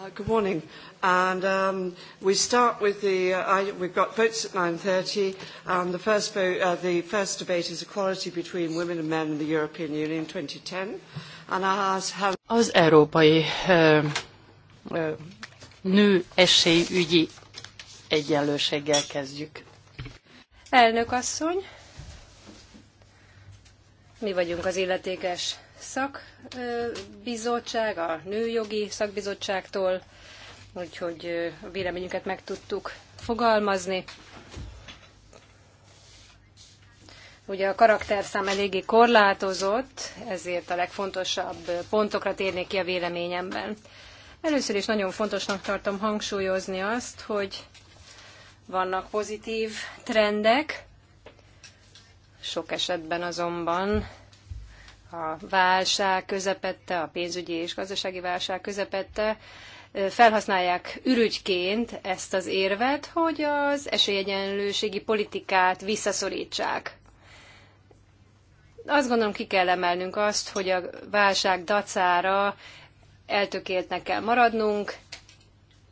Uh, good morning. And um, we start with the, uh, I, we've got votes at 9.30. Um, the, first vote, uh, the first debate is equality between women and men in the European Union 2010. And I ask how... Az európai uh, nő esélyügyi egyenlőséggel kezdjük. Elnök asszony, mi vagyunk az illetékes szakbizottság, a nőjogi szakbizottságtól, úgyhogy a véleményünket meg tudtuk fogalmazni. Ugye a karakterszám eléggé korlátozott, ezért a legfontosabb pontokra térnék ki a véleményemben. Először is nagyon fontosnak tartom hangsúlyozni azt, hogy vannak pozitív trendek, sok esetben azonban a válság közepette, a pénzügyi és gazdasági válság közepette felhasználják ürügyként ezt az érvet, hogy az esélyegyenlőségi politikát visszaszorítsák. Azt gondolom, ki kell emelnünk azt, hogy a válság dacára eltökéltnek kell maradnunk,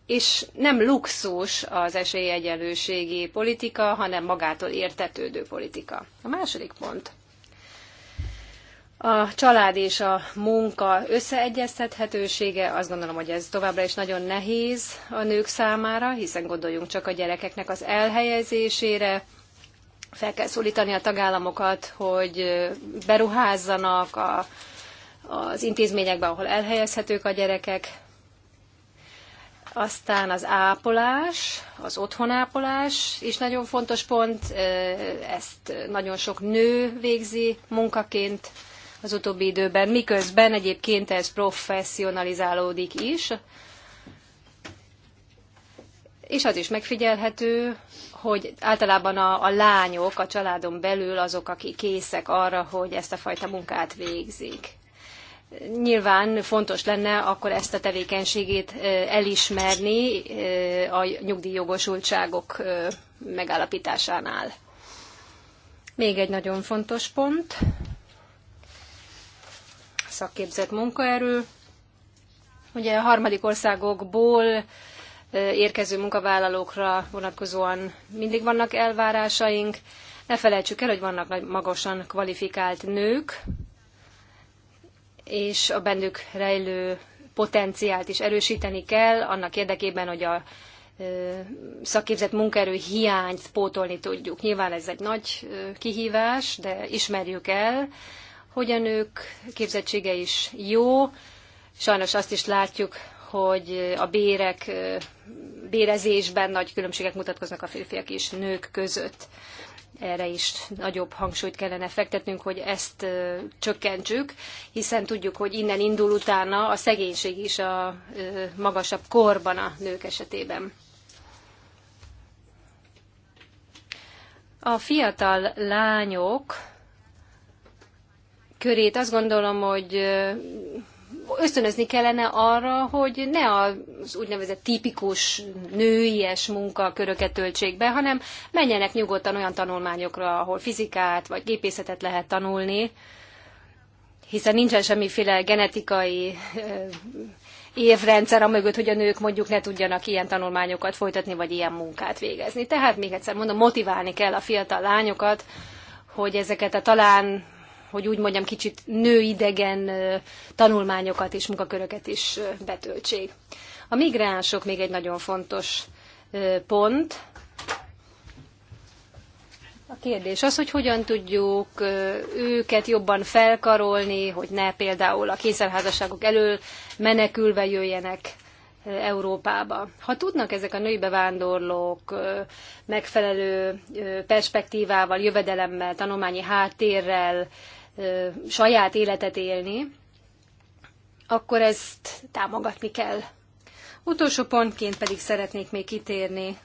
és nem luxus az esélyegyenlőségi politika, hanem magától értetődő politika. A második pont a család és a munka összeegyeztethetősége, azt gondolom, hogy ez továbbra is nagyon nehéz a nők számára, hiszen gondoljunk csak a gyerekeknek az elhelyezésére, fel kell szólítani a tagállamokat, hogy beruházzanak a, az intézményekbe, ahol elhelyezhetők a gyerekek. Aztán az ápolás, az otthonápolás is nagyon fontos pont, ezt nagyon sok nő végzi munkaként az utóbbi időben, miközben egyébként ez professzionalizálódik is. És az is megfigyelhető, hogy általában a, a lányok a családon belül azok, akik készek arra, hogy ezt a fajta munkát végzik. Nyilván fontos lenne akkor ezt a tevékenységét elismerni a nyugdíjjogosultságok megállapításánál. Még egy nagyon fontos pont szakképzett munkaerő. Ugye a harmadik országokból érkező munkavállalókra vonatkozóan mindig vannak elvárásaink. Ne felejtsük el, hogy vannak magasan kvalifikált nők, és a bennük rejlő potenciált is erősíteni kell, annak érdekében, hogy a szakképzett munkaerő hiányt pótolni tudjuk. Nyilván ez egy nagy kihívás, de ismerjük el, hogy a nők képzettsége is jó. Sajnos azt is látjuk, hogy a bérek, bérezésben nagy különbségek mutatkoznak a férfiak és nők között. Erre is nagyobb hangsúlyt kellene fektetnünk, hogy ezt csökkentsük, hiszen tudjuk, hogy innen indul utána a szegénység is a magasabb korban a nők esetében. A fiatal lányok körét azt gondolom, hogy ösztönözni kellene arra, hogy ne az úgynevezett tipikus nőies munkaköröket töltsék be, hanem menjenek nyugodtan olyan tanulmányokra, ahol fizikát vagy gépészetet lehet tanulni, hiszen nincsen semmiféle genetikai évrendszer a mögött, hogy a nők mondjuk ne tudjanak ilyen tanulmányokat folytatni, vagy ilyen munkát végezni. Tehát még egyszer mondom, motiválni kell a fiatal lányokat, hogy ezeket a talán hogy úgy mondjam, kicsit nőidegen tanulmányokat és munkaköröket is betöltsék. A migránsok még egy nagyon fontos pont. A kérdés az, hogy hogyan tudjuk őket jobban felkarolni, hogy ne például a kényszerházasságok elől menekülve jöjjenek Európába. Ha tudnak ezek a női bevándorlók megfelelő perspektívával, jövedelemmel, tanulmányi háttérrel saját életet élni, akkor ezt támogatni kell. Utolsó pontként pedig szeretnék még kitérni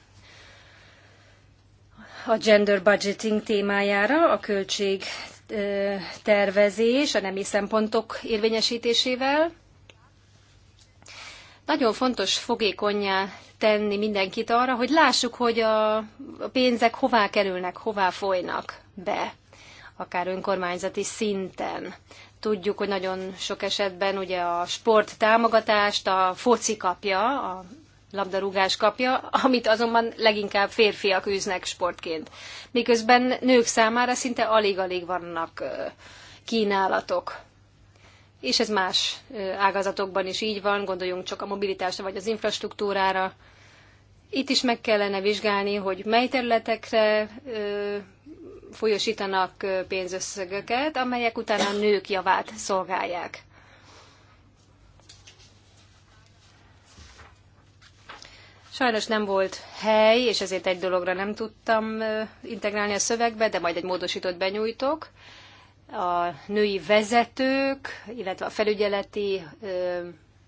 a gender budgeting témájára, a költség tervezés, a nemi szempontok érvényesítésével. Nagyon fontos fogékonyá tenni mindenkit arra, hogy lássuk, hogy a pénzek hová kerülnek, hová folynak be akár önkormányzati szinten. Tudjuk, hogy nagyon sok esetben ugye a sport támogatást a foci kapja, a labdarúgás kapja, amit azonban leginkább férfiak űznek sportként. Miközben nők számára szinte alig-alig vannak kínálatok. És ez más ágazatokban is így van, gondoljunk csak a mobilitásra vagy az infrastruktúrára. Itt is meg kellene vizsgálni, hogy mely területekre folyosítanak pénzösszegeket, amelyek utána a nők javát szolgálják. Sajnos nem volt hely, és ezért egy dologra nem tudtam integrálni a szövegbe, de majd egy módosítót benyújtok. A női vezetők, illetve a felügyeleti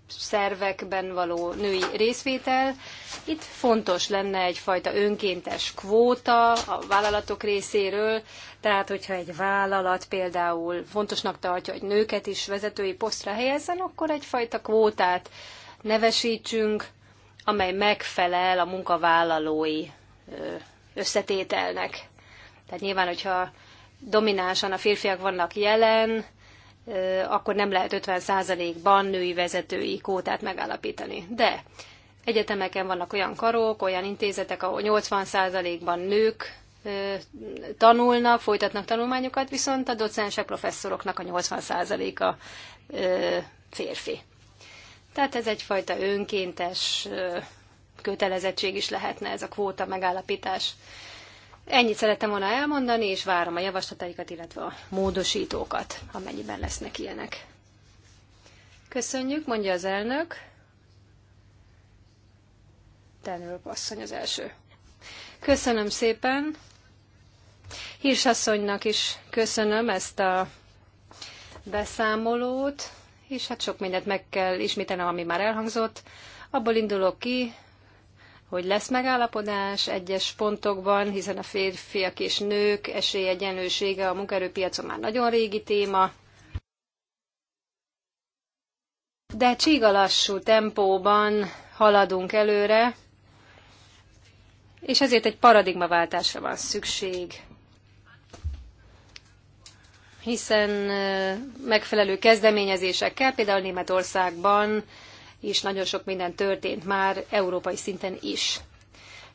szervekben való női részvétel. Itt fontos lenne egyfajta önkéntes kvóta a vállalatok részéről, tehát hogyha egy vállalat például fontosnak tartja, hogy nőket is vezetői posztra helyezzen, akkor egyfajta kvótát nevesítsünk, amely megfelel a munkavállalói összetételnek. Tehát nyilván, hogyha dominánsan a férfiak vannak jelen, akkor nem lehet 50%-ban női vezetői kótát megállapítani. De egyetemeken vannak olyan karok, olyan intézetek, ahol 80%-ban nők tanulnak, folytatnak tanulmányokat, viszont a docensek, professzoroknak a 80%-a férfi. Tehát ez egyfajta önkéntes kötelezettség is lehetne ez a kvóta megállapítás. Ennyit szerettem volna elmondani, és várom a javaslataikat, illetve a módosítókat, amennyiben lesznek ilyenek. Köszönjük, mondja az elnök. Tenről asszony az első. Köszönöm szépen. Hírsasszonynak is köszönöm ezt a beszámolót, és hát sok mindent meg kell ismételnem, ami már elhangzott. Abból indulok ki, hogy lesz megállapodás egyes pontokban, hiszen a férfiak és nők esélyegyenlősége a munkaerőpiacon már nagyon régi téma. De csigalassú tempóban haladunk előre, és ezért egy paradigmaváltásra van szükség hiszen megfelelő kezdeményezésekkel, például Németországban és nagyon sok minden történt már európai szinten is.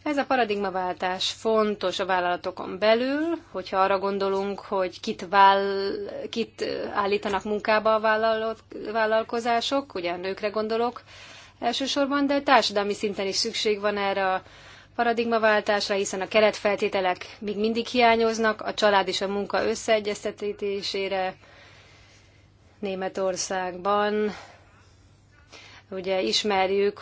Ez a paradigmaváltás fontos a vállalatokon belül, hogyha arra gondolunk, hogy kit, váll, kit állítanak munkába a vállalkozások, ugye a nőkre gondolok elsősorban, de társadalmi szinten is szükség van erre a paradigmaváltásra, hiszen a keretfeltételek még mindig hiányoznak, a család és a munka összeegyeztetésére Németországban Ugye ismerjük,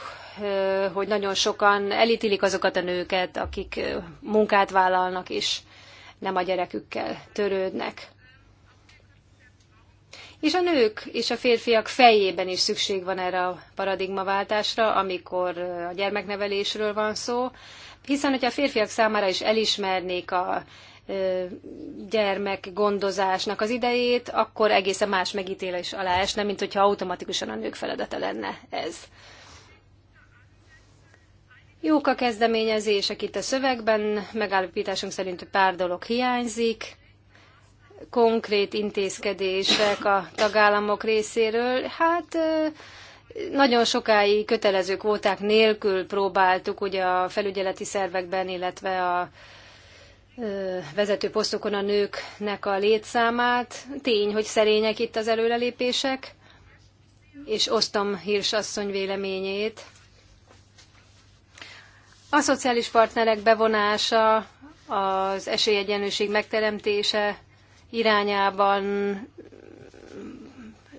hogy nagyon sokan elítélik azokat a nőket, akik munkát vállalnak és nem a gyerekükkel törődnek. És a nők és a férfiak fejében is szükség van erre a paradigmaváltásra, amikor a gyermeknevelésről van szó, hiszen hogyha a férfiak számára is elismernék a gyermekgondozásnak az idejét, akkor egészen más megítélés alá esne, mint hogyha automatikusan a nők feladata lenne ez. Jók a kezdeményezések itt a szövegben, megállapításunk szerint pár dolog hiányzik, konkrét intézkedések a tagállamok részéről. Hát nagyon sokáig kötelező kvóták nélkül próbáltuk ugye a felügyeleti szervekben, illetve a vezető posztokon a nőknek a létszámát. Tény, hogy szerények itt az előrelépések, és osztom Hirs asszony véleményét. A szociális partnerek bevonása, az esélyegyenlőség megteremtése irányában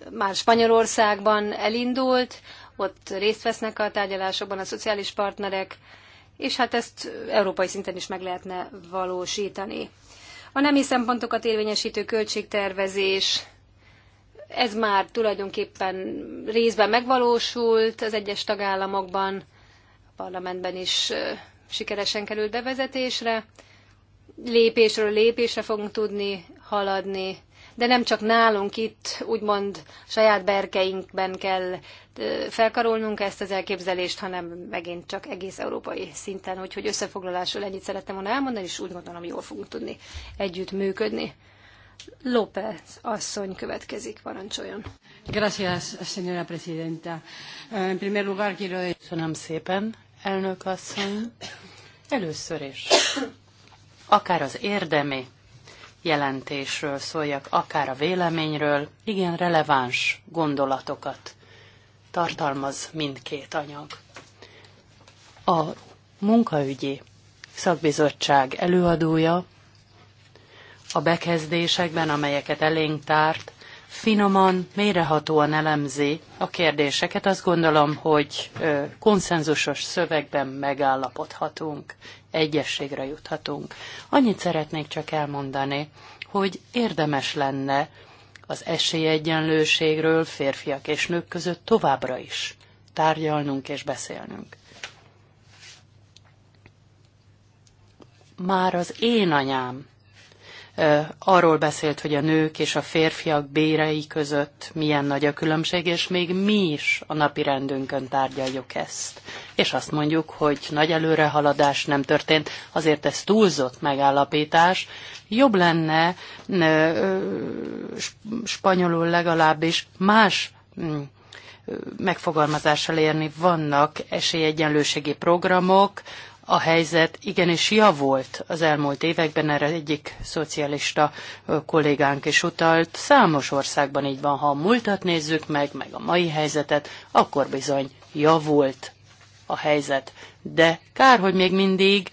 már Spanyolországban elindult, ott részt vesznek a tárgyalásokban a szociális partnerek, és hát ezt európai szinten is meg lehetne valósítani. A nemi szempontokat érvényesítő költségtervezés, ez már tulajdonképpen részben megvalósult az egyes tagállamokban, a parlamentben is sikeresen került bevezetésre. Lépésről lépésre fogunk tudni haladni de nem csak nálunk itt, úgymond saját berkeinkben kell felkarolnunk ezt az elképzelést, hanem megint csak egész európai szinten. Úgyhogy összefoglalásról ennyit szerettem volna elmondani, és úgy gondolom, jól fogunk tudni együtt működni. López asszony következik, parancsoljon. Gracias, señora presidenta. En primer lugar quiero... Köszönöm szépen, elnök asszony. Először is. Akár az érdemi jelentésről szóljak, akár a véleményről, igen releváns gondolatokat tartalmaz mindkét anyag. A munkaügyi szakbizottság előadója a bekezdésekben, amelyeket elénk tárt, finoman, mérehatóan elemzi a kérdéseket. Azt gondolom, hogy konszenzusos szövegben megállapodhatunk egyességre juthatunk. Annyit szeretnék csak elmondani, hogy érdemes lenne az esélyegyenlőségről férfiak és nők között továbbra is tárgyalnunk és beszélnünk. Már az én anyám arról beszélt, hogy a nők és a férfiak bérei között milyen nagy a különbség, és még mi is a napi rendünkön tárgyaljuk ezt. És azt mondjuk, hogy nagy előrehaladás nem történt, azért ez túlzott megállapítás. Jobb lenne spanyolul legalábbis más mm, megfogalmazással érni. Vannak esélyegyenlőségi programok, a helyzet igenis javult az elmúlt években, erre egyik szocialista kollégánk is utalt. Számos országban így van, ha a múltat nézzük meg, meg a mai helyzetet, akkor bizony javult a helyzet. De kár, hogy még mindig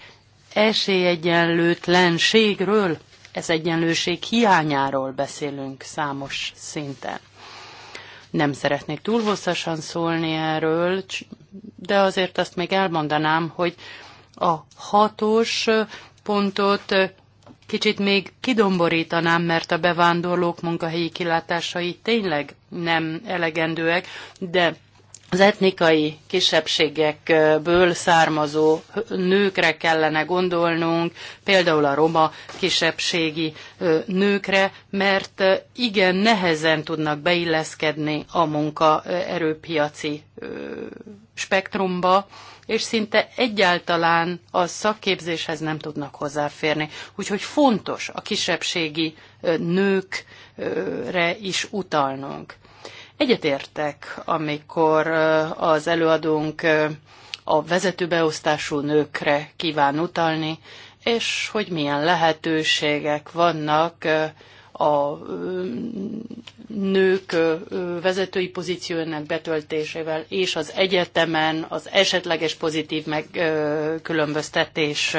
esélyegyenlőtlenségről, ez egyenlőség hiányáról beszélünk számos szinten. Nem szeretnék túl hosszasan szólni erről, de azért azt még elmondanám, hogy a hatos pontot kicsit még kidomborítanám, mert a bevándorlók munkahelyi kilátásai tényleg nem elegendőek, de az etnikai kisebbségekből származó nőkre kellene gondolnunk, például a roma kisebbségi nőkre, mert igen nehezen tudnak beilleszkedni a munkaerőpiaci spektrumba, és szinte egyáltalán a szakképzéshez nem tudnak hozzáférni. Úgyhogy fontos a kisebbségi nőkre is utalnunk. Egyetértek, amikor az előadónk a vezetőbeosztású nőkre kíván utalni, és hogy milyen lehetőségek vannak a nők vezetői pozíciónak betöltésével és az egyetemen az esetleges pozitív megkülönböztetés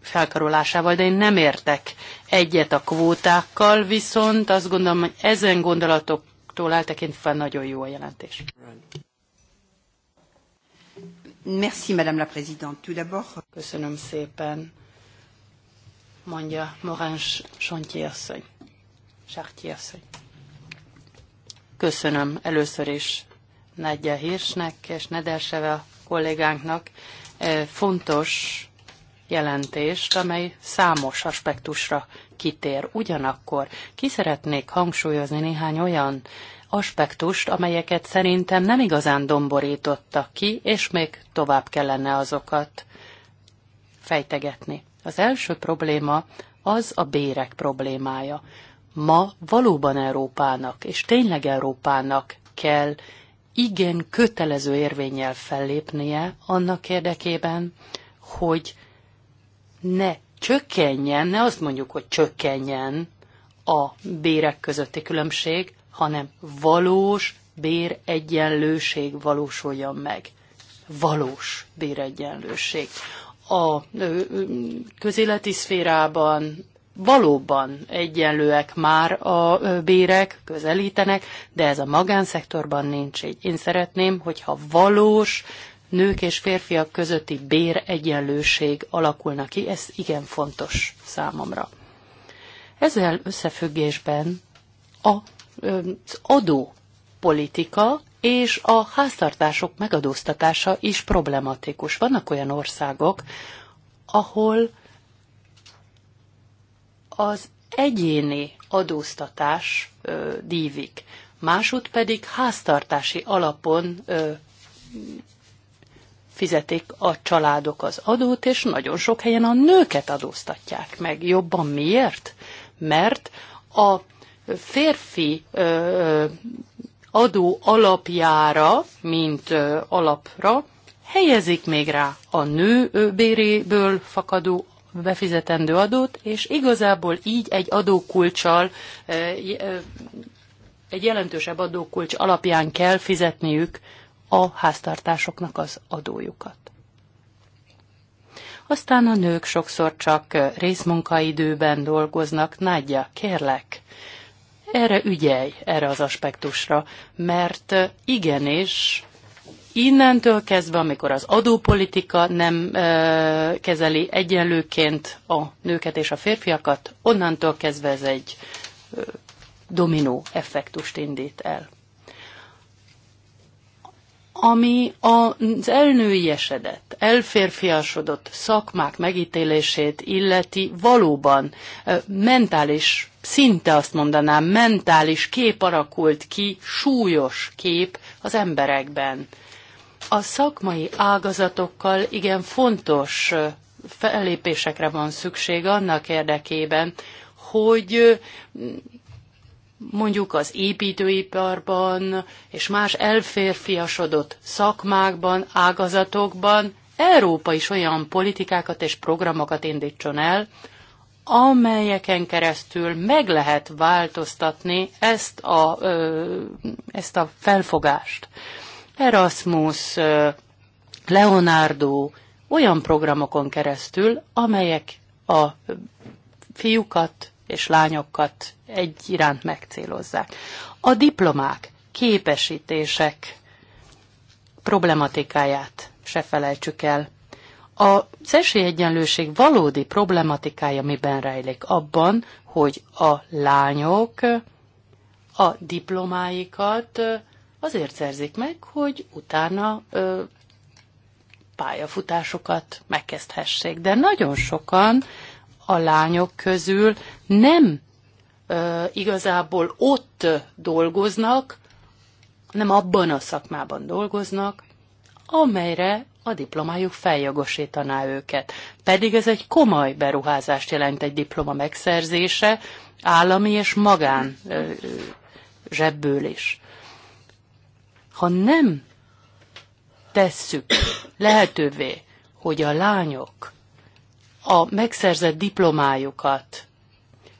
felkarolásával, de én nem értek egyet a kvótákkal, viszont azt gondolom, hogy ezen gondolatoktól eltekintve nagyon jó a jelentés. Merci, Madame la Présidente. Tout d'abord... Köszönöm szépen mondja Moráns Sontyi asszony. asszony. Köszönöm először is Nagyja Hírsnek és Nedelseve kollégánknak e, fontos jelentést, amely számos aspektusra kitér. Ugyanakkor ki szeretnék hangsúlyozni néhány olyan aspektust, amelyeket szerintem nem igazán domborítottak ki, és még tovább kellene azokat fejtegetni. Az első probléma az a bérek problémája. Ma valóban Európának, és tényleg Európának kell igen kötelező érvényel fellépnie annak érdekében, hogy ne csökkenjen, ne azt mondjuk, hogy csökkenjen a bérek közötti különbség, hanem valós béregyenlőség valósuljon meg. Valós béregyenlőség a közéleti szférában valóban egyenlőek már a bérek, közelítenek, de ez a magánszektorban nincs így. Én szeretném, hogyha valós nők és férfiak közötti bér egyenlőség alakulna ki, ez igen fontos számomra. Ezzel összefüggésben az adó politika és a háztartások megadóztatása is problematikus. Vannak olyan országok, ahol az egyéni adóztatás ö, dívik, másút pedig háztartási alapon ö, fizetik a családok az adót, és nagyon sok helyen a nőket adóztatják meg. Jobban miért? Mert a férfi ö, adó alapjára, mint alapra, helyezik még rá a nő béréből fakadó befizetendő adót, és igazából így egy adókulcsal, egy jelentősebb adókulcs alapján kell fizetniük a háztartásoknak az adójukat. Aztán a nők sokszor csak részmunkaidőben dolgoznak. Nagyja, kérlek, erre ügyelj, erre az aspektusra, mert igenis innentől kezdve, amikor az adópolitika nem ö, kezeli egyenlőként a nőket és a férfiakat, onnantól kezdve ez egy ö, dominó effektust indít el ami az elnőiesedett, elférfiasodott szakmák megítélését illeti valóban mentális, szinte azt mondanám, mentális kép alakult ki, súlyos kép az emberekben. A szakmai ágazatokkal igen fontos fellépésekre van szükség annak érdekében, hogy mondjuk az építőiparban és más elférfiasodott szakmákban, ágazatokban Európa is olyan politikákat és programokat indítson el, amelyeken keresztül meg lehet változtatni ezt a, ezt a felfogást. Erasmus, Leonardo, olyan programokon keresztül, amelyek a fiúkat és lányokat egy iránt megcélozzák. A diplomák, képesítések problematikáját se felejtsük el. A egyenlőség valódi problematikája miben rejlik? Abban, hogy a lányok a diplomáikat azért szerzik meg, hogy utána ö, pályafutásokat megkezdhessék. De nagyon sokan a lányok közül nem ö, igazából ott dolgoznak, nem abban a szakmában dolgoznak, amelyre a diplomájuk feljogosítaná őket. Pedig ez egy komoly beruházást jelent egy diploma megszerzése, állami és magán ö, zsebből is. Ha nem tesszük lehetővé, hogy a lányok a megszerzett diplomájukat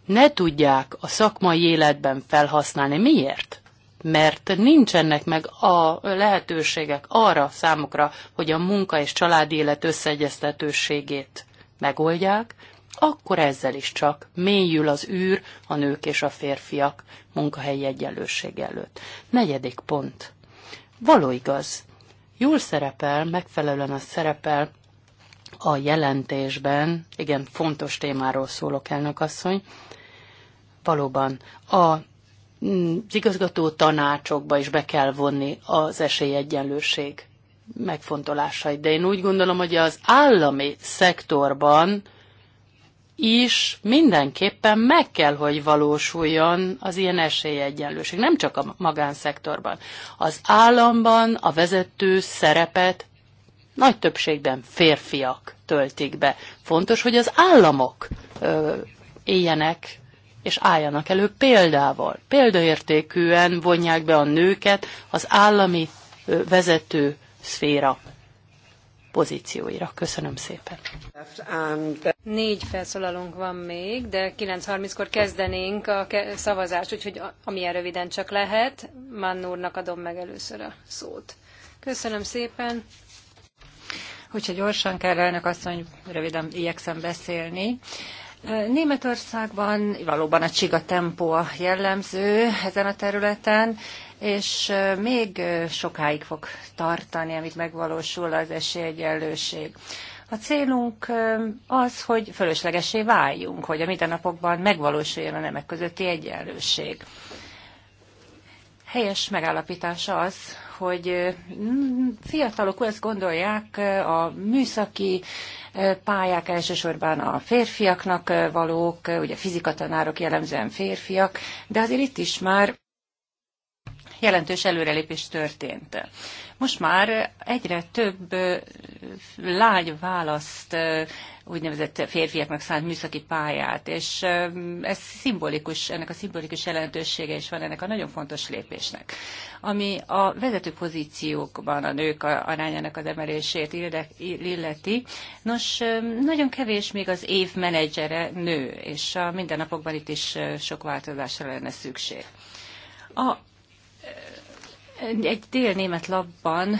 ne tudják a szakmai életben felhasználni. Miért? Mert nincsenek meg a lehetőségek arra számukra, hogy a munka és családi élet összeegyeztetőségét megoldják, akkor ezzel is csak mélyül az űr a nők és a férfiak munkahelyi egyenlőség előtt. Negyedik pont. Való igaz. Jól szerepel, megfelelően a szerepel a jelentésben, igen, fontos témáról szólok, elnök asszony, valóban a mm, igazgató tanácsokba is be kell vonni az esélyegyenlőség megfontolásait. De én úgy gondolom, hogy az állami szektorban is mindenképpen meg kell, hogy valósuljon az ilyen esélyegyenlőség, nem csak a magánszektorban. Az államban a vezető szerepet nagy többségben férfiak töltik be. Fontos, hogy az államok ö, éljenek és álljanak elő példával. Példaértékűen vonják be a nőket az állami ö, vezető szféra pozícióira. Köszönöm szépen. Négy felszólalónk van még, de 9.30-kor kezdenénk a szavazást, úgyhogy amilyen röviden csak lehet, Mann úrnak adom meg először a szót. Köszönöm szépen. Hogyha gyorsan kell, elnök asszony, röviden igyekszem beszélni. Németországban valóban a csiga tempó a jellemző ezen a területen, és még sokáig fog tartani, amíg megvalósul az esélyegyenlőség. A célunk az, hogy fölöslegesé váljunk, hogy a mindennapokban megvalósuljon a nemek közötti egyenlőség helyes megállapítása az, hogy fiatalok ezt gondolják, a műszaki pályák elsősorban a férfiaknak valók, ugye fizikatanárok jellemzően férfiak, de azért itt is már jelentős előrelépés történt. Most már egyre több lágy választ úgynevezett férfiaknak szánt műszaki pályát, és ez szimbolikus, ennek a szimbolikus jelentősége is van ennek a nagyon fontos lépésnek. Ami a vezető pozíciókban a nők arányának az emelését illeti, nos, nagyon kevés még az év menedzsere nő, és a mindennapokban itt is sok változásra lenne szükség. A egy dél-német labban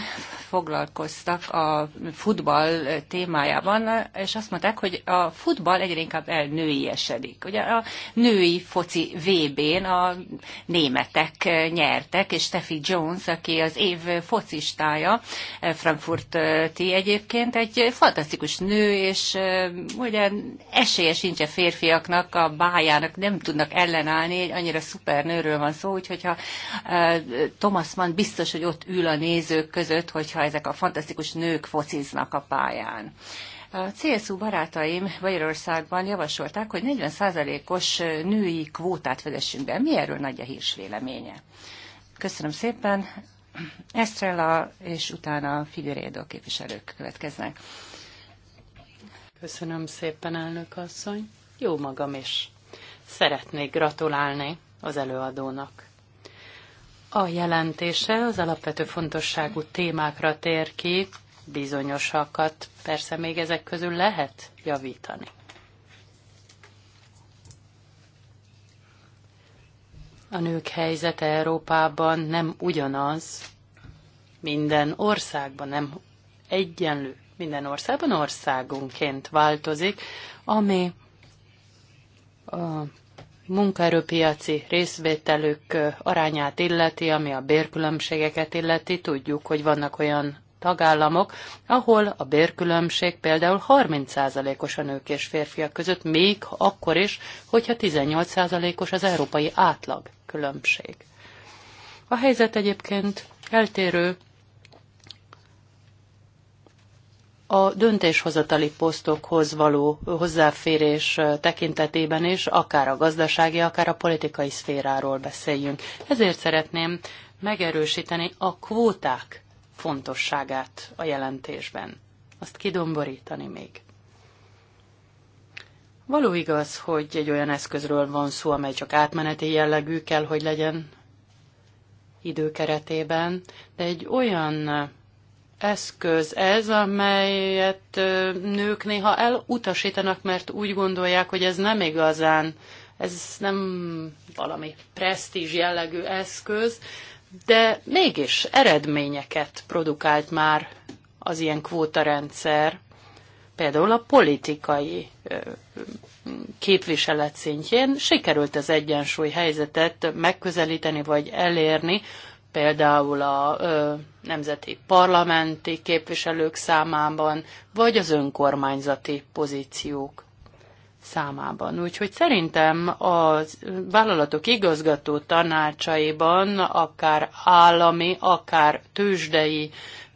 foglalkoztak a futball témájában, és azt mondták, hogy a futball egyre inkább elnőiesedik. Ugye a női foci VB-n a németek nyertek, és Steffi Jones, aki az év focistája, frankfurti egyébként, egy fantasztikus nő, és ugye esélye sincs a férfiaknak, a bájának nem tudnak ellenállni, egy annyira szuper nőről van szó, úgyhogy ha Thomas Mann viszont biztos, hogy ott ül a nézők között, hogyha ezek a fantasztikus nők fociznak a pályán. A CSU barátaim Magyarországban javasolták, hogy 40%-os női kvótát vezessünk be. Mi erről nagy a hírs véleménye? Köszönöm szépen. Estrella és utána Figueredo képviselők következnek. Köszönöm szépen, elnök asszony. Jó magam is. Szeretnék gratulálni az előadónak a jelentése az alapvető fontosságú témákra tér ki, bizonyosakat persze még ezek közül lehet javítani. A nők helyzete Európában nem ugyanaz, minden országban nem egyenlő, minden országban országunként változik, ami a munkaerőpiaci részvételük arányát illeti, ami a bérkülönbségeket illeti, tudjuk, hogy vannak olyan tagállamok, ahol a bérkülönbség például 30%-os a nők és férfiak között, még akkor is, hogyha 18%-os az európai átlag különbség. A helyzet egyébként eltérő a döntéshozatali posztokhoz való hozzáférés tekintetében is, akár a gazdasági, akár a politikai szféráról beszéljünk. Ezért szeretném megerősíteni a kvóták fontosságát a jelentésben. Azt kidomborítani még. Való igaz, hogy egy olyan eszközről van szó, amely csak átmeneti jellegű kell, hogy legyen időkeretében, de egy olyan eszköz ez, amelyet nők néha elutasítanak, mert úgy gondolják, hogy ez nem igazán, ez nem valami presztízs jellegű eszköz, de mégis eredményeket produkált már az ilyen kvótarendszer, például a politikai képviselet szintjén sikerült az egyensúly helyzetet megközelíteni vagy elérni, például a ö, nemzeti parlamenti képviselők számában, vagy az önkormányzati pozíciók számában. Úgyhogy szerintem a vállalatok igazgató tanácsaiban, akár állami, akár tőzsdei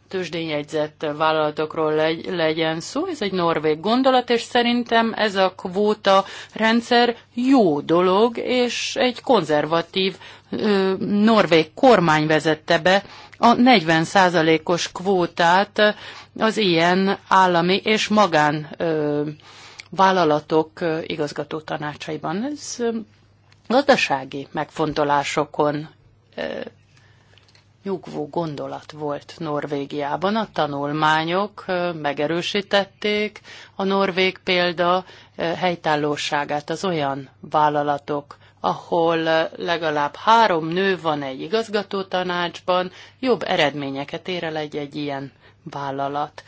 tőzsdényjegyzett vállalatokról legy, legyen szó. Ez egy norvég gondolat, és szerintem ez a kvóta rendszer jó dolog, és egy konzervatív ö, norvég kormány vezette be a 40%-os kvótát az ilyen állami és magán ö, vállalatok ö, igazgató tanácsaiban. Ez ö, gazdasági megfontolásokon nyugvó gondolat volt Norvégiában. A tanulmányok megerősítették a norvég példa helytállóságát az olyan vállalatok, ahol legalább három nő van egy igazgató tanácsban, jobb eredményeket ér el egy-egy ilyen vállalat.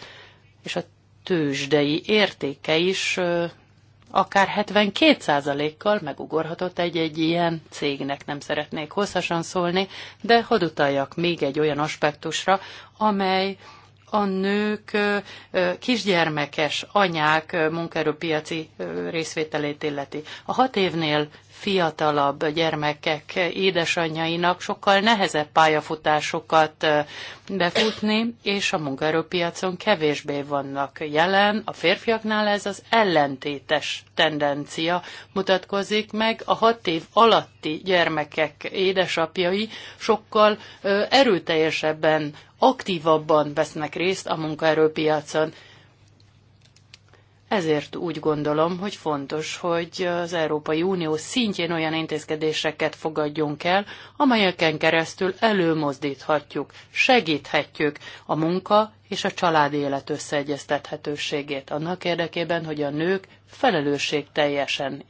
És a tőzsdei értéke is akár 72%-kal megugorhatott egy-egy ilyen cégnek. Nem szeretnék hosszasan szólni, de hadd utaljak még egy olyan aspektusra, amely a nők kisgyermekes anyák munkaerőpiaci részvételét illeti. A hat évnél fiatalabb gyermekek édesanyjainak sokkal nehezebb pályafutásokat befutni, és a munkaerőpiacon kevésbé vannak jelen. A férfiaknál ez az ellentétes tendencia mutatkozik meg. A hat év alatti gyermekek édesapjai sokkal erőteljesebben, aktívabban vesznek részt a munkaerőpiacon. Ezért úgy gondolom, hogy fontos, hogy az Európai Unió szintjén olyan intézkedéseket fogadjunk el, amelyeken keresztül előmozdíthatjuk, segíthetjük a munka és a családi élet összeegyeztethetőségét annak érdekében, hogy a nők felelősség teljesen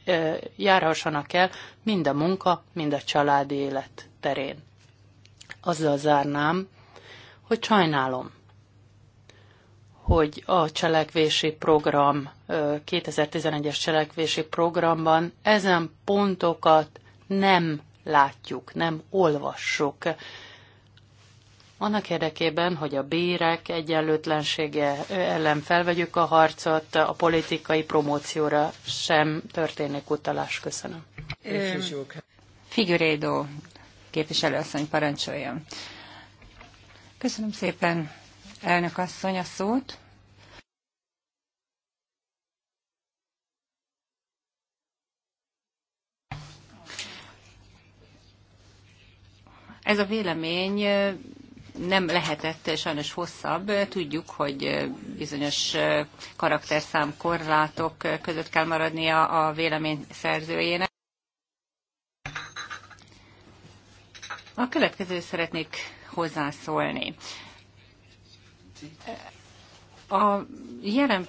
járhassanak el mind a munka, mind a családi élet terén. Azzal zárnám, hogy sajnálom, hogy a cselekvési program, 2011-es cselekvési programban ezen pontokat nem látjuk, nem olvassuk. Annak érdekében, hogy a bérek egyenlőtlensége ellen felvegyük a harcot, a politikai promócióra sem történik utalás. Köszönöm. Figurédo képviselőasszony parancsoljon. Köszönöm szépen, elnök asszony a szót. Ez a vélemény nem lehetett sajnos hosszabb. Tudjuk, hogy bizonyos karakterszám korlátok között kell maradnia a vélemény szerzőjének. A következő szeretnék hozzászólni. A jelen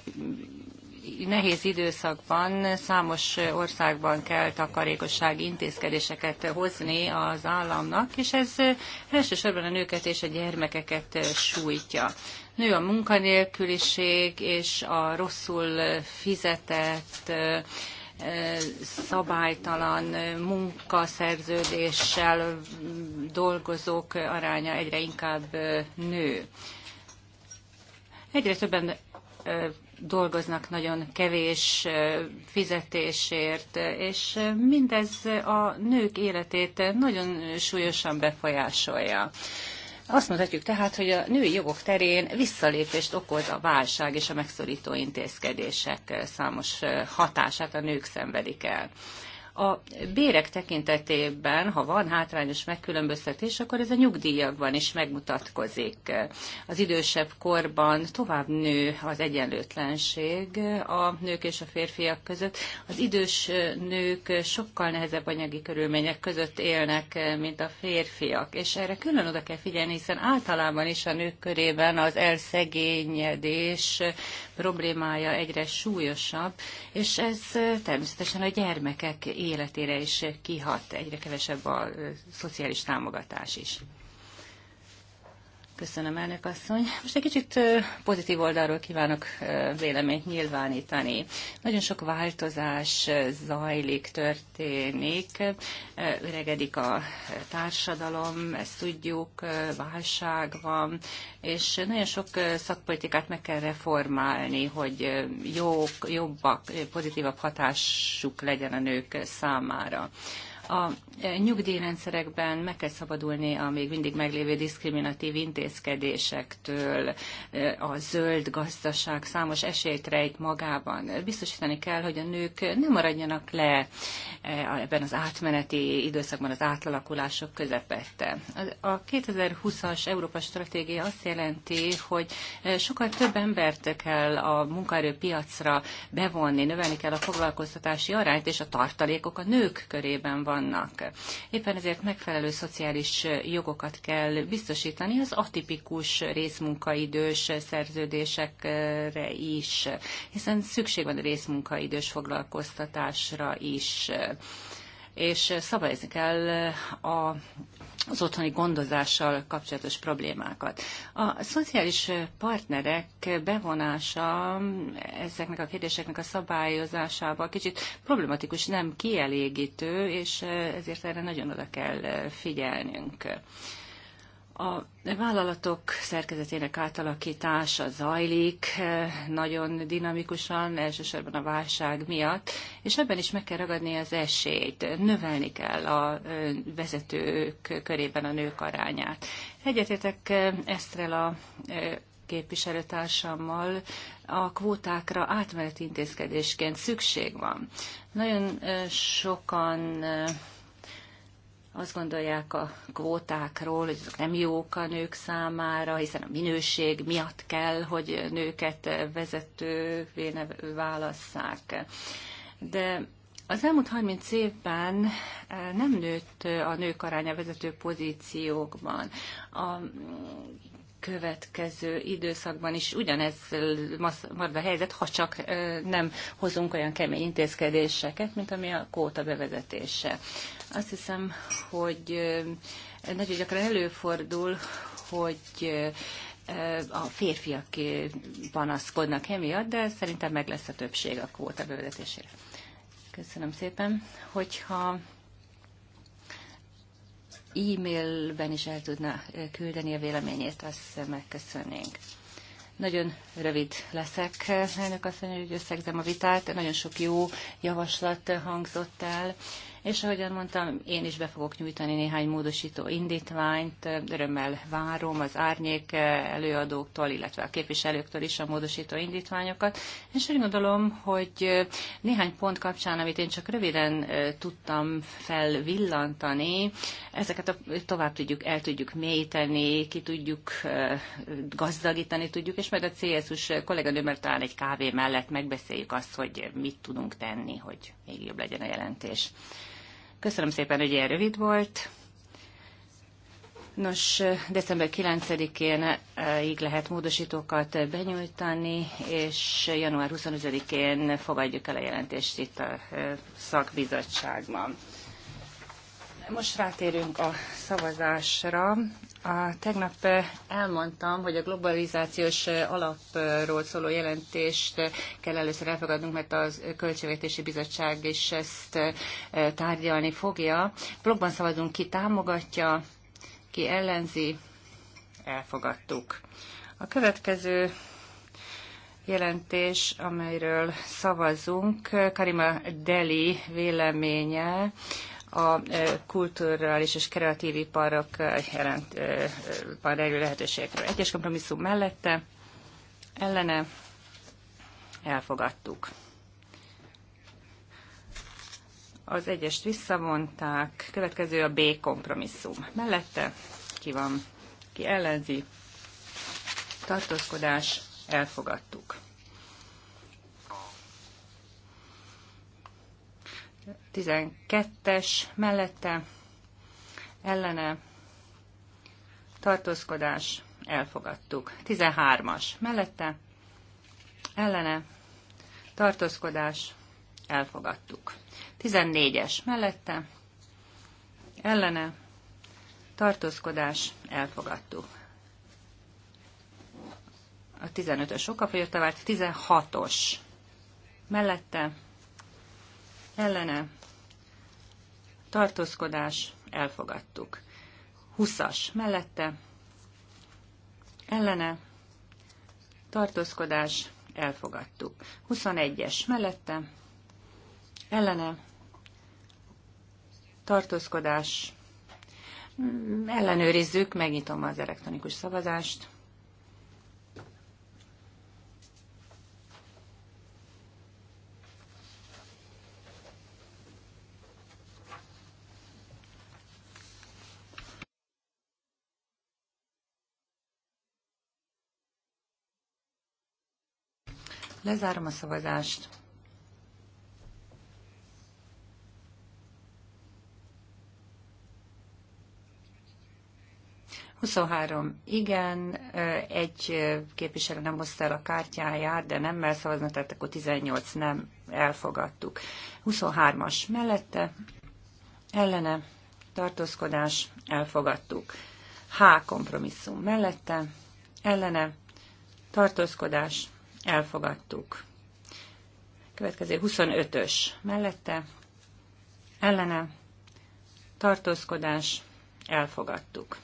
nehéz időszakban számos országban kell takarékossági intézkedéseket hozni az államnak, és ez elsősorban a nőket és a gyermekeket sújtja. Nő a munkanélküliség és a rosszul fizetett szabálytalan munkaszerződéssel dolgozók aránya egyre inkább nő. Egyre többen dolgoznak nagyon kevés fizetésért, és mindez a nők életét nagyon súlyosan befolyásolja. Azt mondhatjuk tehát, hogy a női jogok terén visszalépést okoz a válság és a megszorító intézkedések számos hatását a nők szenvedik el. A bérek tekintetében, ha van hátrányos megkülönböztetés, akkor ez a nyugdíjakban is megmutatkozik. Az idősebb korban tovább nő az egyenlőtlenség a nők és a férfiak között. Az idős nők sokkal nehezebb anyagi körülmények között élnek, mint a férfiak, és erre külön oda kell figyelni, hiszen általában is a nők körében az elszegényedés problémája egyre súlyosabb, és ez természetesen a gyermekek életére is kihat, egyre kevesebb a szociális támogatás is. Köszönöm, elnök asszony. Most egy kicsit pozitív oldalról kívánok véleményt nyilvánítani. Nagyon sok változás zajlik, történik, öregedik a társadalom, ezt tudjuk, válság van, és nagyon sok szakpolitikát meg kell reformálni, hogy jók, jobbak, pozitívabb hatásuk legyen a nők számára. A e, nyugdíjrendszerekben meg kell szabadulni a még mindig meglévő diszkriminatív intézkedésektől, e, a zöld gazdaság számos esélyt rejt magában. Biztosítani kell, hogy a nők nem maradjanak le e, ebben az átmeneti időszakban az átalakulások közepette. A 2020-as Európa Stratégia azt jelenti, hogy sokkal több embert kell a munkaerőpiacra bevonni, növelni kell a foglalkoztatási arányt, és a tartalékok a nők körében van vannak. Éppen ezért megfelelő szociális jogokat kell biztosítani az atipikus részmunkaidős szerződésekre is, hiszen szükség van a részmunkaidős foglalkoztatásra is és szabályozni kell a az otthoni gondozással kapcsolatos problémákat. A szociális partnerek bevonása ezeknek a kérdéseknek a szabályozásába kicsit problematikus, nem kielégítő, és ezért erre nagyon oda kell figyelnünk. A vállalatok szerkezetének átalakítása zajlik nagyon dinamikusan, elsősorban a válság miatt, és ebben is meg kell ragadni az esélyt, növelni kell a vezetők körében a nők arányát. Egyetétek Esztrel a képviselőtársammal a kvótákra átmeneti intézkedésként szükség van. Nagyon sokan azt gondolják a kvótákról, hogy azok nem jók a nők számára, hiszen a minőség miatt kell, hogy nőket vezetővé válasszák. De az elmúlt 30 évben eh, nem nőtt a nők aránya vezető pozíciókban. A következő időszakban is ugyanez marad a helyzet, ha csak eh, nem hozunk olyan kemény intézkedéseket, mint ami a kóta bevezetése. Azt hiszem, hogy eh, nagyon gyakran előfordul, hogy eh, a férfiak eh, panaszkodnak emiatt, de szerintem meg lesz a többség a kvóta bevezetésére. Köszönöm szépen. Hogyha e-mailben is el tudna küldeni a véleményét, azt megköszönnénk. Nagyon rövid leszek, elnök asszony, hogy összegzem a vitát. Nagyon sok jó javaslat hangzott el és ahogyan mondtam, én is be fogok nyújtani néhány módosító indítványt, örömmel várom az árnyék előadóktól, illetve a képviselőktől is a módosító indítványokat, és úgy gondolom, hogy néhány pont kapcsán, amit én csak röviden eh, tudtam felvillantani, ezeket a, tovább tudjuk, el tudjuk mélyíteni, ki tudjuk eh, gazdagítani tudjuk, és majd a CSU-s kolléganőmmel talán egy kávé mellett megbeszéljük azt, hogy mit tudunk tenni, hogy még jobb legyen a jelentés. Köszönöm szépen, hogy ilyen rövid volt. Nos, december 9-én eh, így lehet módosítókat benyújtani, és január 25-én fogadjuk el a jelentést itt a eh, szakbizottságban. Most rátérünk a szavazásra. A, tegnap eh, elmondtam, hogy a globalizációs eh, alapról szóló jelentést eh, kell először elfogadnunk, mert a Költségvetési Bizottság is ezt tárgyalni fogja. Blogban szavazunk, ki támogatja, ki ellenzi, elfogadtuk. A következő jelentés, amelyről szavazunk, Karima Deli véleménye a e, kulturális és kreatív iparok e, jelent, e, rejlő lehetőségekről. Egyes kompromisszum mellette, ellene elfogadtuk. Az egyest visszavonták, következő a B kompromisszum. Mellette ki van, ki ellenzi, tartózkodás, elfogadtuk. 12-es mellette ellene tartózkodás elfogadtuk. 13-as mellette ellene tartózkodás elfogadtuk. 14-es mellette ellene tartózkodás elfogadtuk. A 15-ös okafogyott a 16-os mellette ellene tartózkodás, elfogadtuk. 20-as mellette, ellene, tartózkodás, elfogadtuk. 21-es mellette, ellene, tartózkodás, ellenőrizzük, megnyitom az elektronikus szavazást. Lezárom a szavazást. Huszonhárom igen, egy képviselő nem hozta el a kártyáját, de nemmel szavazna, tehát akkor 18 nem elfogadtuk. 23-as mellette, ellene, tartózkodás, elfogadtuk. H kompromisszum mellette, ellene, tartózkodás, Elfogadtuk. Következő 25-ös mellette, ellene, tartózkodás, elfogadtuk.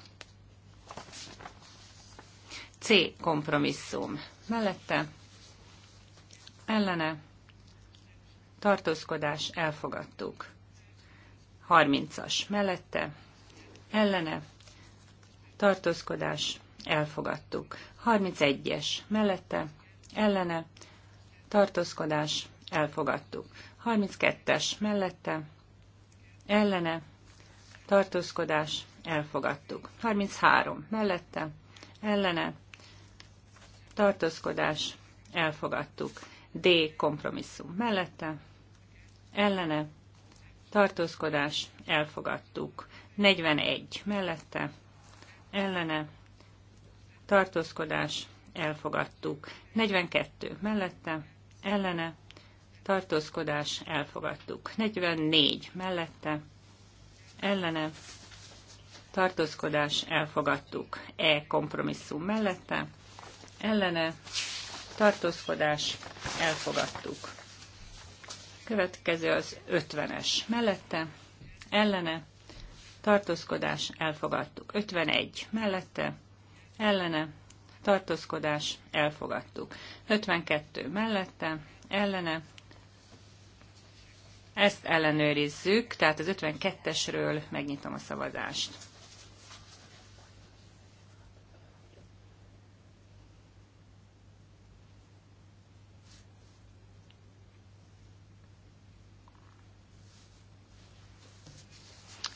C. Kompromisszum mellette, ellene, tartózkodás, elfogadtuk. 30-as mellette, ellene, tartózkodás, elfogadtuk. 31-es mellette, ellene, tartózkodás, elfogadtuk. 32-es mellette, ellene, tartózkodás, elfogadtuk. 33 mellette, ellene, tartózkodás, elfogadtuk. D kompromisszum mellette, ellene, tartózkodás, elfogadtuk. 41 mellette, ellene, tartózkodás, elfogadtuk. 42 mellette, ellene, tartózkodás, elfogadtuk. 44 mellette, ellene, tartózkodás, elfogadtuk. E kompromisszum mellette, ellene, tartózkodás, elfogadtuk. Következő az 50-es mellette, ellene, tartózkodás, elfogadtuk. 51 mellette, ellene, tartózkodás, elfogadtuk. 52 mellette, ellene, ezt ellenőrizzük, tehát az 52-esről megnyitom a szavazást.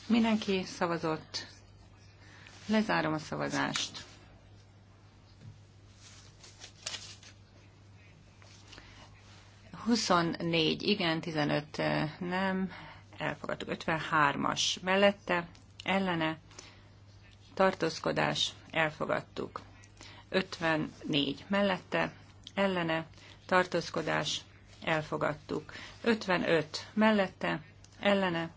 Mindenki szavazott. Lezárom a szavazást. 24 igen, 15 nem, elfogadtuk. 53-as mellette, ellene, tartózkodás, elfogadtuk. 54 mellette, ellene, tartózkodás, elfogadtuk. 55 mellette, ellene,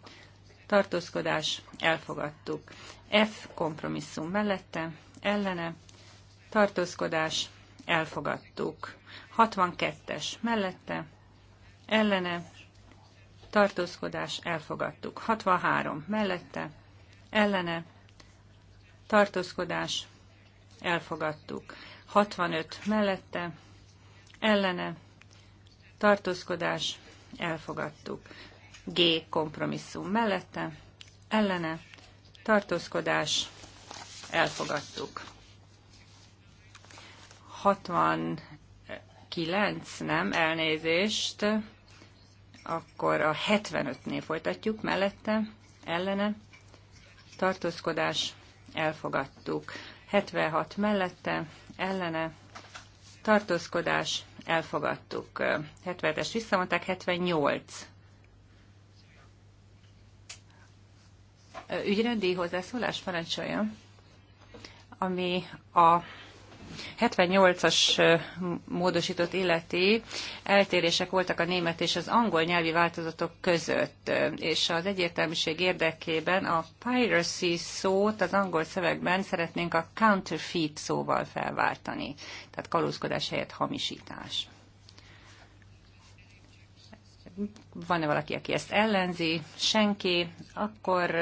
tartózkodás, elfogadtuk. F kompromisszum mellette, ellene, tartózkodás, elfogadtuk. 62-es mellette, ellene, tartózkodás elfogadtuk. 63 mellette, ellene, tartózkodás elfogadtuk. 65 mellette, ellene, tartózkodás elfogadtuk. G kompromisszum mellette, ellene, tartózkodás elfogadtuk. 69, nem, elnézést, akkor a 75-nél folytatjuk, mellette, ellene, tartózkodás, elfogadtuk. 76 mellette, ellene, tartózkodás, elfogadtuk. 77-es visszamondták, 78. Ügyrendi hozzászólás parancsolja, ami a 78-as módosított illeti eltérések voltak a német és az angol nyelvi változatok között, és az egyértelműség érdekében a piracy szót az angol szövegben szeretnénk a counterfeit szóval felváltani, tehát kalózkodás helyett hamisítás. Van-e valaki, aki ezt ellenzi? Senki. Akkor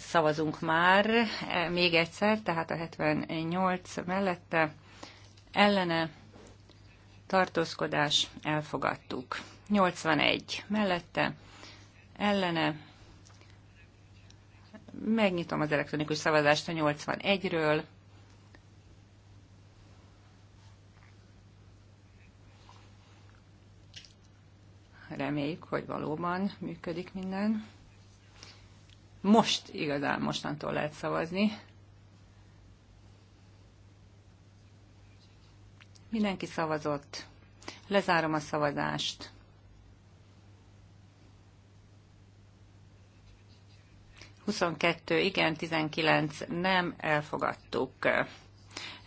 szavazunk már e, még egyszer, tehát a 78 mellette ellene tartózkodás elfogadtuk. 81 mellette ellene megnyitom az elektronikus szavazást a 81-ről. Reméljük, hogy valóban működik minden. Most igazán mostantól lehet szavazni. Mindenki szavazott. Lezárom a szavazást. Huszonkettő igen, 19 nem, elfogadtuk.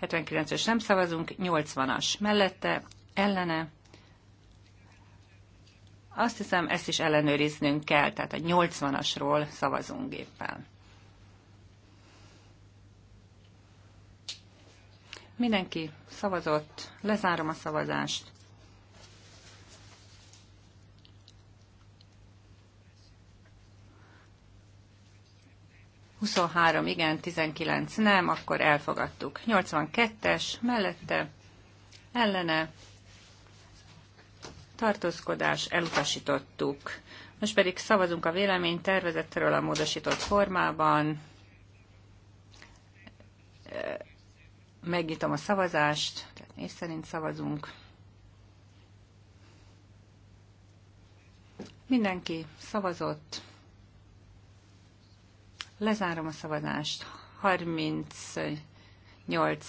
79-ös nem szavazunk, 80-as mellette, ellene, azt hiszem, ezt is ellenőriznünk kell, tehát a 80-asról szavazunk éppen. Mindenki szavazott, lezárom a szavazást. Huszonhárom igen, 19 nem, akkor elfogadtuk. 82-es mellette, ellene, tartózkodás, elutasítottuk. Most pedig szavazunk a tervezetről a módosított formában. Megnyitom a szavazást, tehát név szerint szavazunk. Mindenki szavazott. Lezárom a szavazást. 38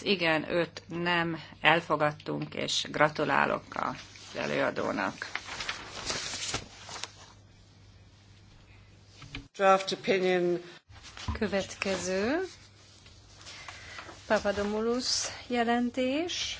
igen, 5 nem, elfogadtunk, és gratulálok a előadónak. Draft opinion. Következő. Papadomulus jelentés.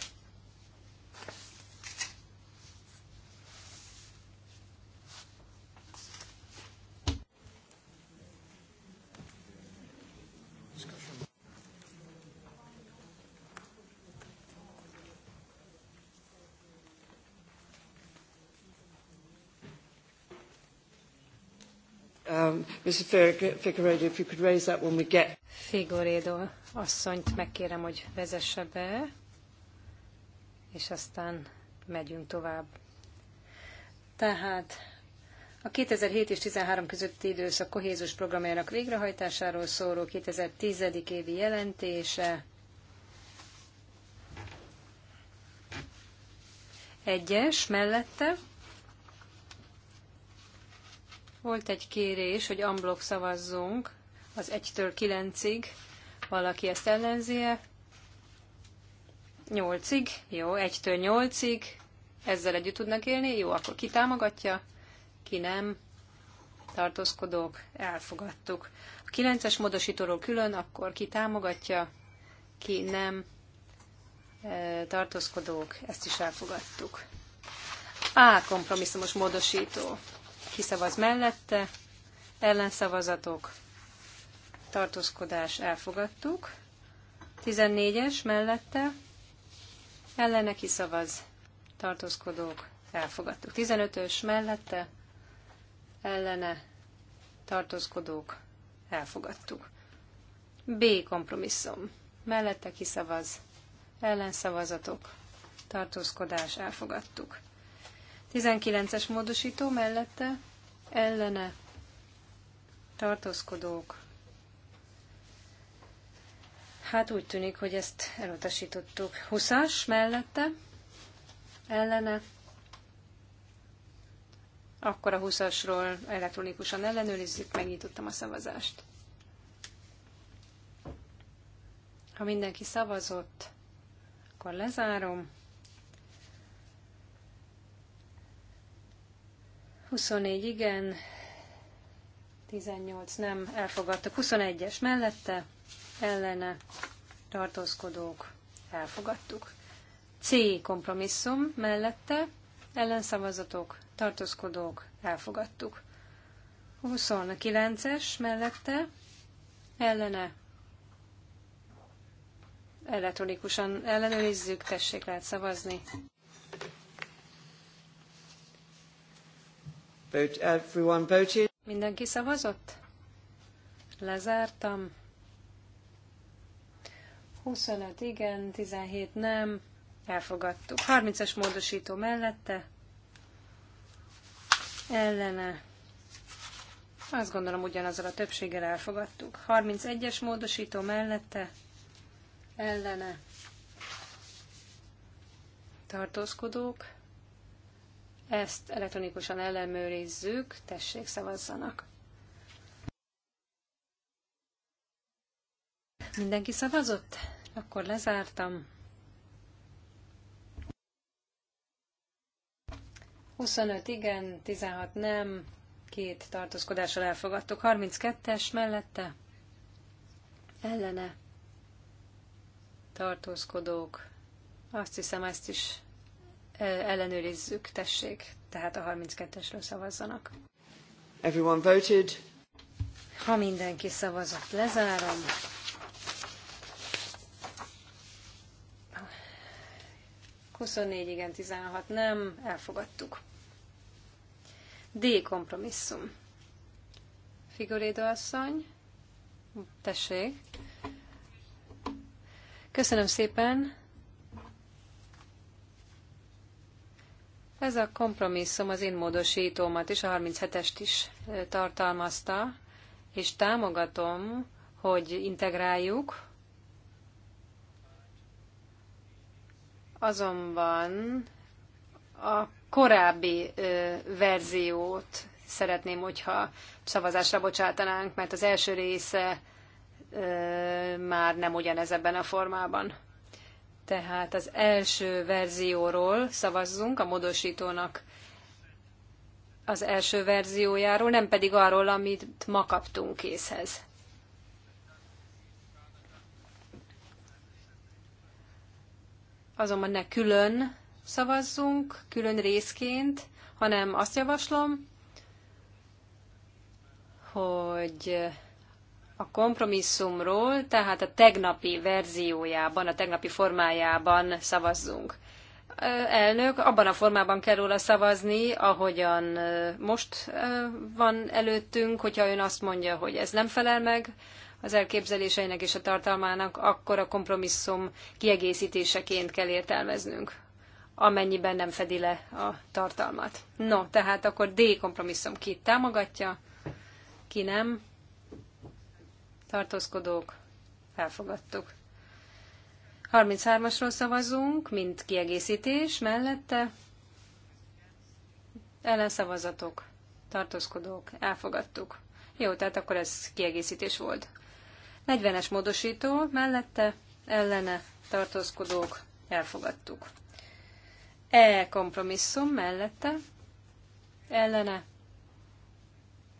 Mr. Um, Figueredo, if you could raise that when we get... Figueredo asszonyt megkérem, hogy vezesse be, és aztán megyünk tovább. Tehát a 2007 és 13 közötti időszak kohézus programjának végrehajtásáról szóló 2010. évi jelentése egyes mellette volt egy kérés, hogy amblok szavazzunk az 1-től 9-ig. Valaki ezt ellenzie? 8-ig, jó, 1-től 8-ig. Ezzel együtt tudnak élni, jó, akkor ki támogatja, ki nem. Tartózkodók, elfogadtuk. A 9-es módosítóról külön, akkor ki támogatja, ki nem. E, tartózkodók, ezt is elfogadtuk. A kompromisszumos módosító kiszavaz mellette, ellenszavazatok, tartózkodás elfogadtuk. 14-es mellette, ellene szavaz, tartózkodók elfogadtuk. 15-ös mellette, ellene tartózkodók elfogadtuk. B kompromisszum. Mellette kiszavaz, ellenszavazatok, tartózkodás elfogadtuk. 19-es módosító mellette ellene tartózkodók. Hát úgy tűnik, hogy ezt elutasítottuk. 20-as mellette ellene. Akkor a 20-asról elektronikusan ellenőrizzük, megnyitottam a szavazást. Ha mindenki szavazott, akkor lezárom. 24 igen, 18 nem, elfogadtak. 21-es mellette, ellene, tartózkodók, elfogadtuk. C kompromisszum mellette, ellenszavazatok, tartózkodók, elfogadtuk. 29-es mellette, ellene, elektronikusan ellenőrizzük, tessék lehet szavazni. Vote, everyone voted. Mindenki szavazott? Lezártam. 25 igen, 17 nem. Elfogadtuk. 30-as módosító mellette. Ellene. Azt gondolom ugyanazzal a többséggel elfogadtuk. 31-es módosító mellette. Ellene. Tartózkodók. Ezt elektronikusan ellenőrizzük, tessék szavazzanak. Mindenki szavazott? Akkor lezártam. 25 igen, 16 nem, két tartózkodással elfogadtuk. 32-es mellette ellene tartózkodók. Azt hiszem, ezt is ellenőrizzük, tessék, tehát a 32-esről szavazzanak. Everyone voted. Ha mindenki szavazott, lezárom. Huszonnégy igen, 16 nem, elfogadtuk. D kompromisszum. Figurédo asszony, tessék. Köszönöm szépen. Ez a kompromisszum az én módosítómat is, a 37-est is tartalmazta, és támogatom, hogy integráljuk. Azonban a korábbi ö, verziót szeretném, hogyha szavazásra bocsátanánk, mert az első része ö, már nem ugyanez ebben a formában. Tehát az első verzióról szavazzunk, a módosítónak az első verziójáról, nem pedig arról, amit ma kaptunk készhez. Azonban ne külön szavazzunk, külön részként, hanem azt javaslom, hogy a kompromisszumról, tehát a tegnapi verziójában, a tegnapi formájában szavazzunk. Elnök, abban a formában kell róla szavazni, ahogyan most van előttünk, hogyha ön azt mondja, hogy ez nem felel meg az elképzeléseinek és a tartalmának, akkor a kompromisszum kiegészítéseként kell értelmeznünk, amennyiben nem fedi le a tartalmat. No, tehát akkor D kompromisszum ki támogatja, ki nem tartózkodók, elfogadtuk. 33-asról szavazunk, mint kiegészítés, mellette ellenszavazatok, tartózkodók, elfogadtuk. Jó, tehát akkor ez kiegészítés volt. 40-es módosító, mellette ellene tartózkodók, elfogadtuk. E kompromisszum mellette ellene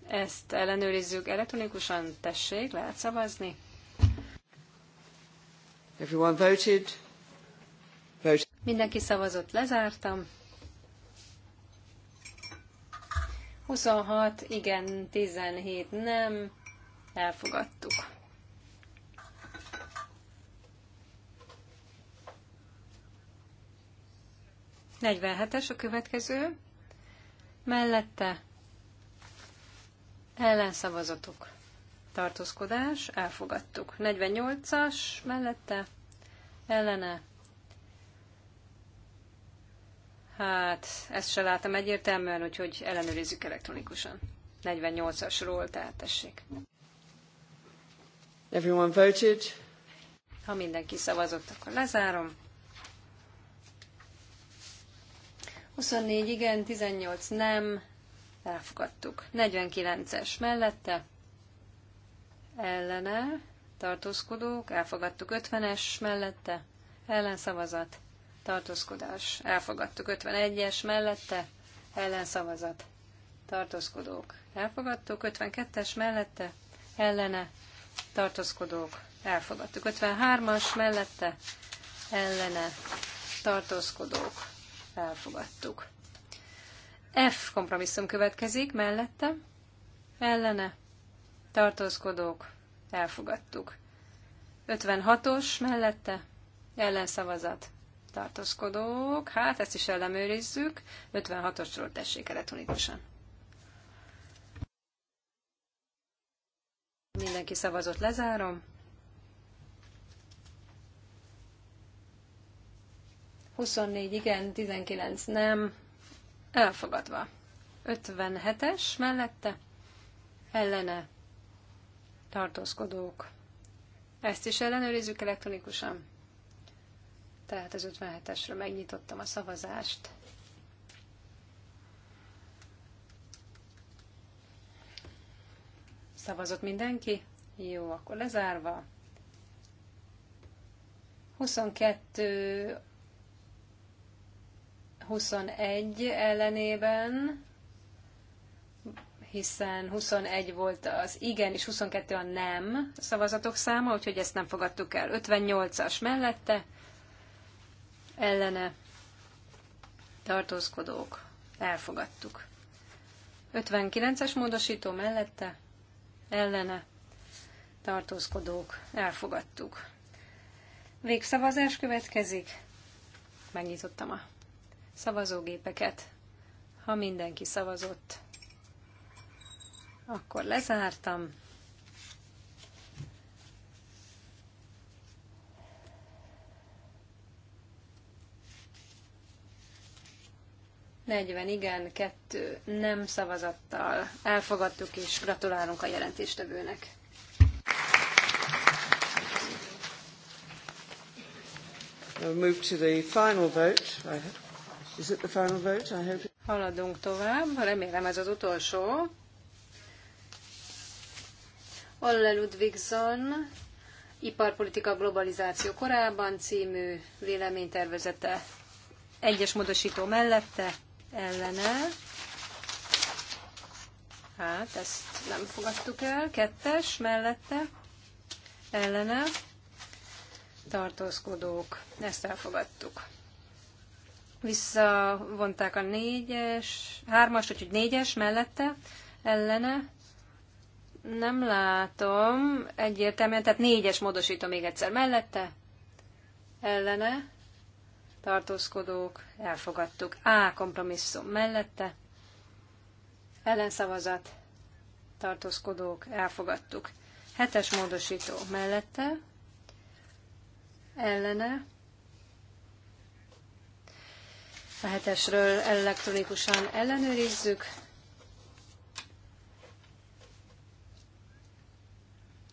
ezt ellenőrizzük elektronikusan. Tessék, lehet szavazni. Everyone voted. voted. Mindenki szavazott, lezártam. 26, igen, 17, nem. Elfogadtuk. Negyvenhetes a következő. Mellette Ellenszavazatok. Tartózkodás. Elfogadtuk. 48-as mellette. Ellene. Hát, ezt se láttam egyértelműen, úgyhogy ellenőrizzük elektronikusan. 48-asról, tehát tessék. Everyone voted. Ha mindenki szavazott, akkor lezárom. 24 igen, 18 nem, elfogadtuk. 49-es mellette, ellene, tartózkodók, elfogadtuk 50-es mellette, ellenszavazat, tartózkodás, elfogadtuk 51-es mellette, ellenszavazat, tartózkodók, elfogadtuk 52-es mellette, ellene, tartózkodók, elfogadtuk 53-as mellette, ellene, tartózkodók, elfogadtuk. F kompromisszum következik, mellette, ellene, tartózkodók, elfogadtuk. 56-os mellette, ellenszavazat, tartózkodók, hát ezt is ellenőrizzük, 56-osról tessék elektronikusan. Mindenki szavazott, lezárom. 24 igen, 19 nem, elfogadva. 57-es mellette ellene tartózkodók. Ezt is ellenőrizzük elektronikusan. Tehát az 57-esről megnyitottam a szavazást. Szavazott mindenki? Jó, akkor lezárva. 22 21 ellenében, hiszen 21 volt az igen és 22 a nem szavazatok száma, úgyhogy ezt nem fogadtuk el. 58-as mellette ellene tartózkodók elfogadtuk. 59-es módosító mellette ellene tartózkodók elfogadtuk. Végszavazás következik. Megnyitottam a szavazógépeket. Ha mindenki szavazott, akkor lezártam. Negyven igen, kettő nem szavazattal elfogadtuk, és gratulálunk a jelentéstevőnek. We'll move to the final vote. Is it the final vote? I hope... Haladunk tovább, remélem ez az utolsó. Olle Ludvigson, Iparpolitika globalizáció korában című véleménytervezete egyes módosító mellette, ellene. Hát, ezt nem fogadtuk el. Kettes mellette, ellene. Tartózkodók, ezt elfogadtuk visszavonták a négyes, hármas, úgyhogy négyes mellette, ellene. Nem látom egyértelműen, tehát négyes módosítom még egyszer mellette, ellene, tartózkodók, elfogadtuk. A kompromisszum mellette, ellenszavazat, tartózkodók, elfogadtuk. Hetes módosító mellette, ellene, A hetesről elektronikusan ellenőrizzük.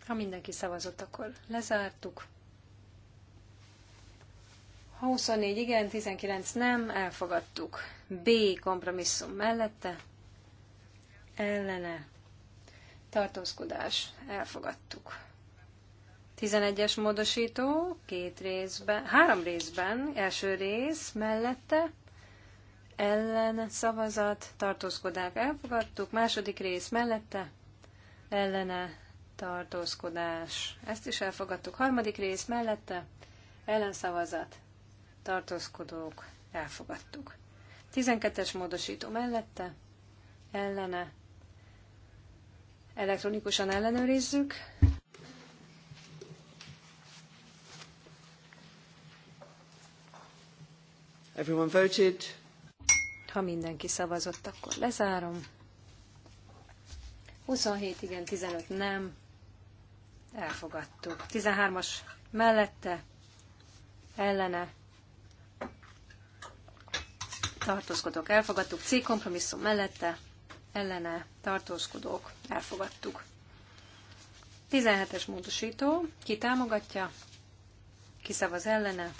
Ha mindenki szavazott, akkor lezártuk. Ha 24 igen, 19 nem, elfogadtuk. B kompromisszum mellette, ellene, tartózkodás, elfogadtuk. 11-es módosító, két részben, három részben, első rész mellette, ellen szavazat, tartózkodák, elfogadtuk. Második rész mellette, ellene tartózkodás. Ezt is elfogadtuk. Harmadik rész mellette, ellenszavazat, tartózkodók, elfogadtuk. 12-es módosító mellette, ellene, elektronikusan ellenőrizzük. Everyone voted. Ha mindenki szavazott, akkor lezárom. 27 igen, 15 nem. Elfogadtuk. 13-as mellette, ellene. Tartózkodok, elfogadtuk. C kompromisszum mellette, ellene. Tartózkodók elfogadtuk. 17-es módosító. Ki támogatja? Ki szavaz ellene?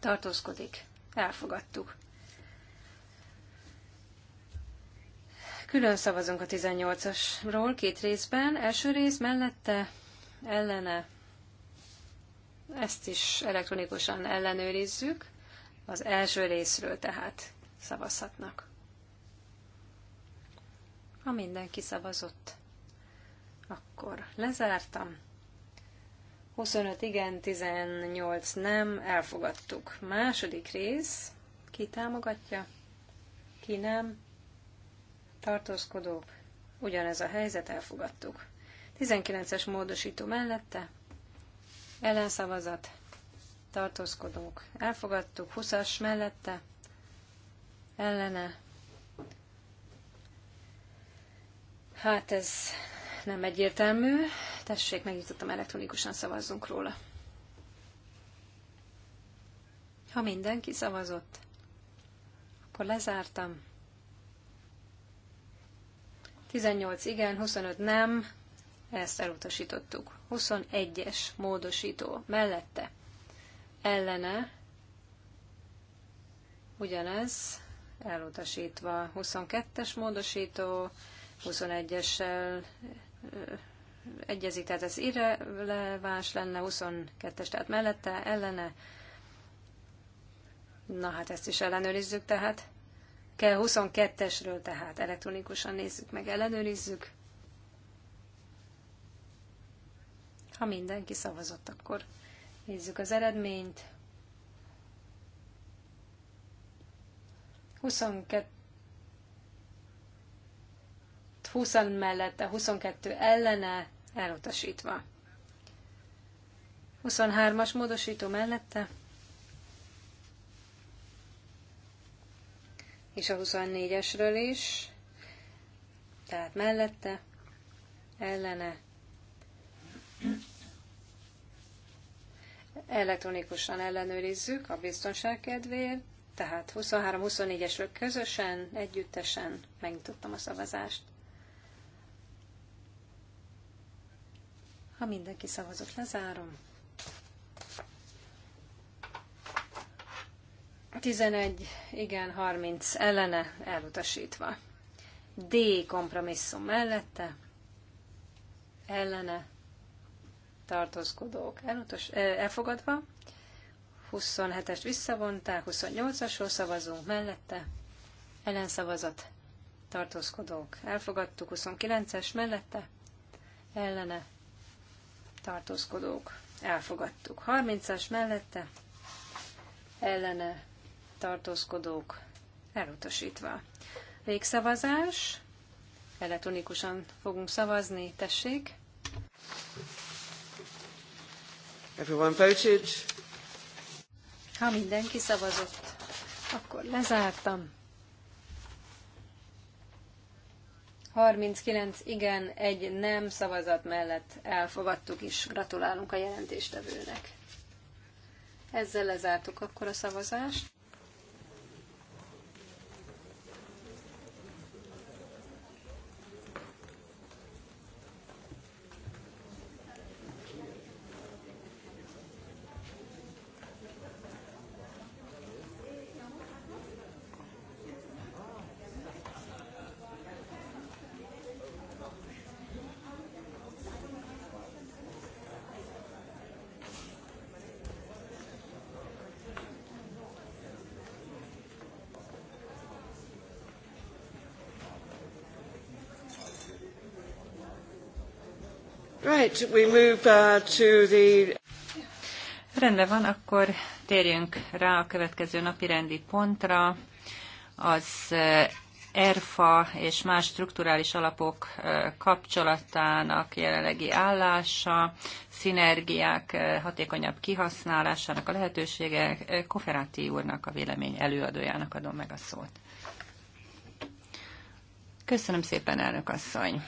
Tartózkodik. Elfogadtuk. Külön szavazunk a 18-asról két részben. Első rész mellette ellene. Ezt is elektronikusan ellenőrizzük. Az első részről tehát szavazhatnak. Ha mindenki szavazott, akkor lezártam. 25 igen, 18 nem, elfogadtuk. Második rész, ki támogatja, ki nem, tartózkodók, ugyanez a helyzet, elfogadtuk. 19-es módosító mellette, ellenszavazat, tartózkodók, elfogadtuk. 20-as mellette, ellene. Hát ez nem egyértelmű. Tessék, megnyitottam elektronikusan, szavazzunk róla. Ha mindenki szavazott, akkor lezártam. 18 igen, 25 nem, ezt elutasítottuk. 21-es módosító mellette ellene ugyanez, elutasítva 22-es módosító, 21-essel egyezik, tehát ez irreleváns lenne, 22-es, tehát mellette, ellene. Na hát ezt is ellenőrizzük tehát. 22-esről tehát elektronikusan nézzük meg, ellenőrizzük. Ha mindenki szavazott, akkor nézzük az eredményt. 22 20 mellette, 22 ellene, elutasítva. 23-as módosító mellette, és a 24-esről is, tehát mellette, ellene, elektronikusan ellenőrizzük a biztonság kedvéért, tehát 23-24-esről közösen, együttesen megnyitottam a szavazást. Ha mindenki szavazott, lezárom. 11, igen, 30 ellene elutasítva. D kompromisszum mellette, ellene tartózkodók elutas, elfogadva, 27-est visszavonták, 28-asról szavazunk mellette, ellenszavazat tartózkodók elfogadtuk, 29-es mellette, ellene tartózkodók elfogadtuk, 30-as mellette, ellene tartózkodók elutasítva. Végszavazás. Elektronikusan fogunk szavazni, tessék. Everyone voted. Ha mindenki szavazott, akkor lezártam. 39 igen, egy nem szavazat mellett elfogadtuk is. Gratulálunk a jelentéstevőnek. Ezzel lezártuk akkor a szavazást. Right, we move uh, to the... Rendben van, akkor térjünk rá a következő napi rendi pontra. Az uh, ERFA és más strukturális alapok uh, kapcsolatának jelenlegi állása, szinergiák hatékonyabb kihasználásának a lehetősége. Koferáti úrnak, a vélemény előadójának adom meg a szót. Köszönöm szépen, elnök asszony!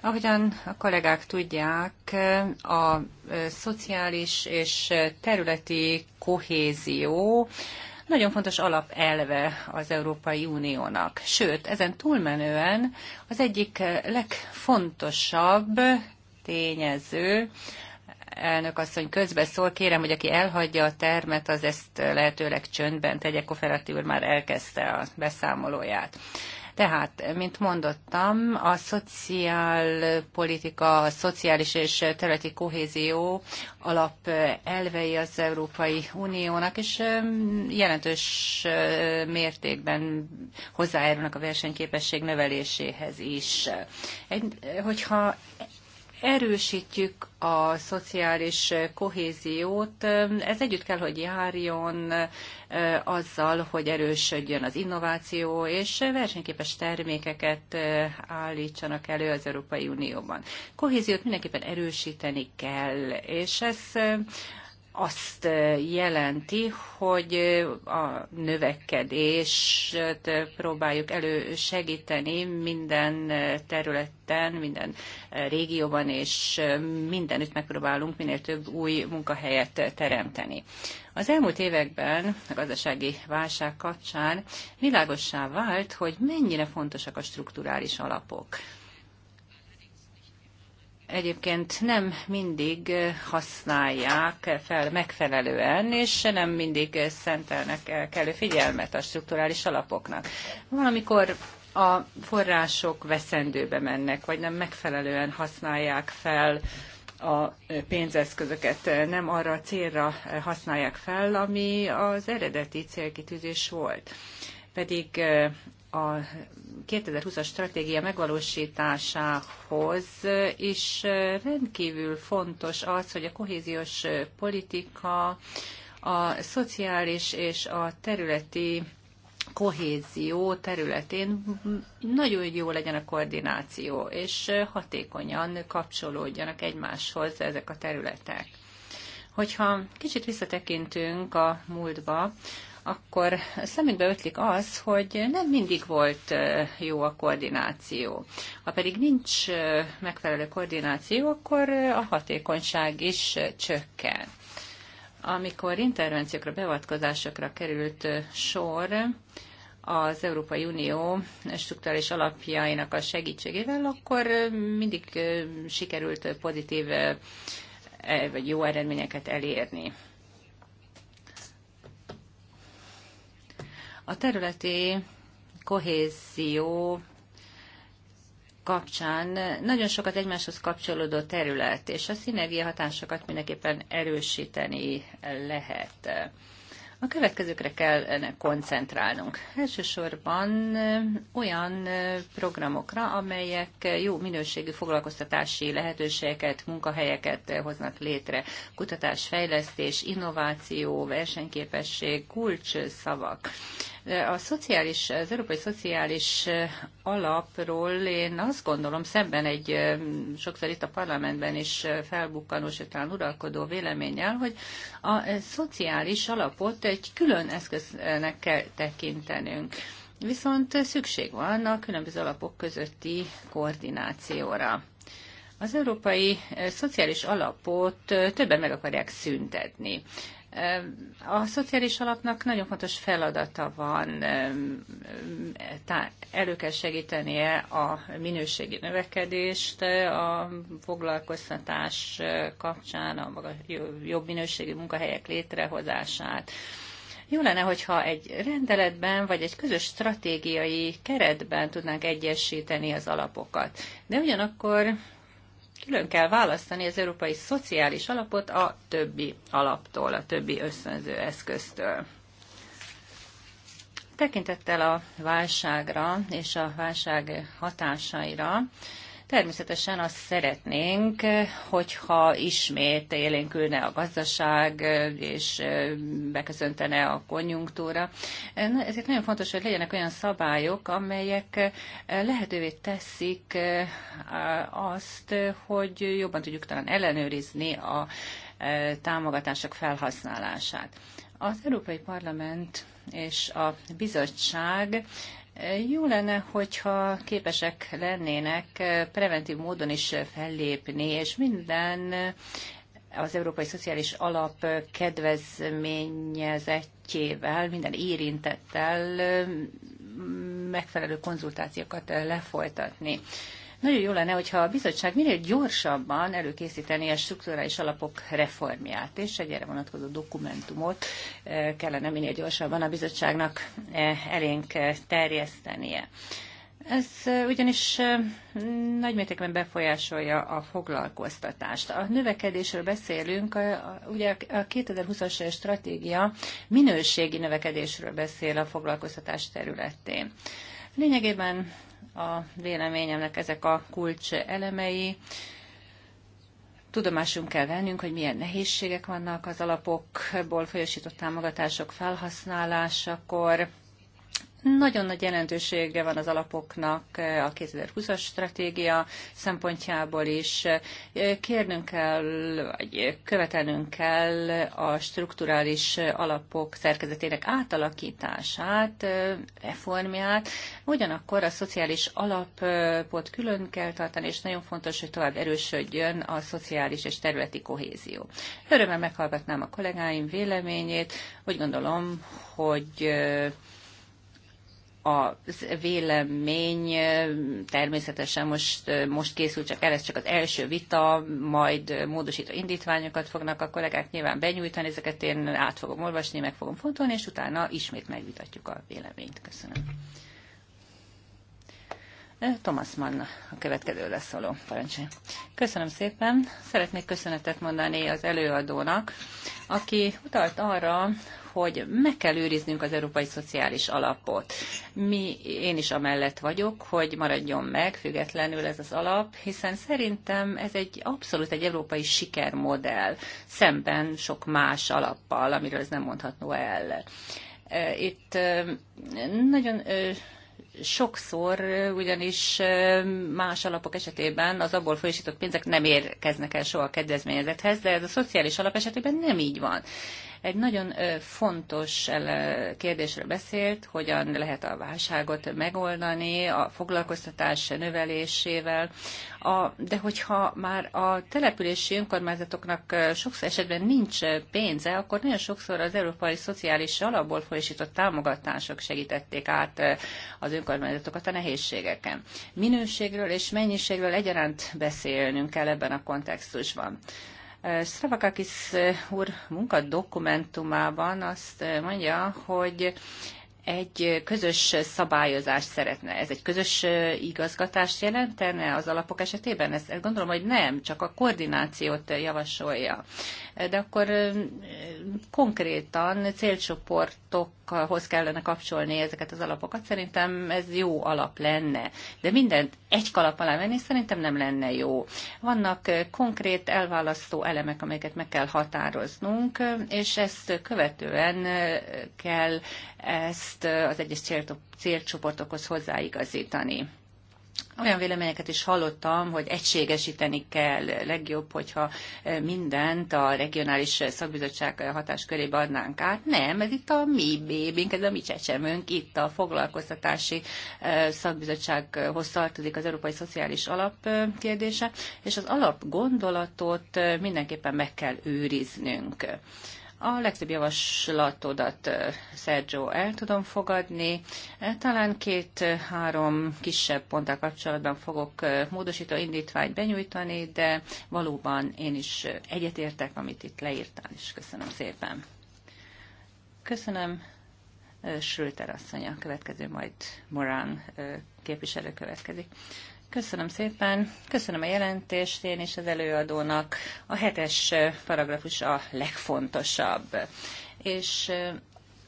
Ahogyan a kollégák tudják, a szociális és területi kohézió nagyon fontos alapelve az Európai Uniónak. Sőt, ezen túlmenően az egyik legfontosabb tényező, elnök asszony közbeszól, kérem, hogy aki elhagyja a termet, az ezt lehetőleg csöndben tegye, Koferati úr már elkezdte a beszámolóját. Tehát, mint mondottam, a szociálpolitika, a szociális és területi kohézió alap elvei az Európai Uniónak, és jelentős mértékben hozzájárulnak a versenyképesség növeléséhez is. Egy, hogyha erősítjük a szociális kohéziót, ez együtt kell, hogy járjon eh, azzal, hogy erősödjön az innováció, és versenyképes termékeket eh, állítsanak elő az Európai Unióban. Kohéziót mindenképpen erősíteni kell, és ez eh, azt jelenti, hogy a növekedést próbáljuk elősegíteni minden területen, minden régióban, és mindenütt megpróbálunk minél több új munkahelyet teremteni. Az elmúlt években, a gazdasági válság kapcsán világossá vált, hogy mennyire fontosak a strukturális alapok egyébként nem mindig eh, használják fel megfelelően, és nem mindig szentelnek kellő figyelmet a strukturális alapoknak. Valamikor a források veszendőbe mennek, vagy nem megfelelően használják fel a eh, pénzeszközöket, eh, nem arra a célra használják fel, ami az eredeti célkitűzés volt. Pedig a 2020-as stratégia megvalósításához is rendkívül fontos az, hogy a kohéziós politika, a szociális és a területi kohézió területén nagyon jó legyen a koordináció, és hatékonyan kapcsolódjanak egymáshoz ezek a területek. Hogyha kicsit visszatekintünk a múltba, akkor szemünkbe ötlik az, hogy nem mindig volt jó a koordináció. Ha pedig nincs megfelelő koordináció, akkor a hatékonyság is csökken. Amikor intervenciókra, beavatkozásokra került sor, az Európai Unió struktúrális alapjainak a segítségével, akkor mindig sikerült pozitív e, vagy jó eredményeket elérni. A területi kohézió kapcsán nagyon sokat egymáshoz kapcsolódó terület, és a szinergia hatásokat mindenképpen erősíteni lehet. A következőkre kell koncentrálnunk. Elsősorban olyan programokra, amelyek jó minőségű foglalkoztatási lehetőségeket, munkahelyeket hoznak létre. Kutatás, fejlesztés, innováció, versenyképesség, kulcsszavak. A szociális, az Európai Szociális Alapról én azt gondolom, szemben egy sokszor itt a parlamentben is felbukkanó, sőt uralkodó véleménnyel, hogy a szociális alapot egy külön eszköznek kell tekintenünk. Viszont szükség van a különböző alapok közötti koordinációra. Az európai szociális alapot többen meg akarják szüntetni. A szociális alapnak nagyon fontos feladata van, elő kell segítenie a minőségi növekedést a foglalkoztatás kapcsán, a maga, jobb minőségi munkahelyek létrehozását. Jó lenne, hogyha egy rendeletben vagy egy közös stratégiai keretben tudnánk egyesíteni az alapokat. De ugyanakkor külön kell választani az európai szociális alapot a többi alaptól, a többi összönző eszköztől. Tekintettel a válságra és a válság hatásaira, Természetesen azt szeretnénk, hogyha ismét élénkülne a gazdaság, és beköszöntene a konjunktúra. Ezért nagyon fontos, hogy legyenek olyan szabályok, amelyek lehetővé teszik azt, hogy jobban tudjuk talán ellenőrizni a támogatások felhasználását. Az Európai Parlament és a bizottság jó lenne, hogyha képesek lennének eh, preventív módon is fellépni, és minden eh, az Európai Szociális Alap kedvezményezettjével, minden érintettel eh, megfelelő konzultációkat lefolytatni. Nagyon jó lenne, hogyha a bizottság minél gyorsabban előkészíteni a struktúrális alapok reformját, és egy erre vonatkozó dokumentumot eh, kellene minél gyorsabban a bizottságnak eh, elénk eh, terjesztenie. Ez ugyanis nagymértékben befolyásolja a foglalkoztatást. A növekedésről beszélünk, ugye a 2020-as stratégia minőségi növekedésről beszél a foglalkoztatás területén. Lényegében a véleményemnek ezek a kulcs elemei. Tudomásunk kell vennünk, hogy milyen nehézségek vannak az alapokból folyosított támogatások felhasználásakor, nagyon nagy jelentősége van az alapoknak eh, a 2020-as stratégia szempontjából is. Eh, kérnünk kell, vagy követelnünk kell a strukturális alapok szerkezetének átalakítását, eh, reformját. Ugyanakkor a szociális alapot külön kell tartani, és nagyon fontos, hogy tovább erősödjön a szociális és területi kohézió. Örömmel meghallgatnám a kollégáim véleményét. Úgy gondolom, hogy a vélemény természetesen most, most készül csak el, ez csak az első vita, majd módosító indítványokat fognak a kollégák nyilván benyújtani, ezeket én át fogom olvasni, meg fogom fontolni, és utána ismét megvitatjuk a véleményt. Köszönöm. Eh, Thomas Mann a következő leszóló. parancsai. Köszönöm szépen. Szeretnék köszönetet mondani az előadónak, aki utalt arra, hogy meg kell őriznünk az európai szociális alapot. Mi, én is amellett vagyok, hogy maradjon meg függetlenül ez az alap, hiszen szerintem ez egy abszolút egy európai sikermodell, szemben sok más alappal, amiről ez nem mondható el. E, itt e, nagyon e, sokszor ugyanis más alapok esetében az abból folyosított pénzek nem érkeznek el soha a kedvezményezethez, de ez a szociális alap esetében nem így van. Egy nagyon fontos kérdésről beszélt, hogyan lehet a válságot megoldani a foglalkoztatás növelésével, a, de hogyha már a települési önkormányzatoknak sokszor esetben nincs pénze, akkor nagyon sokszor az Európai Szociális Alapból folyosított támogatások segítették át az önkormányzatokat a nehézségeken. Minőségről és mennyiségről egyaránt beszélnünk kell ebben a kontextusban. Stravakakis úr munkadokumentumában azt mondja, hogy egy közös szabályozást szeretne. Ez egy közös igazgatást jelentene az alapok esetében? Ezt gondolom, hogy nem, csak a koordinációt javasolja de akkor konkrétan célcsoportokhoz kellene kapcsolni ezeket az alapokat. Szerintem ez jó alap lenne, de mindent egy kalap alá venni szerintem nem lenne jó. Vannak konkrét elválasztó elemek, amelyeket meg kell határoznunk, és ezt követően kell ezt az egyes célcsoportokhoz hozzáigazítani. Olyan véleményeket is hallottam, hogy egységesíteni kell, legjobb, hogyha eh, mindent a regionális szakbizottság hatáskörébe adnánk át. Nem, ez itt a mi bébénk, ez a mi csecsemünk, itt a foglalkoztatási eh, szakbizottsághoz tartozik az Európai Szociális Alap eh, kérdése, és az alapgondolatot mindenképpen meg kell őriznünk. A legtöbb javaslatodat, Sergio, el tudom fogadni. Talán két-három kisebb ponttal kapcsolatban fogok módosító indítványt benyújtani, de valóban én is egyetértek, amit itt leírtál, és köszönöm szépen. Köszönöm. Schröter asszony a következő, majd Morán képviselő következik. Köszönöm szépen. Köszönöm a jelentést én és az előadónak. A hetes paragrafus a legfontosabb. És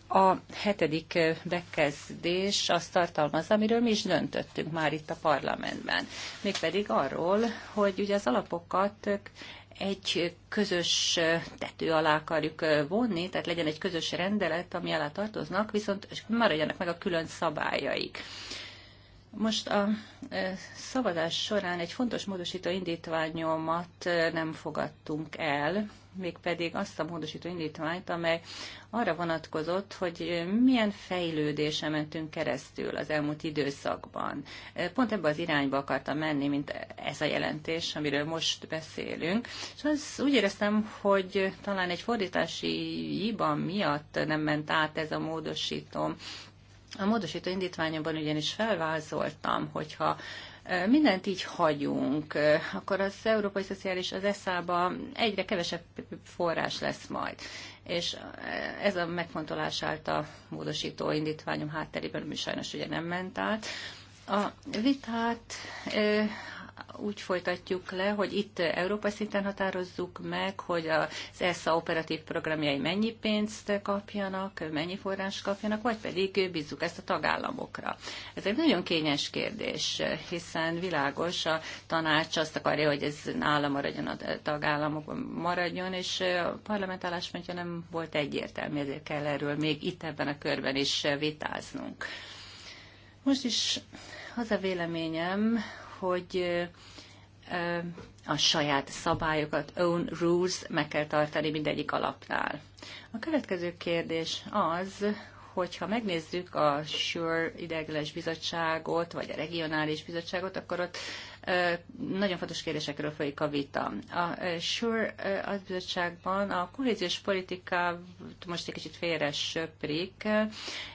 a hetedik bekezdés azt tartalmaz, amiről mi is döntöttünk már itt a parlamentben. Mégpedig arról, hogy ugye az alapokat egy közös tető alá akarjuk vonni, tehát legyen egy közös rendelet, ami alá tartoznak, viszont maradjanak meg a külön szabályaik. Most a e, szavazás során egy fontos módosító indítványomat e, nem fogadtunk el, mégpedig azt a módosító indítványt, amely arra vonatkozott, hogy e, milyen fejlődése mentünk keresztül az elmúlt időszakban. Pont ebbe az irányba akartam menni, mint ez a jelentés, amiről most beszélünk. És az úgy éreztem, hogy talán egy fordítási hiba miatt nem ment át ez a módosítom a módosító indítványomban ugyanis felvázoltam, hogyha e, mindent így hagyunk, e, akkor az Európai Szociális az eszába egyre kevesebb forrás lesz majd. És e, ez a megfontolás állt a módosító indítványom hátterében, ami sajnos ugye nem ment át. A vitát úgy folytatjuk le, hogy itt Európa szinten határozzuk meg, hogy az eSSA operatív programjai mennyi pénzt kapjanak, mennyi forrás kapjanak, vagy pedig bízzuk ezt a tagállamokra. Ez egy nagyon kényes kérdés, hiszen világos a tanács azt akarja, hogy ez nála maradjon, a tagállamok maradjon, és a parlament álláspontja nem volt egyértelmű, ezért kell erről még itt ebben a körben is vitáznunk. Most is az a véleményem, hogy a saját szabályokat, own rules meg kell tartani mindegyik alapnál. A következő kérdés az, hogyha megnézzük a SURE ideiglenes bizottságot, vagy a regionális bizottságot, akkor ott nagyon fontos kérdésekről folyik a vita. A SURE az bizottságban a kohéziós politikát most egy kicsit félre söprik,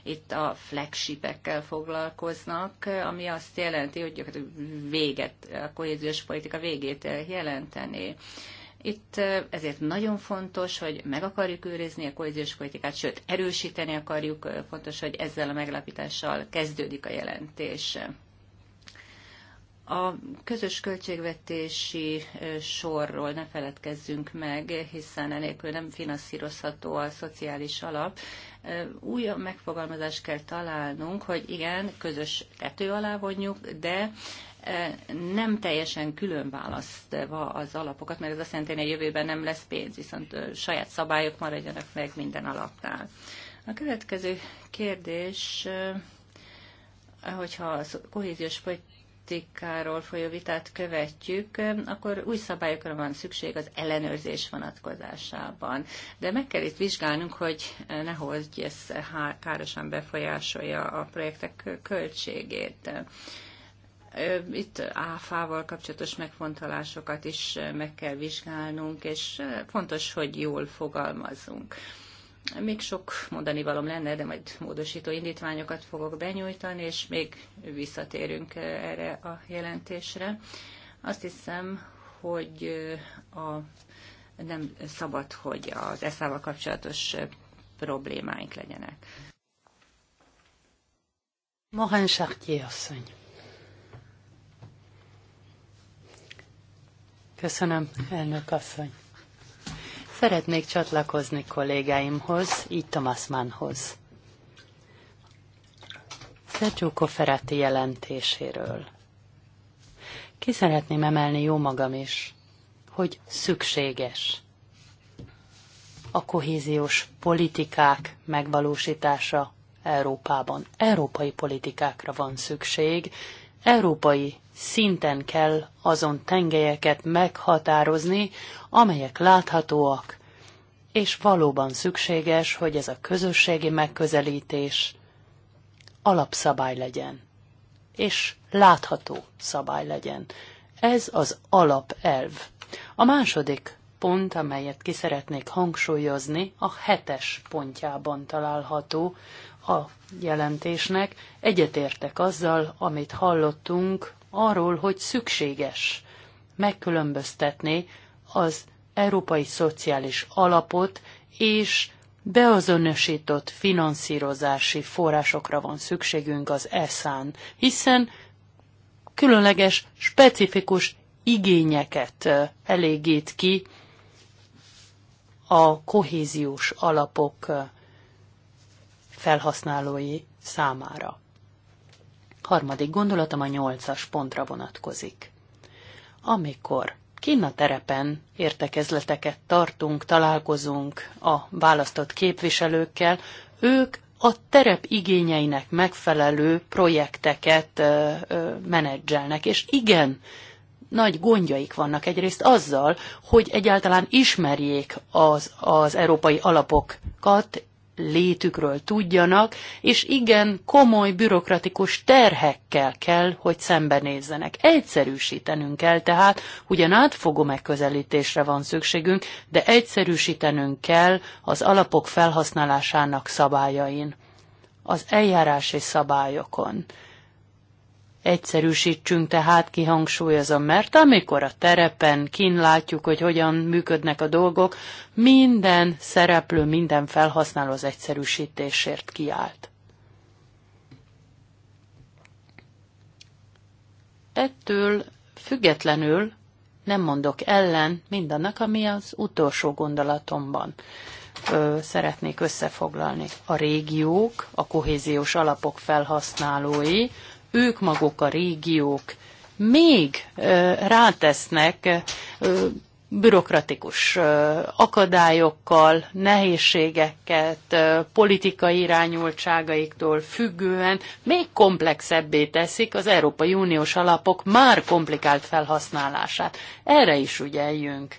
itt a flagshipekkel foglalkoznak, ami azt jelenti, hogy véget, a kohéziós politika végét jelenteni itt ezért nagyon fontos, hogy meg akarjuk őrizni a kohéziós politikát, sőt, erősíteni akarjuk. Fontos, hogy ezzel a meglapítással kezdődik a jelentés. A közös költségvetési sorról ne feledkezzünk meg, hiszen enélkül nem finanszírozható a szociális alap. Új megfogalmazást kell találnunk, hogy igen, közös tető alá vonjuk, de nem teljesen külön választva az alapokat, mert ez azt jelenti, hogy a jövőben nem lesz pénz, viszont saját szabályok maradjanak meg minden alapnál. A következő kérdés, hogyha a kohéziós politikáról folyó vitát követjük, akkor új szabályokra van szükség az ellenőrzés vonatkozásában. De meg kell itt vizsgálnunk, hogy nehogy ez károsan befolyásolja a projektek költségét itt áfával kapcsolatos megfontolásokat is meg kell vizsgálnunk, és fontos, hogy jól fogalmazzunk. Még sok mondani valom lenne, de majd módosító indítványokat fogok benyújtani, és még visszatérünk erre a jelentésre. Azt hiszem, hogy a, nem szabad, hogy az eszával kapcsolatos problémáink legyenek. Morin Chartier asszony. Köszönöm, elnök asszony. Szeretnék csatlakozni kollégáimhoz, így Thomas Mannhoz. Sergio Koferati jelentéséről. Ki szeretném emelni jó magam is, hogy szükséges a kohéziós politikák megvalósítása Európában. Európai politikákra van szükség, európai szinten kell azon tengelyeket meghatározni, amelyek láthatóak, és valóban szükséges, hogy ez a közösségi megközelítés alapszabály legyen, és látható szabály legyen. Ez az alapelv. A második pont, amelyet ki szeretnék hangsúlyozni, a hetes pontjában található a jelentésnek. Egyetértek azzal, amit hallottunk arról, hogy szükséges megkülönböztetni az európai szociális alapot és beazonosított finanszírozási forrásokra van szükségünk az ESZÁN, hiszen különleges, specifikus igényeket elégít ki a kohéziós alapok felhasználói számára. Harmadik gondolatom a nyolcas pontra vonatkozik. Amikor kinn terepen értekezleteket tartunk, találkozunk a választott képviselőkkel, ők a terep igényeinek megfelelő projekteket ö, ö, menedzselnek. És igen, nagy gondjaik vannak egyrészt azzal, hogy egyáltalán ismerjék az, az európai alapokat, létükről tudjanak, és igen komoly bürokratikus terhekkel kell, hogy szembenézzenek. Egyszerűsítenünk kell tehát, ugyan átfogó megközelítésre van szükségünk, de egyszerűsítenünk kell az alapok felhasználásának szabályain, az eljárási szabályokon Egyszerűsítsünk tehát, kihangsúlyozom, mert amikor a terepen kín látjuk, hogy hogyan működnek a dolgok, minden szereplő, minden felhasználó az egyszerűsítésért kiállt. Ettől függetlenül nem mondok ellen mindannak, ami az utolsó gondolatomban ö, szeretnék összefoglalni. A régiók, a kohéziós alapok felhasználói ők maguk a régiók még rátesznek bürokratikus akadályokkal, nehézségeket, politikai irányultságaiktól függően még komplexebbé teszik az Európai Uniós alapok már komplikált felhasználását. Erre is ügyeljünk.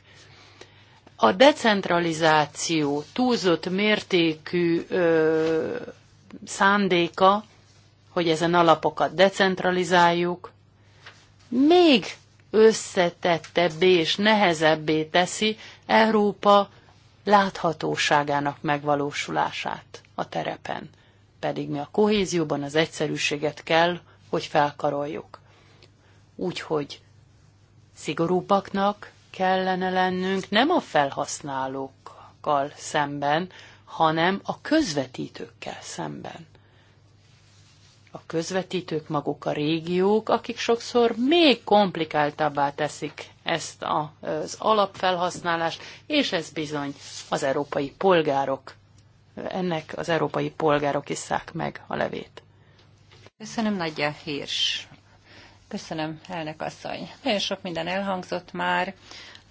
A decentralizáció túlzott mértékű ö, szándéka hogy ezen alapokat decentralizáljuk, még összetettebbé és nehezebbé teszi Európa láthatóságának megvalósulását a terepen. Pedig mi a kohézióban az egyszerűséget kell, hogy felkaroljuk. Úgyhogy szigorúbbaknak kellene lennünk nem a felhasználókkal szemben, hanem a közvetítőkkel szemben a közvetítők maguk a régiók, akik sokszor még komplikáltabbá teszik ezt a, az alapfelhasználást, és ez bizony az európai polgárok, ennek az európai polgárok isszák meg a levét. Köszönöm, Nagyja Hírs. Köszönöm, elnök asszony. Nagyon sok minden elhangzott már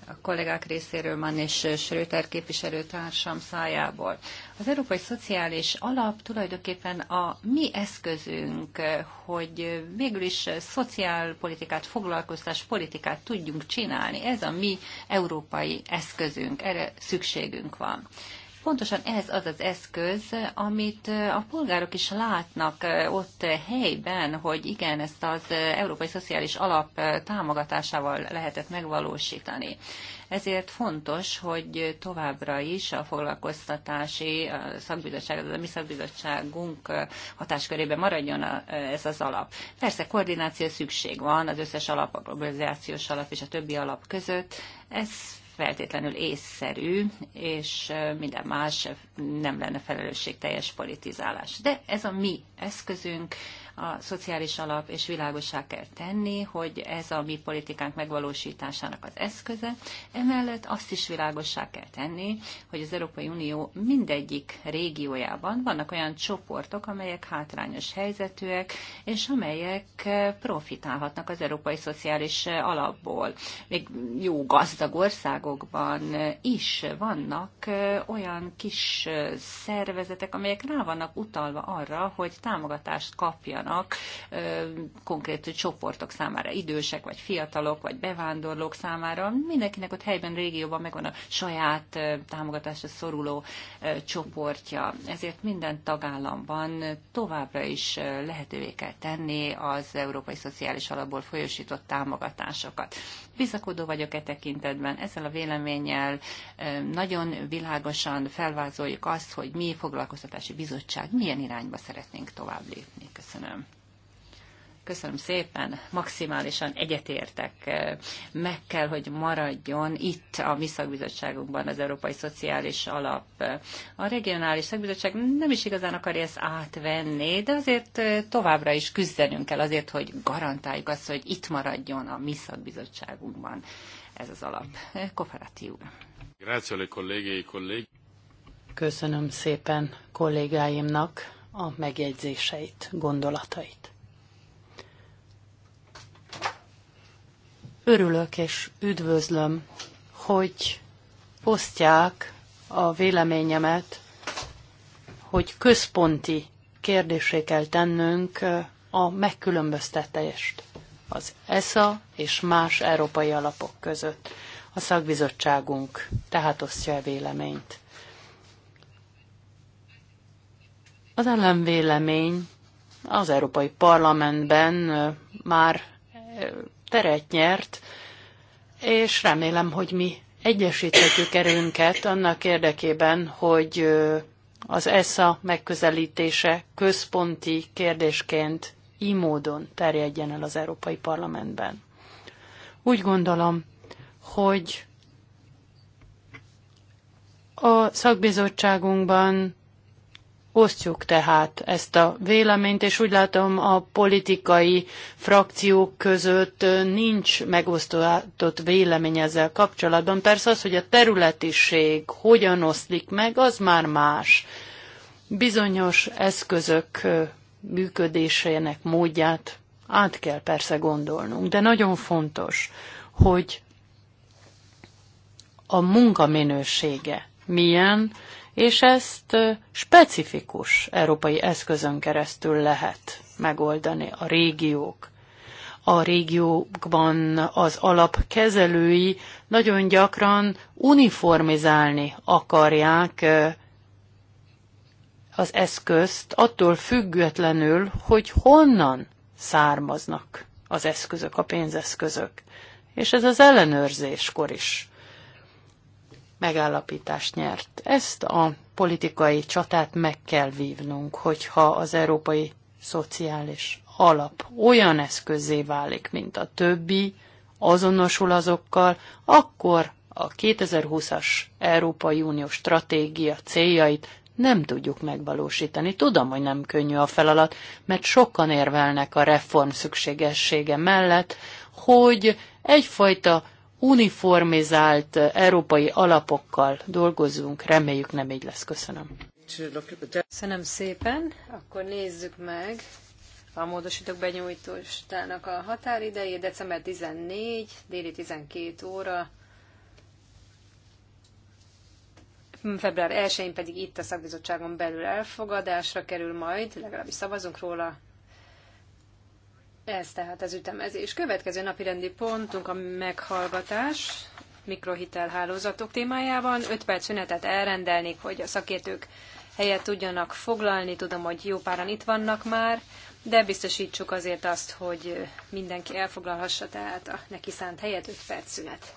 a kollégák részéről Mann és Schröter képviselőtársam szájából. Az Európai Szociális Alap tulajdonképpen a mi eszközünk, hogy végül is szociálpolitikát, politikát tudjunk csinálni. Ez a mi európai eszközünk, erre szükségünk van. Pontosan ez az az eszköz, amit a polgárok is látnak ott helyben, hogy igen, ezt az Európai Szociális Alap támogatásával lehetett megvalósítani. Ezért fontos, hogy továbbra is a foglalkoztatási a szakbizottság, az a mi szakbizottságunk hatáskörében maradjon ez az alap. Persze koordináció szükség van az összes alap, a globalizációs alap és a többi alap között. Ez feltétlenül észszerű, és minden más nem lenne felelősségteljes politizálás. De ez a mi eszközünk, a szociális alap, és világosá kell tenni, hogy ez a mi politikánk megvalósításának az eszköze. Emellett azt is világossá kell tenni, hogy az Európai Unió mindegyik régiójában vannak olyan csoportok, amelyek hátrányos helyzetűek, és amelyek profitálhatnak az európai szociális alapból. Még jó gazdag országokban is vannak olyan kis szervezetek, amelyek rá vannak utalva arra, hogy támogatást kapjanak nyújtanak konkrét csoportok számára, idősek, vagy fiatalok, vagy bevándorlók számára. Mindenkinek ott helyben, régióban megvan a saját támogatásra szoruló csoportja. Ezért minden tagállamban továbbra is lehetővé kell tenni az Európai Szociális Alapból folyosított támogatásokat bizakodó vagyok e tekintetben. Ezzel a véleménnyel nagyon világosan felvázoljuk azt, hogy mi foglalkoztatási bizottság milyen irányba szeretnénk tovább lépni. Köszönöm. Köszönöm szépen, maximálisan egyetértek. Meg kell, hogy maradjon itt a mi szakbizottságunkban az Európai Szociális Alap. A regionális szakbizottság nem is igazán akarja ezt átvenni, de azért eh, továbbra is küzdenünk kell azért, hogy garantáljuk azt, hogy itt maradjon a mi szakbizottságunkban ez az alap. Eh, Kooperatív. E Köszönöm szépen kollégáimnak a megjegyzéseit, gondolatait. Örülök és üdvözlöm, hogy osztják a véleményemet, hogy központi kérdésé kell tennünk a megkülönböztetést az ESA és más európai alapok között. A szakbizottságunk tehát osztja a véleményt. Az ellenvélemény az Európai Parlamentben már teret nyert, és remélem, hogy mi egyesíthetjük erőnket annak érdekében, hogy az ESA megközelítése központi kérdésként így módon terjedjen el az Európai Parlamentben. Úgy gondolom, hogy a szakbizottságunkban Osztjuk tehát ezt a véleményt, és úgy látom a politikai frakciók között nincs megosztott vélemény ezzel kapcsolatban. Persze az, hogy a területiség hogyan oszlik meg, az már más. Bizonyos eszközök működésének módját át kell persze gondolnunk, de nagyon fontos, hogy a munkaminősége milyen, és ezt specifikus európai eszközön keresztül lehet megoldani a régiók. A régiókban az alapkezelői nagyon gyakran uniformizálni akarják az eszközt attól függetlenül, hogy honnan származnak az eszközök, a pénzeszközök. És ez az ellenőrzéskor is megállapítást nyert. Ezt a politikai csatát meg kell vívnunk, hogyha az európai szociális alap olyan eszközé válik, mint a többi, azonosul azokkal, akkor a 2020-as Európai Unió stratégia céljait nem tudjuk megvalósítani. Tudom, hogy nem könnyű a feladat, mert sokan érvelnek a reform szükségessége mellett, hogy egyfajta uniformizált európai alapokkal dolgozunk. Reméljük nem így lesz. Köszönöm. Köszönöm szépen. Akkor nézzük meg a módosítók benyújtóstának a határidejét. December 14, déli 12 óra. Február 1-én pedig itt a szakbizottságon belül elfogadásra kerül majd, legalábbis szavazunk róla, ez tehát az ütemezés. Következő napi rendi pontunk a meghallgatás mikrohitelhálózatok témájában. 5 perc szünetet elrendelnék, hogy a szakértők helyet tudjanak foglalni. Tudom, hogy jó páran itt vannak már, de biztosítsuk azért azt, hogy mindenki elfoglalhassa tehát a neki szánt helyet 5 perc szünet.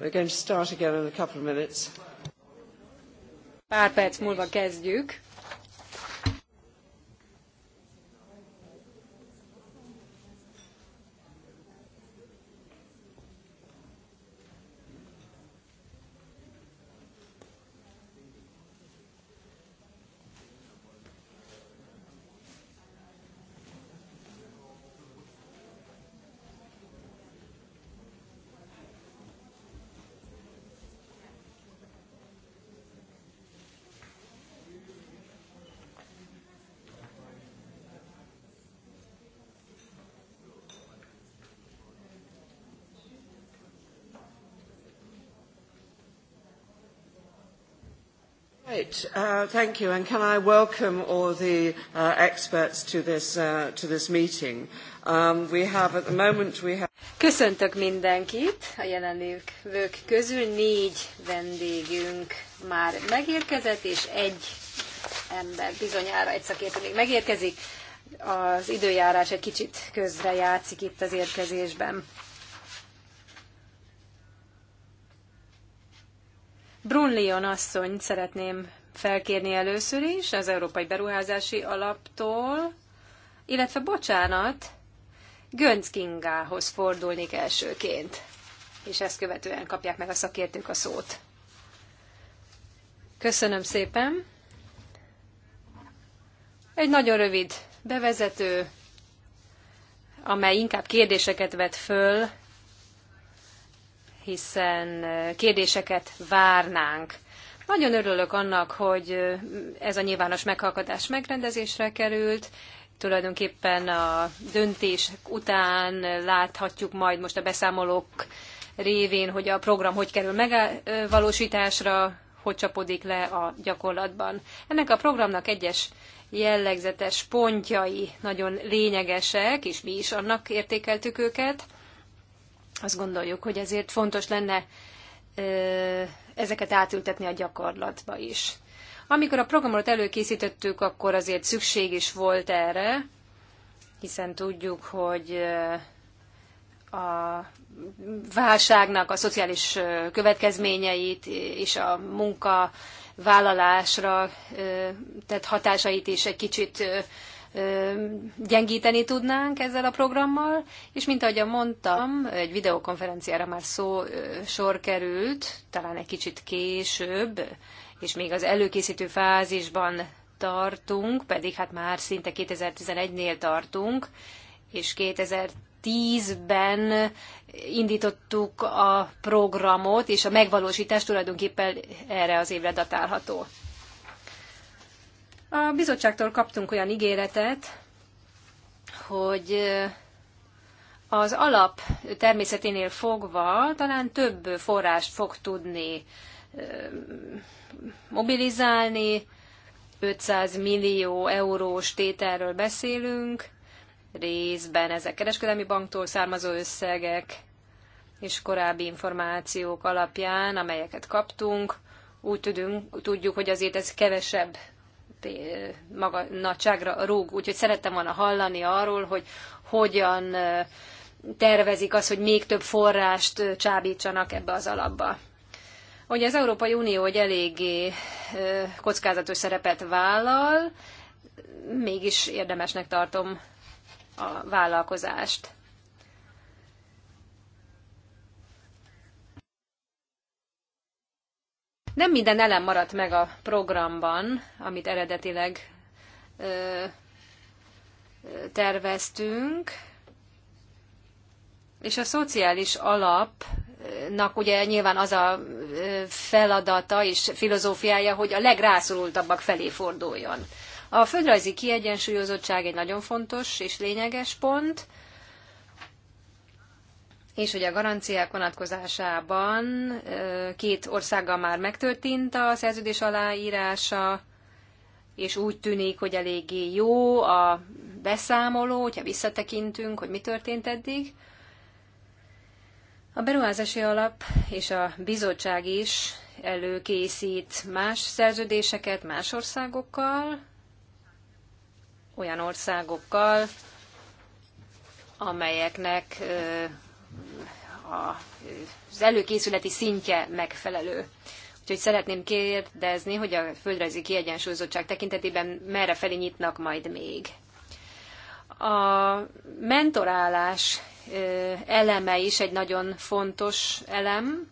We're Pár perc múlva kezdjük. Great. Uh, thank you. And can I welcome all the uh, experts to this, uh, to this meeting? Um, we have at the moment we have... Köszöntök mindenkit a jelenlévők közül. Négy vendégünk már megérkezett, és egy ember bizonyára egy szakértő még megérkezik. Az időjárás egy kicsit közre játszik itt az érkezésben. Brunlion asszony szeretném felkérni először is az Európai Beruházási Alaptól, illetve bocsánat, Gönc Kingához fordulnék elsőként, és ezt követően kapják meg a szakértők a szót. Köszönöm szépen! Egy nagyon rövid bevezető, amely inkább kérdéseket vet föl, hiszen kérdéseket várnánk nagyon örülök annak, hogy ez a nyilvános meghallgatás megrendezésre került. Tulajdonképpen a döntés után láthatjuk majd most a beszámolók révén, hogy a program hogy kerül megvalósításra, hogy csapódik le a gyakorlatban. Ennek a programnak egyes jellegzetes pontjai nagyon lényegesek, és mi is annak értékeltük őket. Azt gondoljuk, hogy ezért fontos lenne ezeket átültetni a gyakorlatba is. Amikor a programot előkészítettük, akkor azért szükség is volt erre, hiszen tudjuk, hogy a válságnak a szociális következményeit és a munkavállalásra tett hatásait is egy kicsit gyengíteni tudnánk ezzel a programmal, és mint ahogy mondtam, egy videokonferenciára már szó sor került, talán egy kicsit később, és még az előkészítő fázisban tartunk, pedig hát már szinte 2011-nél tartunk, és 2010-ben indítottuk a programot, és a megvalósítás tulajdonképpen erre az évre datálható. A bizottságtól kaptunk olyan ígéretet, hogy az alap természeténél fogva talán több forrást fog tudni mobilizálni, 500 millió eurós tételről beszélünk, részben ezek kereskedelmi banktól származó összegek és korábbi információk alapján, amelyeket kaptunk, úgy tudunk, tudjuk, hogy azért ez kevesebb maga, nagyságra rúg. Úgyhogy szerettem volna hallani arról, hogy hogyan tervezik az, hogy még több forrást csábítsanak ebbe az alapba. Hogy az Európai Unió hogy eléggé kockázatos szerepet vállal, mégis érdemesnek tartom a vállalkozást. Nem minden elem maradt meg a programban, amit eredetileg ö, terveztünk, és a szociális alapnak ugye nyilván az a feladata és filozófiája, hogy a legrászorultabbak felé forduljon. A földrajzi kiegyensúlyozottság egy nagyon fontos és lényeges pont, és hogy a garanciák vonatkozásában két országgal már megtörtént a szerződés aláírása, és úgy tűnik, hogy eléggé jó a beszámoló, hogyha visszatekintünk, hogy mi történt eddig. A beruházási alap és a bizottság is előkészít más szerződéseket más országokkal, olyan országokkal, amelyeknek az előkészületi szintje megfelelő. Úgyhogy szeretném kérdezni, hogy a földrajzi kiegyensúlyozottság tekintetében merre felé nyitnak majd még. A mentorálás eleme is egy nagyon fontos elem.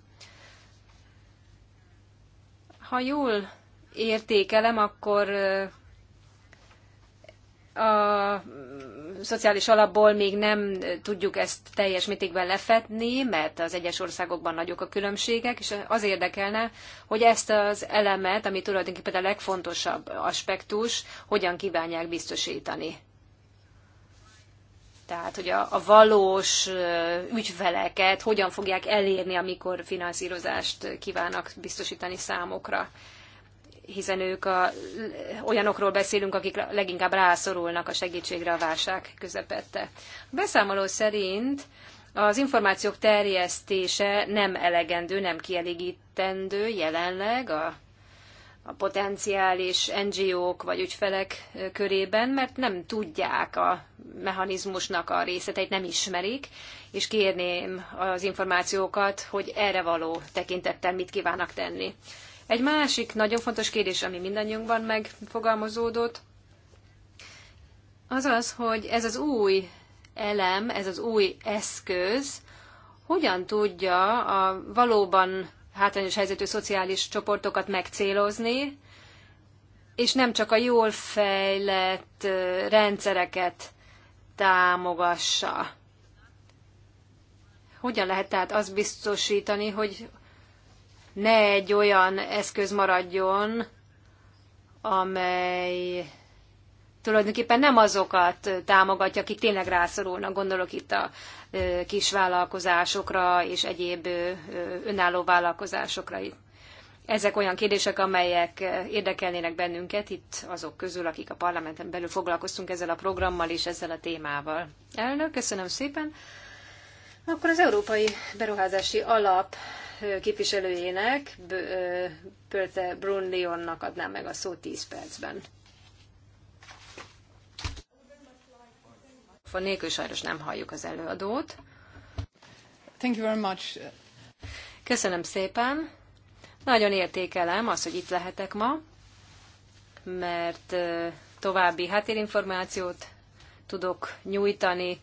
Ha jól értékelem, akkor a szociális alapból még nem tudjuk ezt teljes mértékben lefetni, mert az egyes országokban nagyok a különbségek, és az érdekelne, hogy ezt az elemet, ami tulajdonképpen a legfontosabb aspektus, hogyan kívánják biztosítani. Tehát, hogy a, a valós ügyfeleket hogyan fogják elérni, amikor finanszírozást kívánnak biztosítani számokra hiszen ők a, olyanokról beszélünk, akik leginkább rászorulnak a segítségre a válság közepette. A beszámoló szerint az információk terjesztése nem elegendő, nem kielégítendő jelenleg a, a potenciális NGO-k vagy ügyfelek körében, mert nem tudják a mechanizmusnak a részleteit, nem ismerik, és kérném az információkat, hogy erre való tekintettel mit kívánnak tenni. Egy másik nagyon fontos kérdés, ami mindannyiunkban megfogalmazódott, az az, hogy ez az új elem, ez az új eszköz hogyan tudja a valóban hátrányos helyzetű szociális csoportokat megcélozni, és nem csak a jól fejlett rendszereket támogassa. Hogyan lehet tehát azt biztosítani, hogy ne egy olyan eszköz maradjon, amely tulajdonképpen nem azokat támogatja, akik tényleg rászorulnak, gondolok itt a kis vállalkozásokra és egyéb önálló vállalkozásokra. Ezek olyan kérdések, amelyek érdekelnének bennünket itt azok közül, akik a parlamenten belül foglalkoztunk ezzel a programmal és ezzel a témával. Elnök, köszönöm szépen. Akkor az Európai Beruházási Alap képviselőjének, Brun Brunlionnak adnám meg a szót 10 percben. Mikrofon nélkül sajnos nem halljuk az előadót. Thank you very much. Köszönöm szépen. Nagyon értékelem az, hogy itt lehetek ma, mert további háttérinformációt tudok nyújtani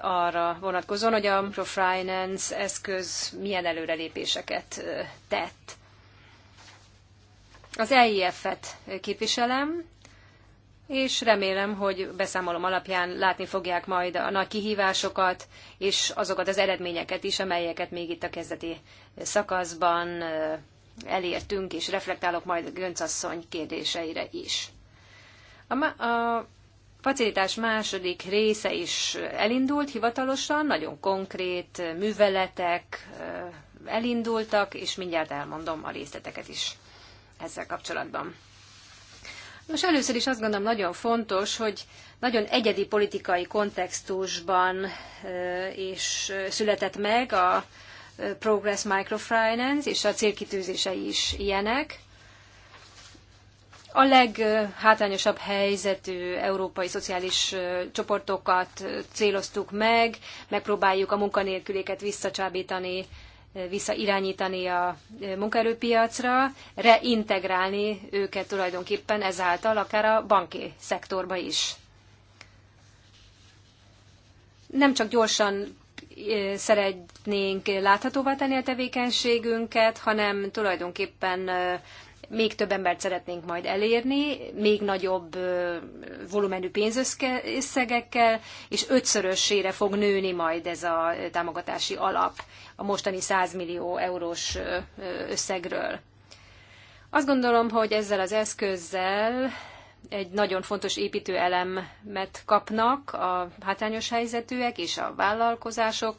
arra vonatkozóan, hogy a microfinance eszköz milyen előrelépéseket tett. Az EIF-et képviselem, és remélem, hogy beszámolom alapján látni fogják majd a nagy kihívásokat, és azokat az eredményeket is, amelyeket még itt a kezdeti szakaszban elértünk, és reflektálok majd Gönc asszony kérdéseire is. A, a facilitás második része is elindult hivatalosan, nagyon konkrét műveletek eh, elindultak, és mindjárt elmondom a részleteket is ezzel kapcsolatban. Most először is azt gondolom nagyon fontos, hogy nagyon egyedi politikai kontextusban eh, és eh, született meg a Progress Microfinance, és a célkitűzései is ilyenek a leghátrányosabb helyzetű európai szociális csoportokat céloztuk meg, megpróbáljuk a munkanélküléket visszacsábítani, visszairányítani a munkaerőpiacra, reintegrálni őket tulajdonképpen ezáltal akár a banki szektorba is. Nem csak gyorsan szeretnénk láthatóvá tenni a tevékenységünket, hanem tulajdonképpen még több embert szeretnénk majd elérni, még nagyobb volumenű pénzösszegekkel, és ötszörösére fog nőni majd ez a támogatási alap a mostani 100 millió eurós összegről. Azt gondolom, hogy ezzel az eszközzel egy nagyon fontos építőelemet kapnak a hátrányos helyzetűek és a vállalkozások,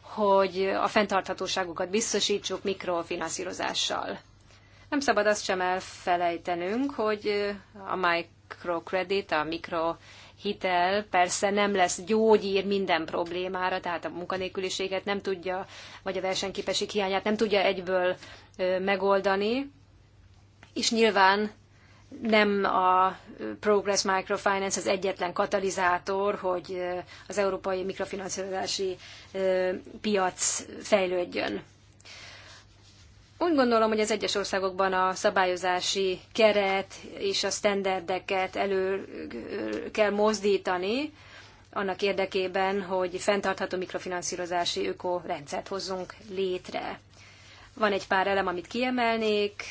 hogy a fenntarthatóságukat biztosítsuk mikrofinanszírozással. Nem szabad azt sem elfelejtenünk, hogy a microcredit, a mikro hitel persze nem lesz gyógyír minden problémára, tehát a munkanélküliséget nem tudja, vagy a versenyképesség hiányát nem tudja egyből megoldani, és nyilván nem a Progress Microfinance az egyetlen katalizátor, hogy az európai mikrofinanszírozási piac fejlődjön. Úgy gondolom, hogy az egyes országokban a szabályozási keret és a standardeket elő kell mozdítani, annak érdekében, hogy fenntartható mikrofinanszírozási ökorendszert hozzunk létre. Van egy pár elem, amit kiemelnék,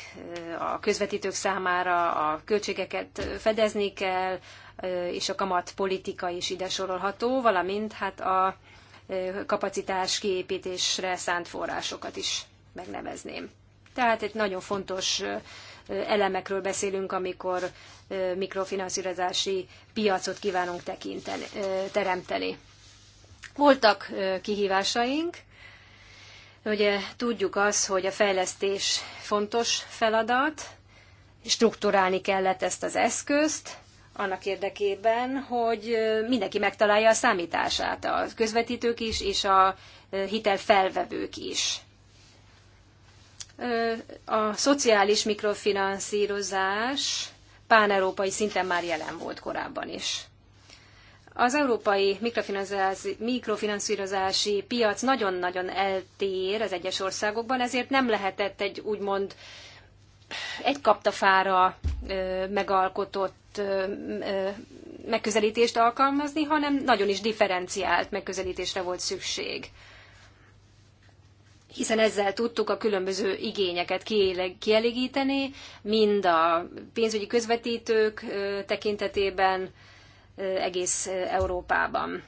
a közvetítők számára a költségeket fedezni kell, és a kamat politika is ide sorolható, valamint hát a kapacitás kiépítésre szánt forrásokat is megnevezném. Tehát egy nagyon fontos elemekről beszélünk, amikor mikrofinanszírozási piacot kívánunk tekinteni, teremteni. Voltak kihívásaink, ugye tudjuk azt, hogy a fejlesztés fontos feladat, strukturálni kellett ezt az eszközt, annak érdekében, hogy mindenki megtalálja a számítását, a közvetítők is, és a hitelfelvevők is a szociális mikrofinanszírozás páneurópai szinten már jelen volt korábban is. Az európai mikrofinanszírozási piac nagyon-nagyon eltér az egyes országokban, ezért nem lehetett egy úgymond egy kaptafára megalkotott megközelítést alkalmazni, hanem nagyon is differenciált megközelítésre volt szükség hiszen ezzel tudtuk a különböző igényeket kielégíteni, mind a pénzügyi közvetítők tekintetében egész Európában.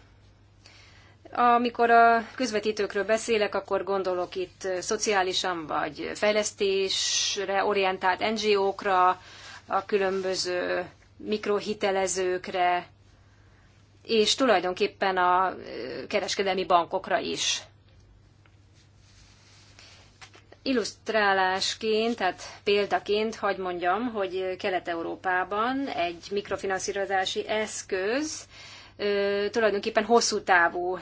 Amikor a közvetítőkről beszélek, akkor gondolok itt szociálisan vagy fejlesztésre orientált NGO-kra, a különböző mikrohitelezőkre, és tulajdonképpen a kereskedelmi bankokra is illusztrálásként, tehát példaként hagy mondjam, hogy Kelet-Európában egy mikrofinanszírozási eszköz tulajdonképpen hosszú távú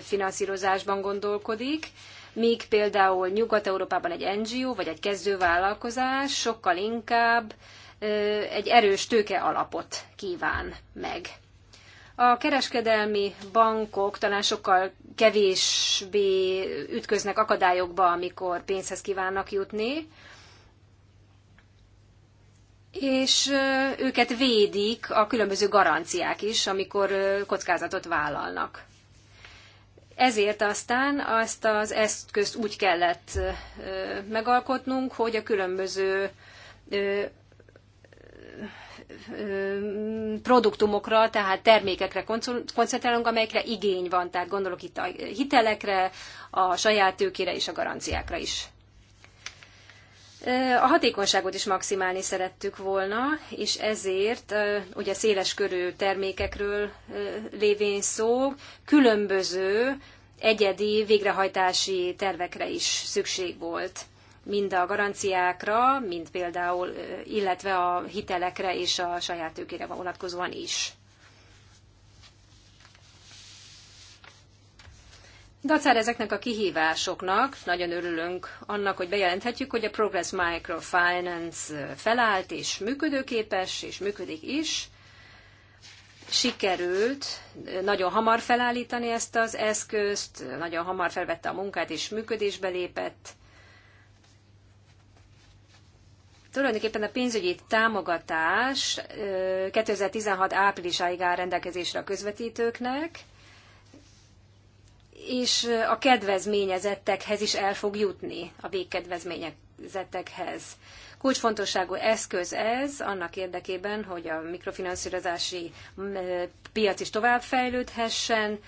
finanszírozásban gondolkodik, míg például Nyugat-Európában egy NGO vagy egy kezdővállalkozás sokkal inkább egy erős tőke alapot kíván meg. A kereskedelmi bankok talán sokkal kevésbé ütköznek akadályokba, amikor pénzhez kívánnak jutni, és őket védik a különböző garanciák is, amikor kockázatot vállalnak. Ezért aztán azt az eszközt úgy kellett megalkotnunk, hogy a különböző produktumokra, tehát termékekre koncentrálunk, amelyekre igény van, tehát gondolok itt a hitelekre, a saját tőkére és a garanciákra is. A hatékonyságot is maximálni szerettük volna, és ezért ugye széles körű termékekről lévén szó, különböző egyedi végrehajtási tervekre is szükség volt mind a garanciákra, mind például, illetve a hitelekre és a saját tőkére vonatkozóan is. Dacár ezeknek a kihívásoknak nagyon örülünk annak, hogy bejelenthetjük, hogy a Progress Microfinance felállt és működőképes, és működik is. Sikerült nagyon hamar felállítani ezt az eszközt, nagyon hamar felvette a munkát és működésbe lépett. Tulajdonképpen a pénzügyi támogatás 2016 áprilisáig áll rendelkezésre a közvetítőknek, és a kedvezményezettekhez is el fog jutni, a végkedvezményezettekhez. Kulcsfontosságú eszköz ez annak érdekében, hogy a mikrofinanszírozási piac is fejlődhessen,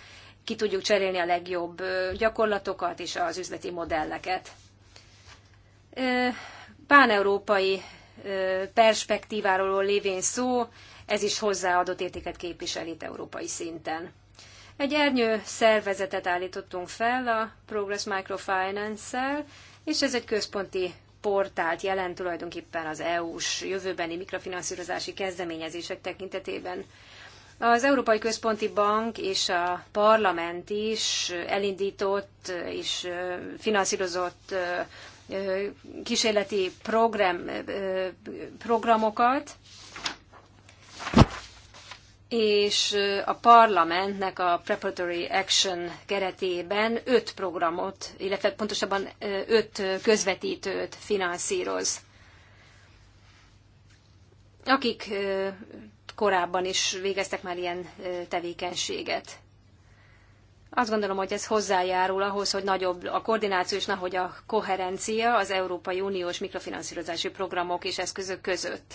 ki tudjuk cserélni a legjobb gyakorlatokat és az üzleti modelleket páneurópai perspektíváról lévén szó, ez is hozzáadott értéket képvisel itt európai szinten. Egy ernyő szervezetet állítottunk fel a Progress Microfinance-szel, és ez egy központi portált jelent tulajdonképpen az EU-s jövőbeni mikrofinanszírozási kezdeményezések tekintetében. Az Európai Központi Bank és a parlament is elindított és finanszírozott kísérleti program, programokat, és a parlamentnek a Preparatory Action keretében öt programot, illetve pontosabban öt közvetítőt finanszíroz, akik korábban is végeztek már ilyen tevékenységet. Azt gondolom, hogy ez hozzájárul ahhoz, hogy nagyobb a koordináció és nahogy a koherencia az Európai Uniós mikrofinanszírozási programok és eszközök között.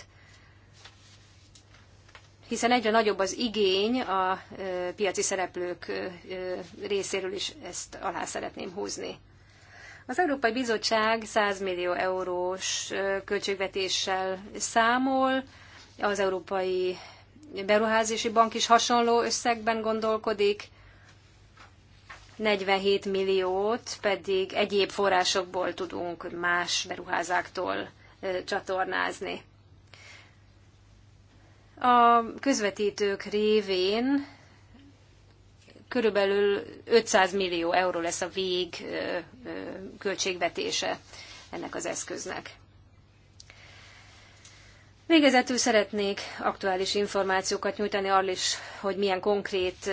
Hiszen egyre nagyobb az igény a piaci szereplők részéről is ezt alá szeretném húzni. Az Európai Bizottság 100 millió eurós költségvetéssel számol, az Európai Beruházási Bank is hasonló összegben gondolkodik, 47 milliót pedig egyéb forrásokból tudunk más beruházáktól csatornázni. A közvetítők révén körülbelül 500 millió euró lesz a vég költségvetése ennek az eszköznek. Végezetül szeretnék aktuális információkat nyújtani arról is, hogy milyen konkrét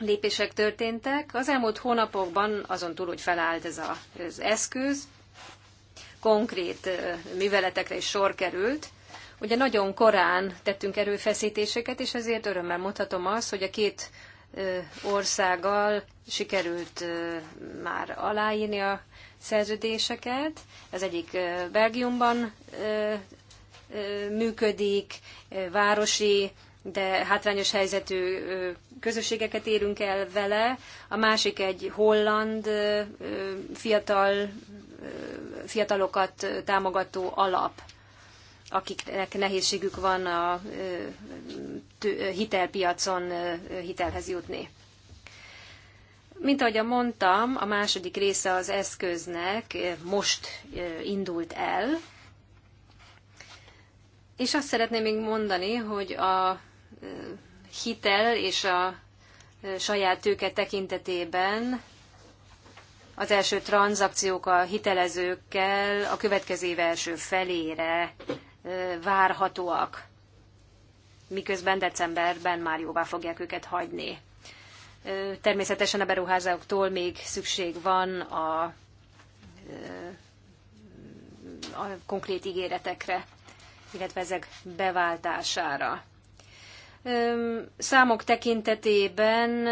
lépések történtek. Az elmúlt hónapokban azon túl, hogy felállt ez a, az eszköz, konkrét műveletekre is sor került. Ugye nagyon korán tettünk erőfeszítéseket, és ezért örömmel mondhatom azt, hogy a két országgal sikerült már aláírni a szerződéseket. Ez egyik Belgiumban működik, városi, de hátrányos helyzetű közösségeket érünk el vele, a másik egy holland fiatal, fiatalokat támogató alap, akiknek nehézségük van a hitelpiacon hitelhez jutni. Mint ahogy mondtam, a második része az eszköznek most indult el, és azt szeretném még mondani, hogy a hitel és a e, saját tőke tekintetében az első tranzakciók a hitelezőkkel a következő év első felére e, várhatóak, miközben decemberben már jóvá fogják őket hagyni. E, természetesen a beruházóktól még szükség van a, a konkrét ígéretekre, illetve ezek beváltására számok tekintetében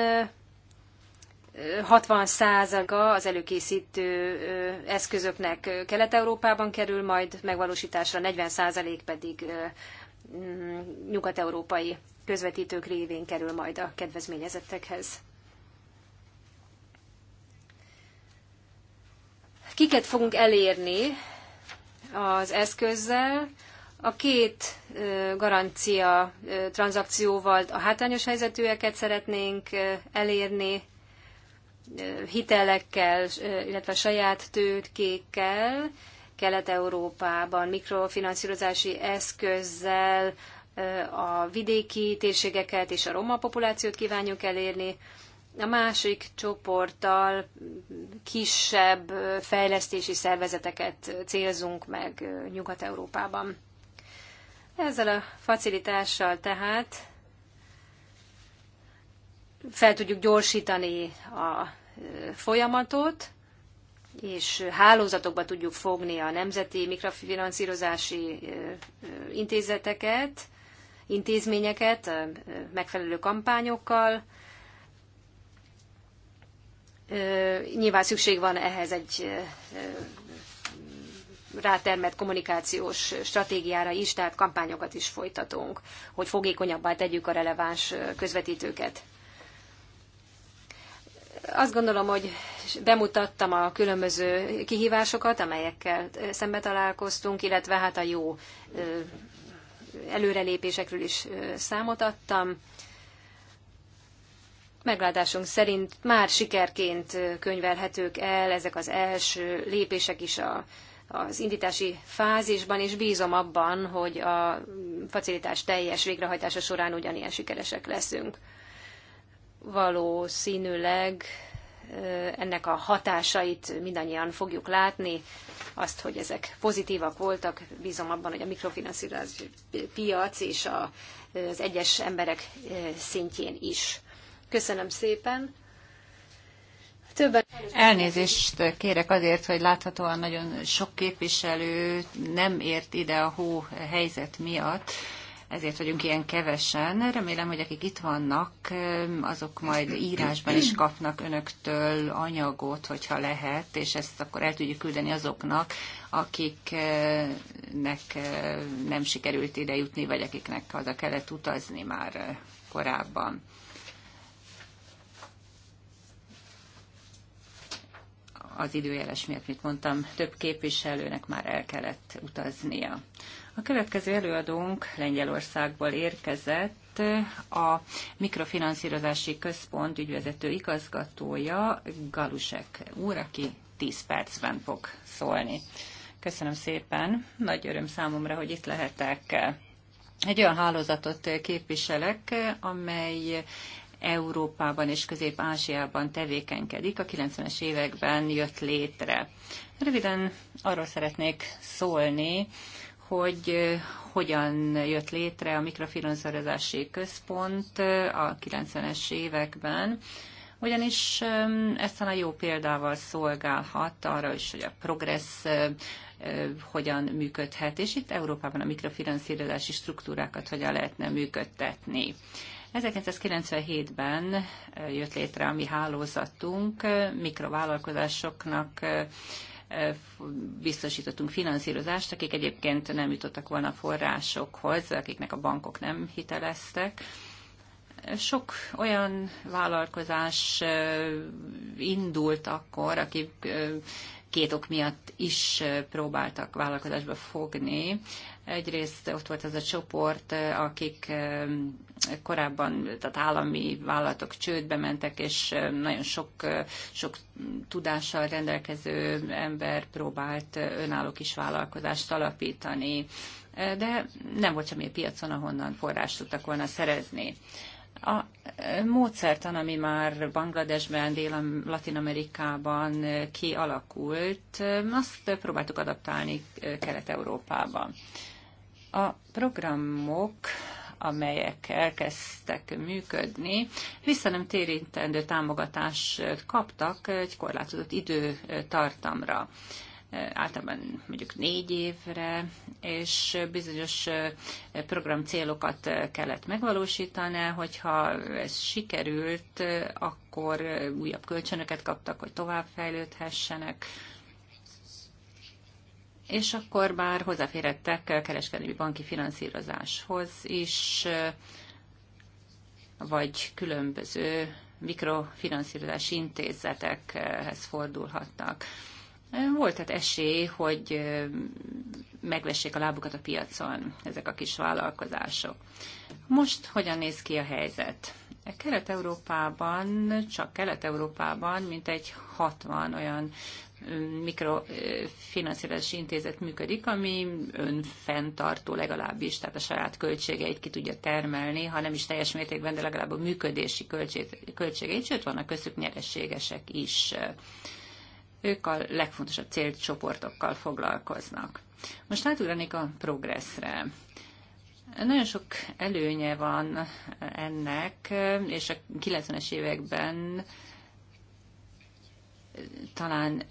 60 százaga az előkészítő eszközöknek Kelet-Európában kerül, majd megvalósításra 40% százalék pedig mm, nyugat-európai közvetítők révén kerül majd a kedvezményezettekhez. Kiket fogunk elérni az eszközzel? A két garancia tranzakcióval a hátrányos helyzetűeket szeretnénk elérni, hitelekkel, illetve saját tőkékkel, Kelet-Európában, mikrofinanszírozási eszközzel, a vidéki térségeket és a roma populációt kívánjuk elérni. A másik csoporttal kisebb fejlesztési szervezeteket célzunk meg Nyugat-Európában. Ezzel a facilitással tehát fel tudjuk gyorsítani a folyamatot, és hálózatokba tudjuk fogni a nemzeti mikrofinanszírozási intézeteket, intézményeket megfelelő kampányokkal. Nyilván szükség van ehhez egy rátermett kommunikációs stratégiára is, tehát kampányokat is folytatunk, hogy fogékonyabbá tegyük a releváns közvetítőket. Azt gondolom, hogy bemutattam a különböző kihívásokat, amelyekkel szembe találkoztunk, illetve hát a jó előrelépésekről is számot adtam. Meglátásunk szerint már sikerként könyvelhetők el ezek az első lépések is a az indítási fázisban, és bízom abban, hogy a facilitás teljes végrehajtása során ugyanilyen sikeresek leszünk. Valószínűleg ennek a hatásait mindannyian fogjuk látni, azt, hogy ezek pozitívak voltak, bízom abban, hogy a mikrofinanszírozás piac és az egyes emberek szintjén is. Köszönöm szépen! többen... Elnézést kérek azért, hogy láthatóan nagyon sok képviselő nem ért ide a hó helyzet miatt ezért vagyunk ilyen kevesen. Remélem, hogy akik itt vannak, azok majd írásban is kapnak önöktől anyagot, hogyha lehet, és ezt akkor el tudjuk küldeni azoknak, akiknek nem sikerült ide jutni, vagy akiknek haza kellett utazni már korábban. az időjeles miatt, mint mondtam, több képviselőnek már el kellett utaznia. A következő előadónk Lengyelországból érkezett, a Mikrofinanszírozási Központ ügyvezető igazgatója Galusek úr, aki 10 percben fog szólni. Köszönöm szépen, nagy öröm számomra, hogy itt lehetek. Egy olyan hálózatot képviselek, amely Európában és Közép-Ázsiában tevékenykedik, a 90-es években jött létre. Röviden arról szeretnék szólni, hogy eh, hogyan jött létre a mikrofinanszírozási központ eh, a 90-es években, ugyanis ezt a jó példával szolgálhat arra is, hogy a progressz eh, hogyan működhet, és itt Európában a mikrofinanszírozási struktúrákat hogyan lehetne működtetni. 1997-ben jött létre a mi hálózatunk, mikrovállalkozásoknak biztosítottunk finanszírozást, akik egyébként nem jutottak volna forrásokhoz, akiknek a bankok nem hiteleztek. Sok olyan vállalkozás indult akkor, akik két ok miatt is próbáltak vállalkozásba fogni. Egyrészt ott volt az a csoport, akik korábban, tehát állami vállalatok csődbe mentek, és nagyon sok, sok tudással rendelkező ember próbált önálló kis vállalkozást alapítani, de nem volt semmi piacon, ahonnan forrást tudtak volna szerezni. A módszertan, ami már Bangladesben, Dél-Latin-Amerikában kialakult, azt próbáltuk adaptálni Kelet-Európában. A programok amelyek elkezdtek működni, vissza nem térítendő támogatást kaptak egy korlátozott időtartamra általában mondjuk négy évre, és bizonyos programcélokat kellett megvalósítani, hogyha ez sikerült, akkor újabb kölcsönöket kaptak, hogy tovább fejlődhessenek és akkor már hozzáférhettek kereskedelmi banki finanszírozáshoz is, vagy különböző mikrofinanszírozási intézetekhez fordulhatnak. Volt tehát esély, hogy megvessék a lábukat a piacon ezek a kis vállalkozások. Most hogyan néz ki a helyzet? Kelet-Európában, csak Kelet-Európában mintegy 60 olyan mikrofinanszírozási intézet működik, ami önfenntartó legalábbis, tehát a saját költségeit ki tudja termelni, ha nem is teljes mértékben, de legalább a működési költségeit, sőt vannak köztük nyereségesek is. Ők a legfontosabb célcsoportokkal foglalkoznak. Most átugranék a progresszre. Nagyon sok előnye van ennek, és a 90-es években talán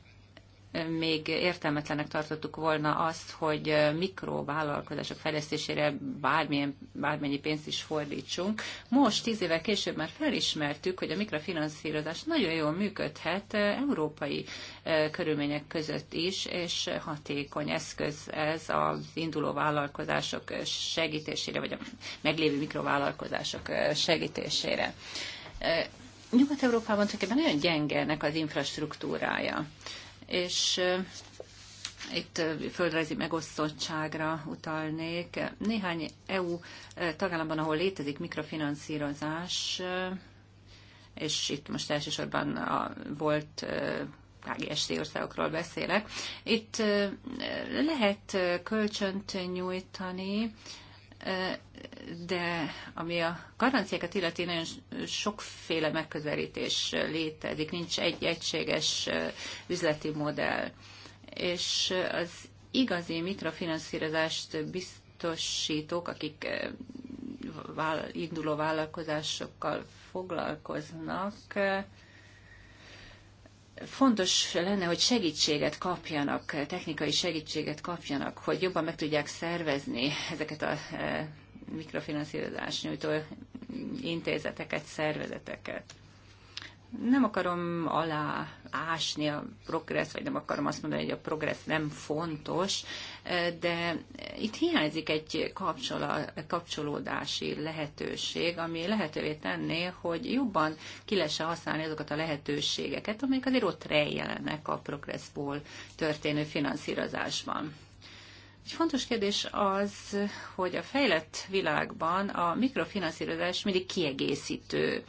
még értelmetlenek tartottuk volna azt, hogy mikrovállalkozások fejlesztésére bármilyen, bármennyi pénzt is fordítsunk. Most, tíz évvel később már felismertük, hogy a mikrofinanszírozás nagyon jól működhet eh, európai eh, körülmények között is, és hatékony eszköz ez az induló vállalkozások segítésére, vagy a meglévő mikrovállalkozások eh, segítésére. Nyugat-Európában tulajdonképpen nagyon gyenge ennek az infrastruktúrája és itt földrajzi megosztottságra utalnék. Néhány EU tagállamban, ahol létezik mikrofinanszírozás, és itt most elsősorban a volt KGST országokról beszélek, itt lehet kölcsönt nyújtani, de ami a garanciákat illeti, nagyon sokféle megközelítés létezik, nincs egy egységes üzleti modell. És az igazi mikrofinanszírozást biztosítók, akik induló vállalkozásokkal foglalkoznak, fontos lenne, hogy segítséget kapjanak, technikai segítséget kapjanak, hogy jobban meg tudják szervezni ezeket a e, mikrofinanszírozás nyújtó intézeteket, szervezeteket. Nem akarom alá ásni a progressz, vagy nem akarom azt mondani, hogy a progressz nem fontos, de itt hiányzik egy kapcsolódási lehetőség, ami lehetővé tenné, hogy jobban ki lesse használni azokat a lehetőségeket, amelyek azért ott rejelenek a progresszból történő finanszírozásban. Egy fontos kérdés az, hogy a fejlett világban a mikrofinanszírozás mindig kiegészítő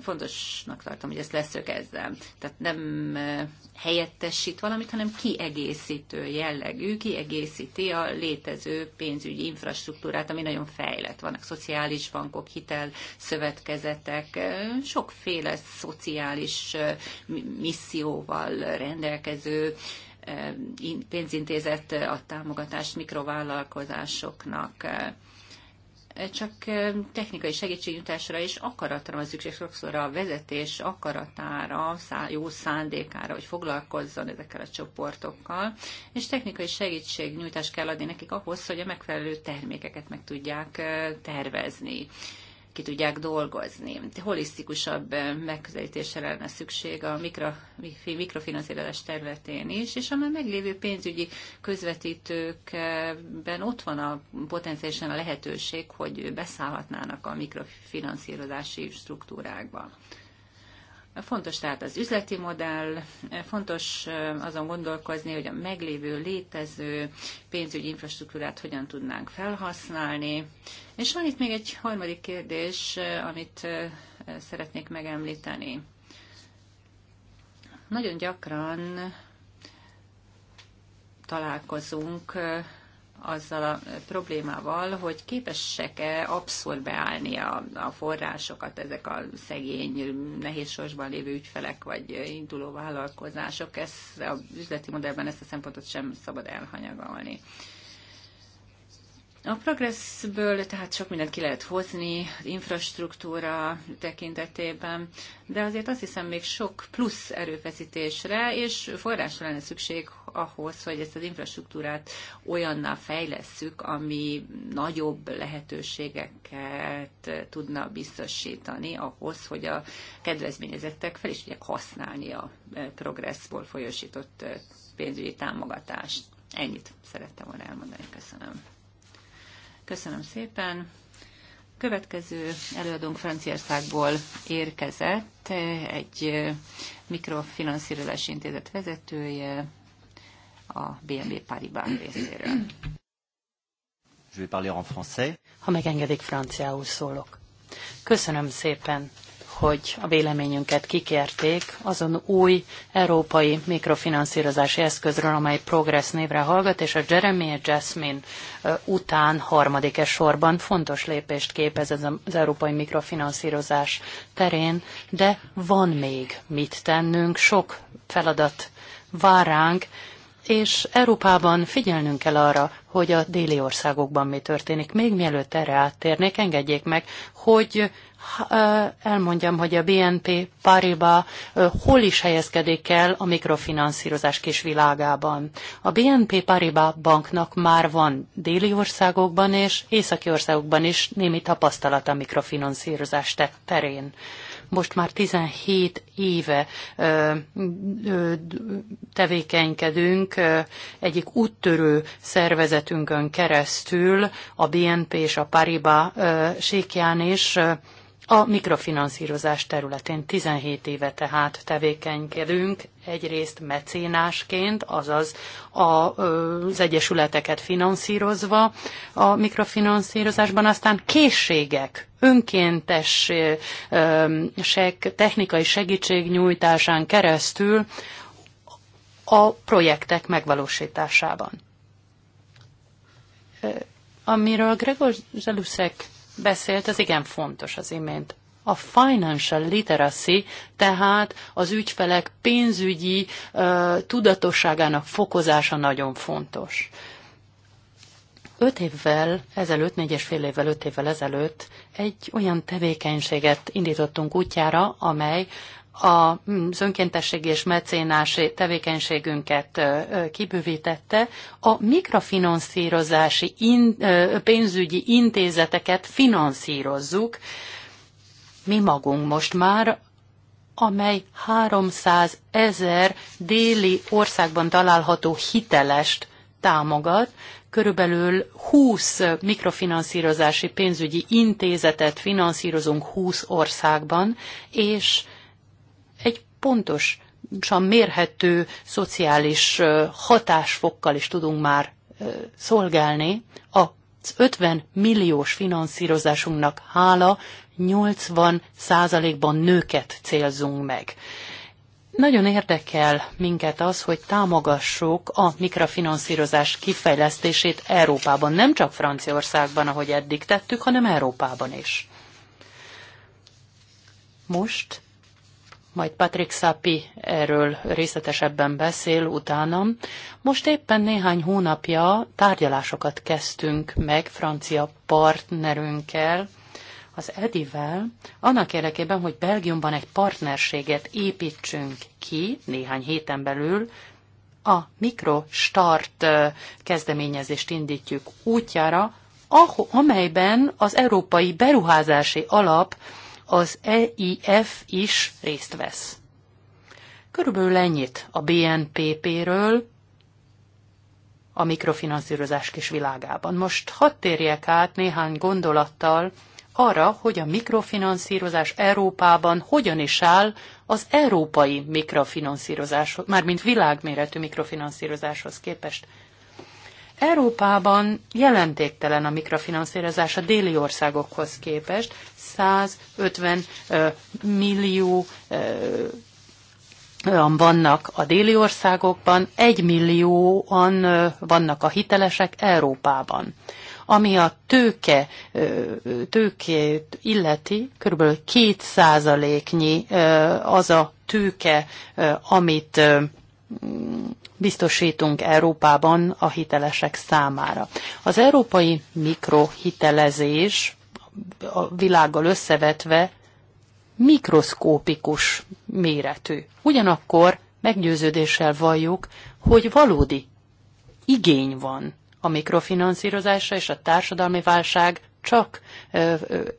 fontosnak tartom, hogy ezt leszögezzem. Tehát nem eh, helyettesít valamit, hanem kiegészítő jellegű, kiegészíti a létező pénzügyi infrastruktúrát, ami nagyon fejlett. Vannak szociális bankok, hitel, szövetkezetek, eh, sokféle szociális eh, misszióval rendelkező pénzintézet a támogatást mikrovállalkozásoknak csak technikai segítségnyújtásra és akaratra van szükség, sokszor a vezetés akaratára, jó szándékára, hogy foglalkozzon ezekkel a csoportokkal, és technikai segítségnyújtást kell adni nekik ahhoz, hogy a megfelelő termékeket meg tudják tervezni ki tudják dolgozni. Holisztikusabb eh, megközelítésre lenne szükség a mikro, mikrofinanszírozás területén is, és a már meglévő pénzügyi közvetítőkben ott van a potenciálisan a lehetőség, hogy beszállhatnának a mikrofinanszírozási struktúrákba. Fontos tehát az üzleti modell, fontos azon gondolkozni, hogy a meglévő, létező pénzügyi infrastruktúrát hogyan tudnánk felhasználni. És van itt még egy harmadik kérdés, amit szeretnék megemlíteni. Nagyon gyakran találkozunk azzal a problémával, hogy képesek-e abszorbálni a, a forrásokat ezek a szegény, nehéz sorsban lévő ügyfelek vagy induló vállalkozások. Ez, a üzleti modellben ezt a szempontot sem szabad elhanyagolni. A progresszből tehát sok mindent ki lehet hozni az infrastruktúra tekintetében, de azért azt hiszem még sok plusz erőfeszítésre és forrásra lenne szükség ahhoz, hogy ezt az infrastruktúrát olyanná fejlesszük, ami nagyobb lehetőségeket tudna biztosítani ahhoz, hogy a kedvezményezettek fel is tudják használni a e, progresszból folyosított e, pénzügyi támogatást. Ennyit szerettem volna elmondani. Köszönöm. Köszönöm szépen. Következő előadónk Franciaországból érkezett, egy mikrofinanszírozási intézet vezetője a BNB Paribas részéről. Je vais parler en français. Ha megengedik, franciául szólok. Köszönöm szépen hogy a véleményünket kikérték azon új európai mikrofinanszírozási eszközről, amely Progress névre hallgat, és a Jeremy és Jasmine után harmadik -e sorban fontos lépést képez ez az európai mikrofinanszírozás terén, de van még mit tennünk, sok feladat vár ránk, és Európában figyelnünk kell arra, hogy a déli országokban mi történik. Még mielőtt erre áttérnék, engedjék meg, hogy elmondjam, hogy a BNP Paribas hol is helyezkedik el a mikrofinanszírozás kis világában. A BNP Paribas banknak már van déli országokban és északi országokban is némi tapasztalat a mikrofinanszírozás terén most már 17 éve ö, ö, tevékenykedünk ö, egyik úttörő szervezetünkön keresztül, a BNP és a Pariba ö, síkján is a mikrofinanszírozás területén 17 éve tehát tevékenykedünk, egyrészt mecénásként, azaz a, az egyesületeket finanszírozva a mikrofinanszírozásban, aztán készségek, önkéntesek, technikai segítségnyújtásán keresztül a projektek megvalósításában. Amiről Gregor Zeluszek beszélt, az igen fontos az imént. A financial literacy, tehát az ügyfelek pénzügyi ö, tudatosságának fokozása nagyon fontos. Öt évvel ezelőtt, négy és fél évvel, öt évvel ezelőtt egy olyan tevékenységet indítottunk útjára, amely Mm, az önkéntességi és mecénás tevékenységünket kibővítette, a mikrofinanszírozási in, pénzügyi intézeteket finanszírozzuk, mi magunk most már, amely 300 ezer déli országban található hitelest támogat, körülbelül 20 mikrofinanszírozási pénzügyi intézetet finanszírozunk 20 országban, és pontos mérhető szociális hatásfokkal is tudunk már szolgálni. A 50 milliós finanszírozásunknak hála 80 százalékban nőket célzunk meg. Nagyon érdekel minket az, hogy támogassuk a mikrofinanszírozás kifejlesztését Európában, nem csak Franciaországban, ahogy eddig tettük, hanem Európában is. Most majd Patrick Szapi erről részletesebben beszél utánam. Most éppen néhány hónapja tárgyalásokat kezdtünk meg francia partnerünkkel, az Edivel, annak érdekében, hogy Belgiumban egy partnerséget építsünk ki néhány héten belül, a mikrostart kezdeményezést indítjuk útjára, amelyben az Európai Beruházási Alap az EIF is részt vesz. Körülbelül ennyit a BNPP-ről a mikrofinanszírozás kis világában. Most hadd térjek át néhány gondolattal arra, hogy a mikrofinanszírozás Európában hogyan is áll az európai mikrofinanszírozáshoz, mármint világméretű mikrofinanszírozáshoz képest. Európában jelentéktelen a mikrofinanszírozás a déli országokhoz képest, 150 millió vannak a déli országokban, egy millióan vannak a hitelesek Európában. Ami a tőke, tőkét illeti, kb. 2%-nyi az a tőke, amit biztosítunk Európában a hitelesek számára. Az európai mikrohitelezés a világgal összevetve mikroszkópikus méretű. Ugyanakkor meggyőződéssel valljuk, hogy valódi igény van a mikrofinanszírozásra, és a társadalmi válság csak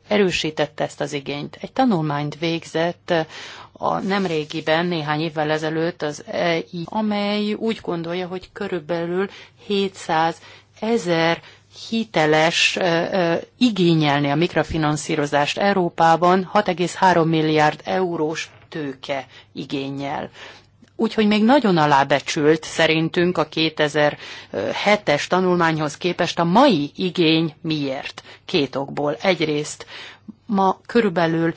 erősítette ezt az igényt. Egy tanulmányt végzett a nemrégiben, néhány évvel ezelőtt az EI, amely úgy gondolja, hogy körülbelül 700 ezer hiteles igényelni a mikrofinanszírozást Európában 6,3 milliárd eurós tőke igényel. Úgyhogy még nagyon alábecsült szerintünk a 2007-es tanulmányhoz képest a mai igény miért? Két okból. Egyrészt ma körülbelül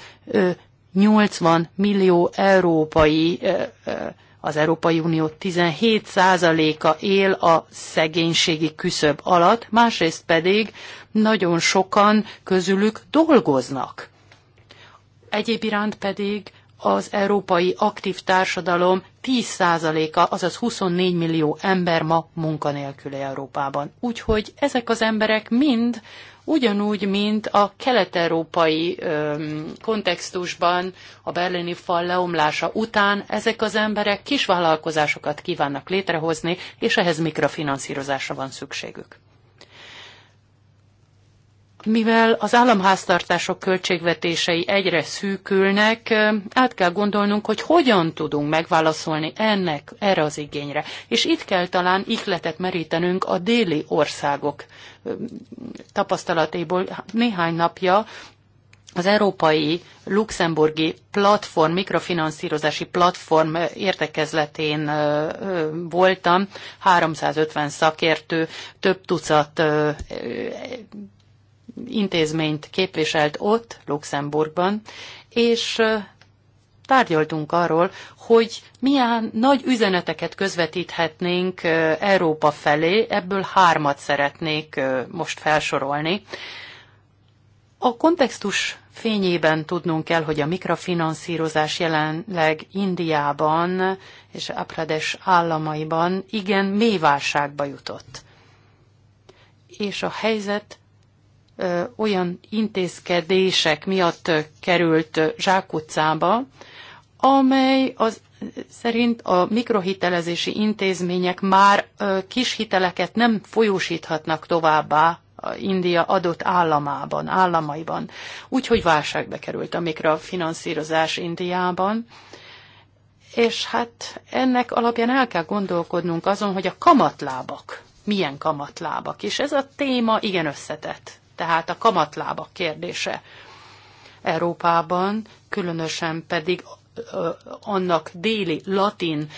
80 millió európai az Európai Unió 17%-a él a szegénységi küszöb alatt, másrészt pedig nagyon sokan közülük dolgoznak. Egyéb iránt pedig az európai aktív társadalom 10%-a, azaz 24 millió ember ma munkanélküli Európában. Úgyhogy ezek az emberek mind ugyanúgy, mint a kelet-európai kontextusban a berlini fal leomlása után ezek az emberek kisvállalkozásokat kívánnak létrehozni, és ehhez mikrofinanszírozásra van szükségük mivel az államháztartások költségvetései egyre szűkülnek, át kell gondolnunk, hogy hogyan tudunk megválaszolni ennek, erre az igényre. És itt kell talán ikletet merítenünk a déli országok tapasztalatéból. Néhány napja az Európai Luxemburgi Platform, mikrofinanszírozási platform értekezletén voltam, 350 szakértő, több tucat intézményt képviselt ott, Luxemburgban, és tárgyaltunk arról, hogy milyen nagy üzeneteket közvetíthetnénk Európa felé, ebből hármat szeretnék most felsorolni. A kontextus fényében tudnunk kell, hogy a mikrofinanszírozás jelenleg Indiában és Apradesh államaiban igen mély válságba jutott. És a helyzet olyan intézkedések miatt került zsákutcába, amely az szerint a mikrohitelezési intézmények már kis hiteleket nem folyósíthatnak továbbá India adott államában, államaiban. Úgyhogy válságbe került a mikrofinanszírozás Indiában. És hát ennek alapján el kell gondolkodnunk azon, hogy a kamatlábak, milyen kamatlábak is. Ez a téma igen összetett tehát a kamatlábak kérdése. Európában, különösen pedig annak déli latin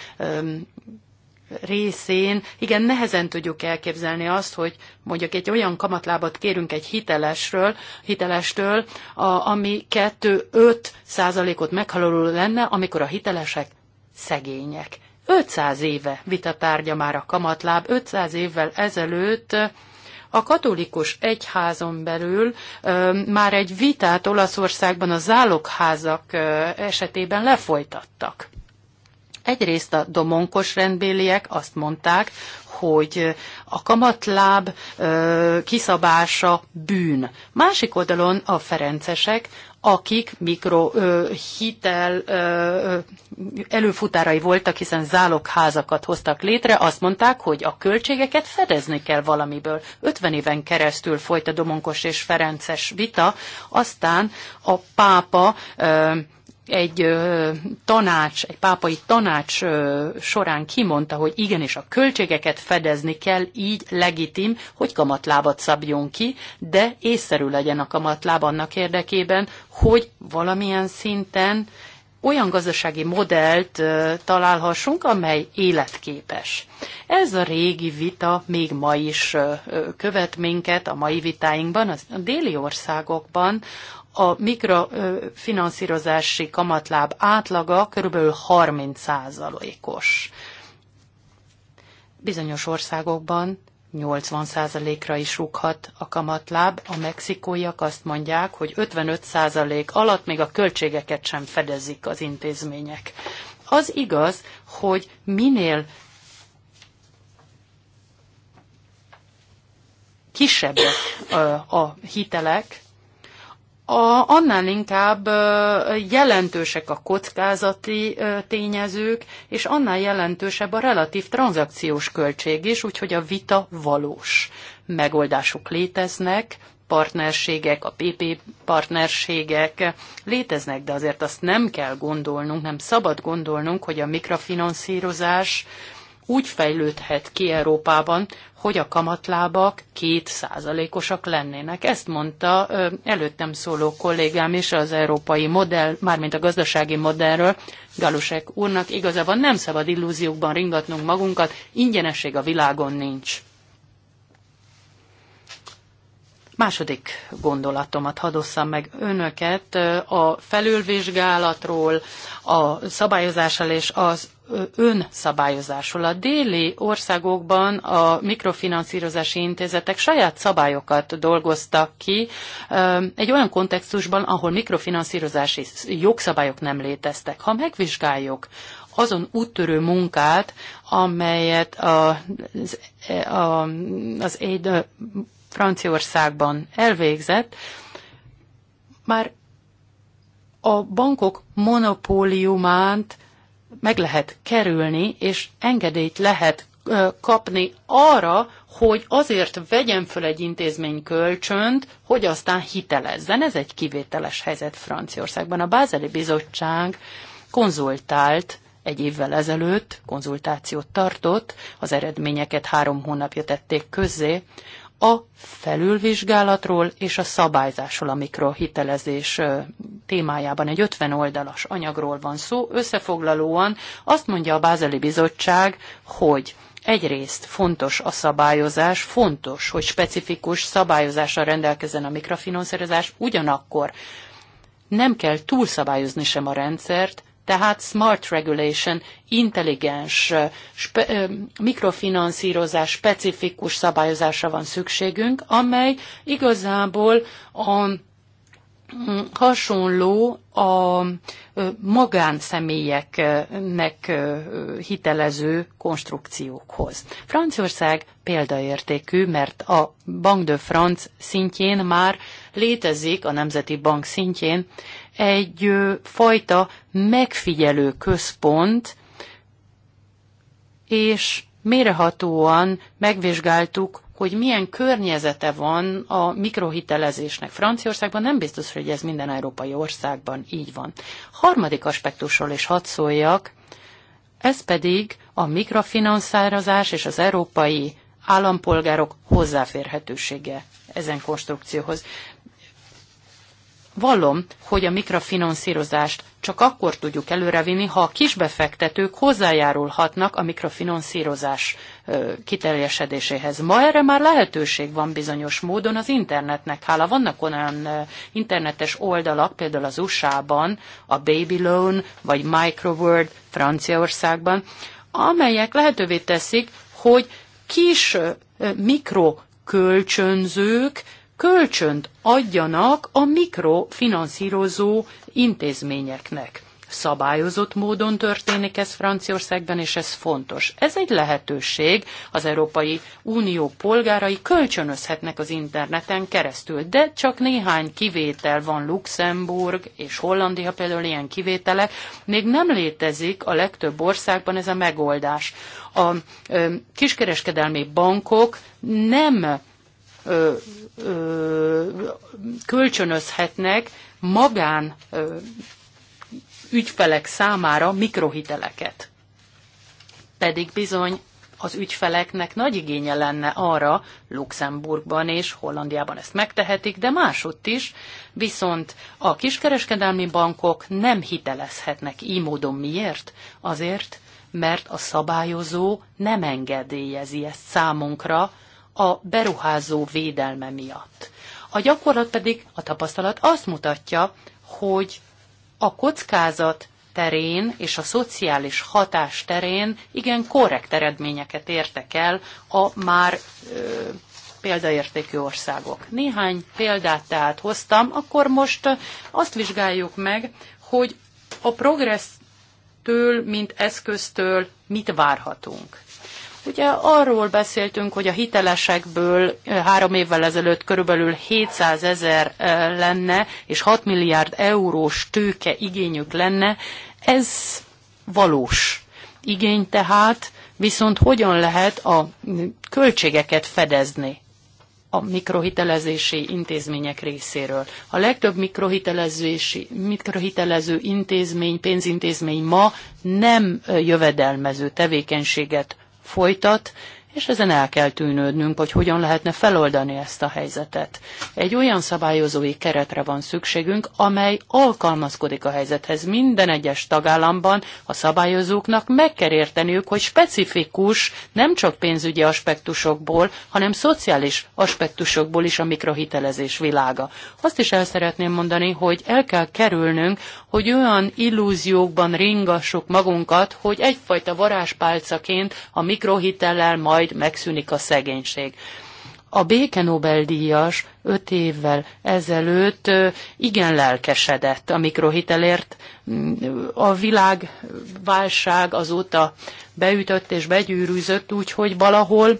részén, igen, nehezen tudjuk elképzelni azt, hogy mondjuk egy olyan kamatlábat kérünk egy hitelesről, hitelestől, a, ami 2-5 százalékot meghaladó lenne, amikor a hitelesek szegények. 500 éve vitatárgya már a kamatláb, 500 évvel ezelőtt a katolikus egyházon belül már egy vitát Olaszországban a zálogházak esetében lefolytattak. Egyrészt a domonkos rendbéliek azt mondták, hogy a kamatláb kiszabása bűn. Másik oldalon a ferencesek akik mikrohitel előfutárai voltak, hiszen zálogházakat hoztak létre, azt mondták, hogy a költségeket fedezni kell valamiből. 50 éven keresztül folyt a Domonkos és Ferences vita, aztán a pápa ö, egy tanács, egy pápai tanács során kimondta, hogy igenis a költségeket fedezni kell, így legitim, hogy kamatlábat szabjon ki, de észszerű legyen a kamatláb annak érdekében, hogy valamilyen szinten olyan gazdasági modellt találhassunk, amely életképes. Ez a régi vita még ma is követ minket a mai vitáinkban, a déli országokban a mikrofinanszírozási kamatláb átlaga kb. 30%-os. Bizonyos országokban 80%-ra is rúghat a kamatláb. A mexikóiak azt mondják, hogy 55% alatt még a költségeket sem fedezik az intézmények. Az igaz, hogy minél kisebbek a hitelek, a, annál inkább jelentősek a kockázati tényezők, és annál jelentősebb a relatív tranzakciós költség is, úgyhogy a vita valós. Megoldások léteznek, partnerségek, a PP partnerségek léteznek, de azért azt nem kell gondolnunk, nem szabad gondolnunk, hogy a mikrofinanszírozás úgy fejlődhet ki Európában, hogy a kamatlábak kétszázalékosak lennének. Ezt mondta előttem szóló kollégám is az európai modell, mármint a gazdasági modellről, Galusek úrnak. Igazából nem szabad illúziókban ringatnunk magunkat, ingyenesség a világon nincs. Második gondolatomat hadosszam meg önöket a felülvizsgálatról, a szabályozással és az önszabályozásról. A déli országokban a mikrofinanszírozási intézetek saját szabályokat dolgoztak ki egy olyan kontextusban, ahol mikrofinanszírozási jogszabályok nem léteztek. Ha megvizsgáljuk azon úttörő munkát, amelyet a, az, e, a, az egy Franciaországban elvégzett, már a bankok monopóliumát meg lehet kerülni, és engedélyt lehet kapni arra, hogy azért vegyen föl egy intézmény kölcsönt, hogy aztán hitelezzen. Ez egy kivételes helyzet Franciaországban. A Bázeli Bizottság konzultált egy évvel ezelőtt, konzultációt tartott, az eredményeket három hónapja tették közzé a felülvizsgálatról és a szabályzásról, a mikrohitelezés témájában egy 50 oldalas anyagról van szó. Összefoglalóan azt mondja a Bázeli Bizottság, hogy Egyrészt fontos a szabályozás, fontos, hogy specifikus szabályozással rendelkezzen a mikrofinanszírozás, ugyanakkor nem kell túlszabályozni sem a rendszert, tehát smart regulation, intelligens, spe, mikrofinanszírozás, specifikus szabályozásra van szükségünk, amely igazából a hasonló a magánszemélyeknek hitelező konstrukciókhoz. Franciaország példaértékű, mert a Bank de France szintjén már létezik, a Nemzeti Bank szintjén egy fajta megfigyelő központ, és mérehatóan megvizsgáltuk hogy milyen környezete van a mikrohitelezésnek. Franciaországban nem biztos, hogy ez minden európai országban így van. Harmadik aspektusról is hadd szóljak, ez pedig a mikrofinanszározás és az európai állampolgárok hozzáférhetősége ezen konstrukcióhoz. Vallom, hogy a mikrofinanszírozást csak akkor tudjuk előrevinni, ha a kisbefektetők hozzájárulhatnak a mikrofinanszírozás kiteljesedéséhez. Ma erre már lehetőség van bizonyos módon az internetnek. Hála vannak olyan internetes oldalak, például az USA-ban, a Baby Loan vagy Microworld Franciaországban, amelyek lehetővé teszik, hogy kis mikrokölcsönzők kölcsönt adjanak a mikrofinanszírozó intézményeknek. Szabályozott módon történik ez Franciaországban, és ez fontos. Ez egy lehetőség, az Európai Unió polgárai kölcsönözhetnek az interneten keresztül, de csak néhány kivétel van, Luxemburg és Hollandia például ilyen kivételek, még nem létezik a legtöbb országban ez a megoldás. A kiskereskedelmi bankok nem kölcsönözhetnek magán ügyfelek számára mikrohiteleket. Pedig bizony az ügyfeleknek nagy igénye lenne arra, Luxemburgban és Hollandiában ezt megtehetik, de másutt is, viszont a kiskereskedelmi bankok nem hitelezhetnek így módon. Miért? Azért, mert a szabályozó nem engedélyezi ezt számunkra, a beruházó védelme miatt. A gyakorlat pedig, a tapasztalat azt mutatja, hogy a kockázat terén és a szociális hatás terén igen korrekt eredményeket értek el a már ö, példaértékű országok. Néhány példát tehát hoztam, akkor most azt vizsgáljuk meg, hogy a progressztől, mint eszköztől mit várhatunk. Ugye arról beszéltünk, hogy a hitelesekből három évvel ezelőtt körülbelül 700 ezer lenne, és 6 milliárd eurós tőke igényük lenne. Ez valós igény tehát, viszont hogyan lehet a költségeket fedezni a mikrohitelezési intézmények részéről. A legtöbb mikrohitelezési, mikrohitelező intézmény, pénzintézmény ma nem jövedelmező tevékenységet folytat, és ezen el kell tűnődnünk, hogy hogyan lehetne feloldani ezt a helyzetet. Egy olyan szabályozói keretre van szükségünk, amely alkalmazkodik a helyzethez. Minden egyes tagállamban a szabályozóknak meg kell érteniük, hogy specifikus nem csak pénzügyi aspektusokból, hanem szociális aspektusokból is a mikrohitelezés világa. Azt is el szeretném mondani, hogy el kell kerülnünk, hogy olyan illúziókban ringassuk magunkat, hogy egyfajta varázspálcaként a mikrohitellel majd majd megszűnik a szegénység. A béke Nobel-díjas öt évvel ezelőtt igen lelkesedett a mikrohitelért. Mm, a világválság azóta beütött és begyűrűzött, úgyhogy valahol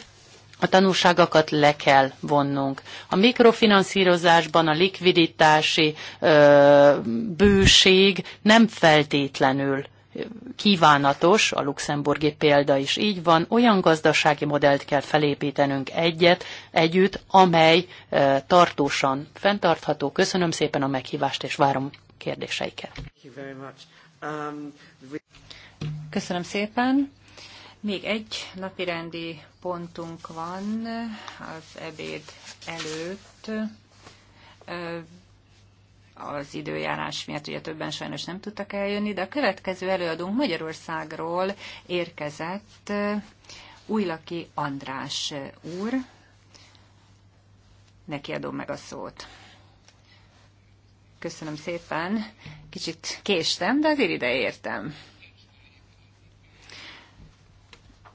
a tanulságokat le kell vonnunk. A mikrofinanszírozásban a likviditási ö, bőség nem feltétlenül kívánatos, a luxemburgi példa is így van, olyan gazdasági modellt kell felépítenünk egyet, együtt, amely e, tartósan fenntartható. Köszönöm szépen a meghívást, és várom kérdéseiket. Um, Köszönöm szépen. Még egy napirendi pontunk van az ebéd előtt az időjárás miatt ugye többen sajnos nem tudtak eljönni, de a következő előadónk Magyarországról érkezett eh, Újlaki András eh, úr. Neki adom meg a szót. Köszönöm szépen. Kicsit késtem, de azért ide értem.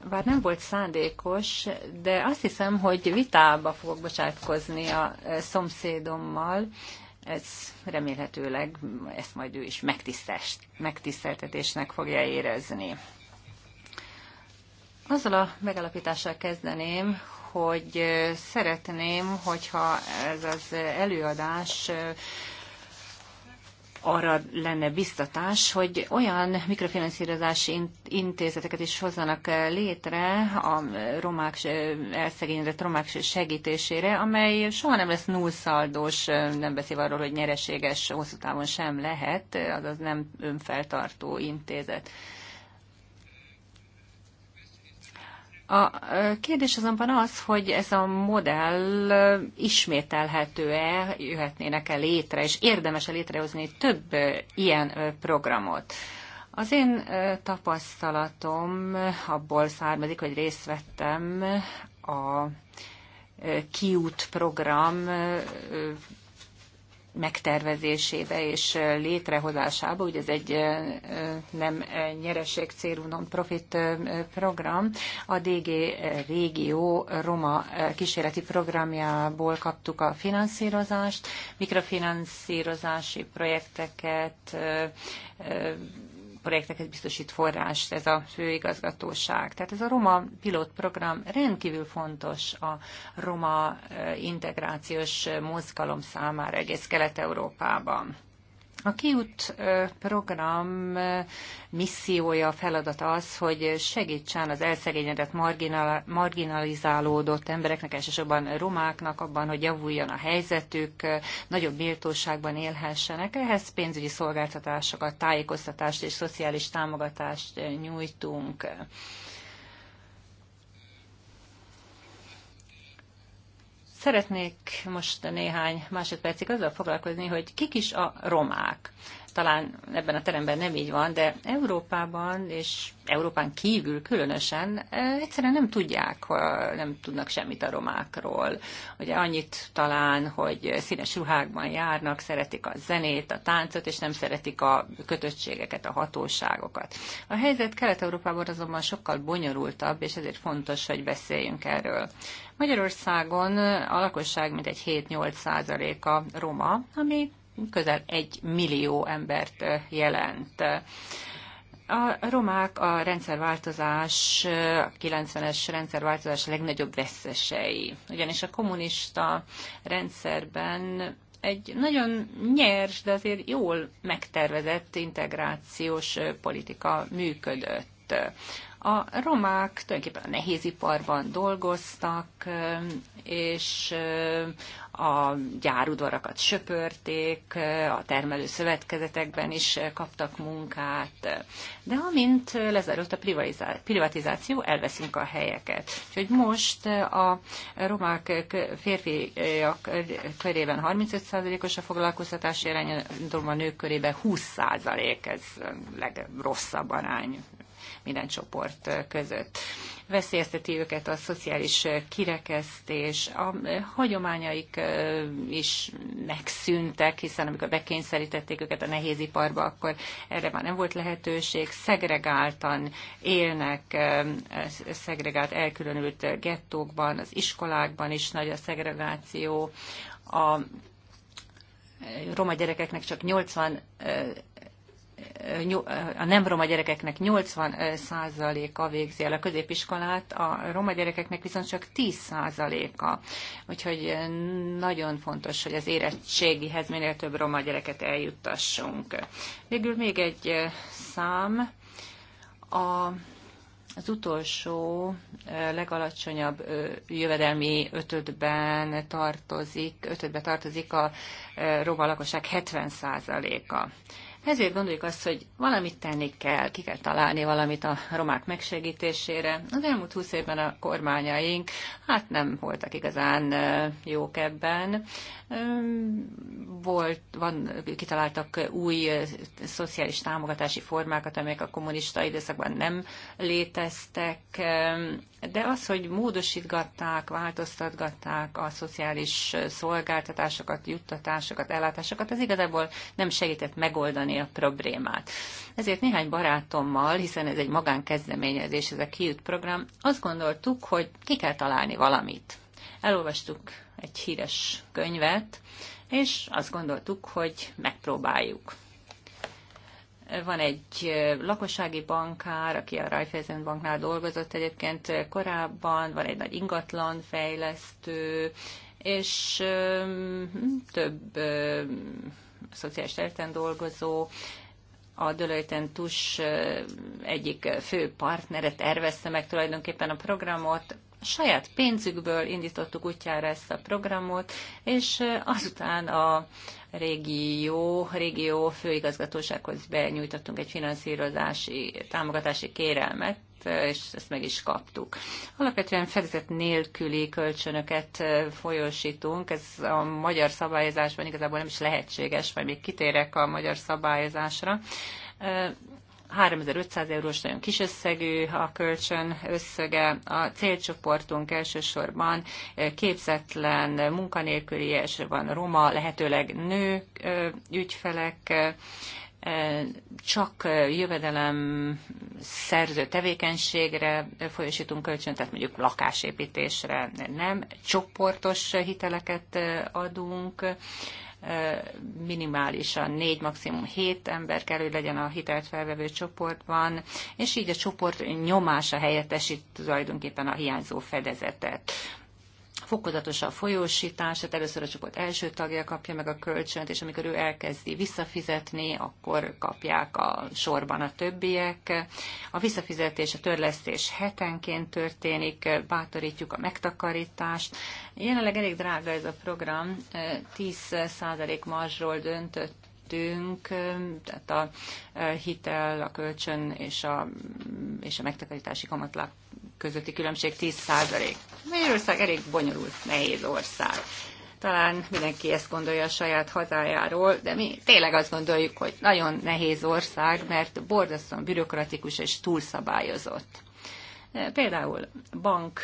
Bár nem volt szándékos, de azt hiszem, hogy vitába fogok bocsátkozni a eh, szomszédommal, ez remélhetőleg ezt majd ő is megtiszteltetésnek fogja érezni. Azzal a megalapítással kezdeném, hogy szeretném, hogyha ez az előadás arra lenne biztatás, hogy olyan mikrofinanszírozási intézeteket is hozzanak létre a romák elszegényedett romák segítésére, amely soha nem lesz nullszaldós, nem beszél arról, hogy nyereséges hosszú távon sem lehet, azaz nem önfeltartó intézet. A kérdés azonban az, hogy ez a modell ismételhető-e, jöhetnének-e létre, és érdemes-e létrehozni több ilyen programot. Az én tapasztalatom abból származik, hogy részt vettem a kiút program megtervezésébe és létrehozásába, ugye ez egy nem nyereség célú non-profit program, a DG Régió Roma kísérleti programjából kaptuk a finanszírozást, mikrofinanszírozási projekteket, projekteket biztosít forrást ez a főigazgatóság. Tehát ez a Roma pilotprogram rendkívül fontos a roma eh, integrációs mozgalom számára egész Kelet-Európában. A kiút program missziója, feladat az, hogy segítsen az elszegényedett, marginalizálódott embereknek, elsősorban romáknak abban, hogy javuljon a helyzetük, nagyobb méltóságban élhessenek. Ehhez pénzügyi szolgáltatásokat, tájékoztatást és szociális támogatást nyújtunk. Szeretnék most néhány másodpercig azzal foglalkozni, hogy kik is a romák. Talán ebben a teremben nem így van, de Európában és Európán kívül különösen eh, egyszerűen nem tudják, nem tudnak semmit a romákról. Ugye annyit talán, hogy színes ruhákban járnak, szeretik a zenét, a táncot, és nem szeretik a kötöttségeket, a hatóságokat. A helyzet Kelet-Európában azonban sokkal bonyolultabb, és ezért fontos, hogy beszéljünk erről. Magyarországon a lakosság mintegy 7-8 százaléka roma, ami közel egy millió embert jelent. A romák a rendszerváltozás, a 90-es rendszerváltozás legnagyobb veszesei. Ugyanis a kommunista rendszerben egy nagyon nyers, de azért jól megtervezett integrációs politika működött. A romák tulajdonképpen a nehéziparban dolgoztak, és a gyárudvarakat söpörték, a termelő szövetkezetekben is kaptak munkát. De amint lezárult a privatizáció, elveszünk a helyeket. Úgyhogy most a romák férfiak körében 35%-os a foglalkoztatási arány, a nők körében 20% ez legrosszabb arány minden csoport között. Veszélyezteti őket a szociális kirekesztés, a hagyományaik is megszűntek, hiszen amikor bekényszerítették őket a nehéziparba, akkor erre már nem volt lehetőség. Szegregáltan élnek, szegregált elkülönült gettókban, az iskolákban is nagy a szegregáció. A roma gyerekeknek csak 80 a nem roma gyerekeknek 80%-a végzi el a középiskolát, a roma gyerekeknek viszont csak 10%-a. Úgyhogy nagyon fontos, hogy az érettségihez minél több roma gyereket eljuttassunk. Végül még egy eh, szám. A az utolsó eh, legalacsonyabb jövedelmi ötödben tartozik, ötödbe tartozik a eh, roma lakosság 70%-a. Ezért gondoljuk azt, hogy valamit tenni kell, ki kell találni valamit a romák megsegítésére. Az elmúlt húsz évben a kormányaink hát nem voltak igazán jók ebben. Volt, van, kitaláltak új szociális támogatási formákat, amelyek a kommunista időszakban nem léteztek, de az, hogy módosítgatták, változtatgatták a szociális szolgáltatásokat, juttatásokat, ellátásokat, az igazából nem segített megoldani a problémát. Ezért néhány barátommal, hiszen ez egy magánkezdeményezés, ez a kiút program, azt gondoltuk, hogy ki kell találni valamit. Elolvastuk egy híres könyvet, és azt gondoltuk, hogy megpróbáljuk. Van egy lakossági bankár, aki a Raiffeisen banknál dolgozott egyébként korábban, van egy nagy ingatlan fejlesztő, és több szociális területen dolgozó, a Dölöjten Tus egyik fő partnere tervezte meg tulajdonképpen a programot, saját pénzükből indítottuk útjára ezt a programot, és azután a régió, régió főigazgatósághoz benyújtottunk egy finanszírozási, támogatási kérelmet, és ezt meg is kaptuk. Alapvetően fedezet nélküli kölcsönöket folyósítunk, ez a magyar szabályozásban igazából nem is lehetséges, majd még kitérek a magyar szabályozásra. 3500 eurós nagyon kis összegű a kölcsön összege. A célcsoportunk elsősorban eh, képzetlen, munkanélküli, van roma, lehetőleg nő eh, ügyfelek, eh, csak jövedelem szerző tevékenységre folyosítunk kölcsön, tehát mondjuk lakásépítésre nem, csoportos hiteleket adunk, minimálisan négy, maximum hét ember kell, hogy legyen a hitelt felvevő csoportban, és így a csoport nyomása helyettesít tulajdonképpen a hiányzó fedezetet fokozatos a folyósítás, tehát először a csoport első tagja kapja meg a kölcsönt, és amikor ő elkezdi visszafizetni, akkor kapják a sorban a többiek. A visszafizetés, a törlesztés hetenként történik, bátorítjuk a megtakarítást. Jelenleg elég drága ez a program, 10% marzsról döntött beszéltünk, tehát a e, hitel, a kölcsön és a, és a megtakarítási kamatlap közötti különbség 10 százalék. Magyarország elég bonyolult, nehéz ország. Talán mindenki ezt gondolja a saját hazájáról, de mi tényleg azt gondoljuk, hogy nagyon nehéz ország, mert borzasztóan bürokratikus és túlszabályozott. E, például bank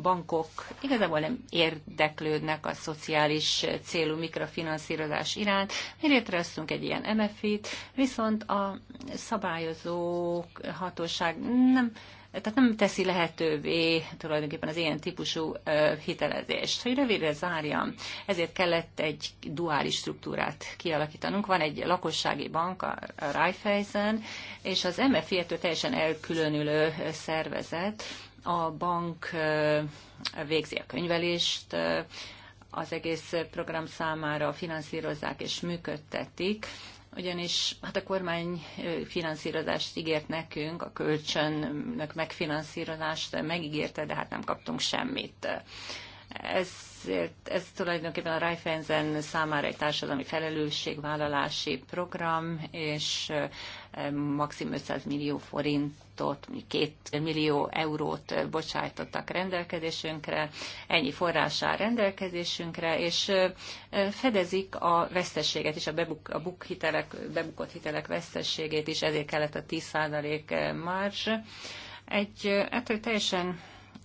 bankok igazából nem érdeklődnek a szociális célú mikrofinanszírozás iránt. Mi létrehoztunk egy ilyen MFI-t, viszont a szabályozó hatóság nem tehát nem teszi lehetővé tulajdonképpen az ilyen típusú ö, hitelezést. Hogy rövidre zárjam, ezért kellett egy duális struktúrát kialakítanunk. Van egy lakossági bank, a Raiffeisen, és az MFI-től teljesen elkülönülő szervezet, a bank végzi a könyvelést, az egész program számára finanszírozzák és működtetik, ugyanis hát a kormány finanszírozást ígért nekünk, a kölcsönnek megfinanszírozást megígérte, de hát nem kaptunk semmit. Ezért ez tulajdonképpen a Raiffeisen számára egy társadalmi felelősségvállalási program, és eh, maximum 500 millió forintot, 2 millió eurót bocsájtottak rendelkezésünkre, ennyi forrás rendelkezésünkre, és eh, fedezik a vesztességet is, a, bebuk, a buk hitelek, bebukott hitelek vesztességét is, ezért kellett a 10% eh, marzs. Egy ettől hát, teljesen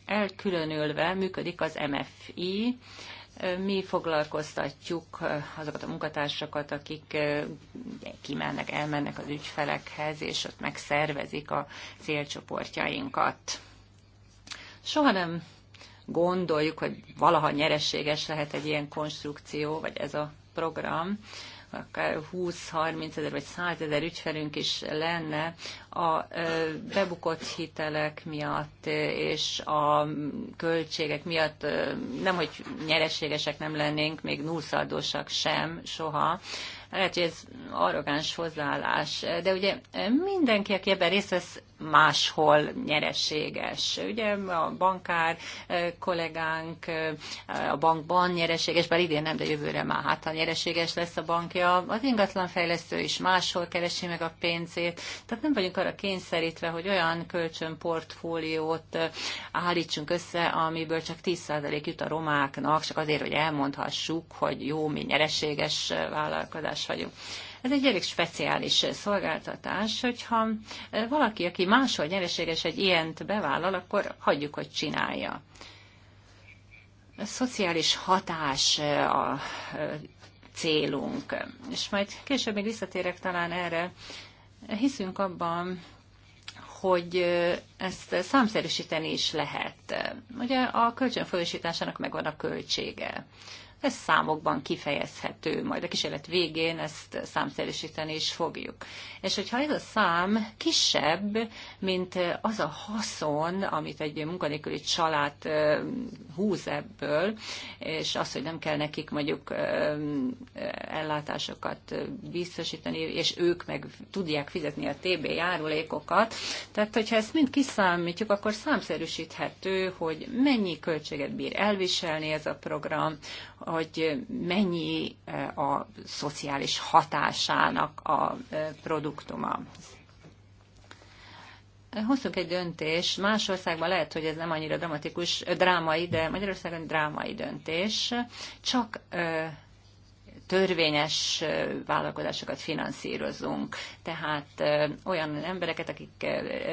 elkülönülve működik az MFI, mi foglalkoztatjuk azokat a munkatársakat, akik kimennek, elmennek az ügyfelekhez, és ott megszervezik a célcsoportjainkat. Soha nem gondoljuk, hogy valaha nyereséges lehet egy ilyen konstrukció, vagy ez a program akár 20-30 ezer vagy 100 ezer ügyfelünk is lenne a bebukott hitelek miatt és a költségek miatt nem, hogy nyereségesek nem lennénk, még nullszaldósak sem soha, lehet, hogy ez arrogáns hozzáállás, de ugye mindenki, aki ebben részt vesz, máshol nyereséges. Ugye a bankár kollégánk a bankban nyereséges, bár idén nem, de jövőre már hát a nyereséges lesz a bankja, az ingatlanfejlesztő is máshol keresi meg a pénzét, tehát nem vagyunk arra kényszerítve, hogy olyan kölcsönportfóliót állítsunk össze, amiből csak 10% jut a romáknak, csak azért, hogy elmondhassuk, hogy jó, mi nyereséges vállalkozás vagyunk. Ez egy elég speciális szolgáltatás, hogyha eh, valaki, aki máshol nyereséges egy ilyent bevállal, akkor hagyjuk, hogy csinálja. A szociális hatás eh, a eh, célunk. És majd később még visszatérek talán erre. Hiszünk abban, hogy ezt számszerűsíteni is lehet. Ugye a kölcsönfolyósításának megvan a költsége. Ez számokban kifejezhető, majd a kísérlet végén ezt számszerűsíteni is fogjuk. És hogyha ez a szám kisebb, mint az a haszon, amit egy munkanélküli család húz ebből, és az, hogy nem kell nekik mondjuk ellátásokat biztosítani, és ők meg tudják fizetni a TB járulékokat. Tehát, hogyha ezt mind kiszámítjuk, akkor számszerűsíthető, hogy mennyi költséget bír elviselni ez a program, hogy mennyi eh, a szociális hatásának a eh, produktuma. Hoztunk egy döntés. más országban lehet, hogy ez nem annyira dramatikus, eh, drámai, de Magyarországon drámai döntés. Csak törvényes vállalkozásokat finanszírozunk. Tehát olyan embereket, akik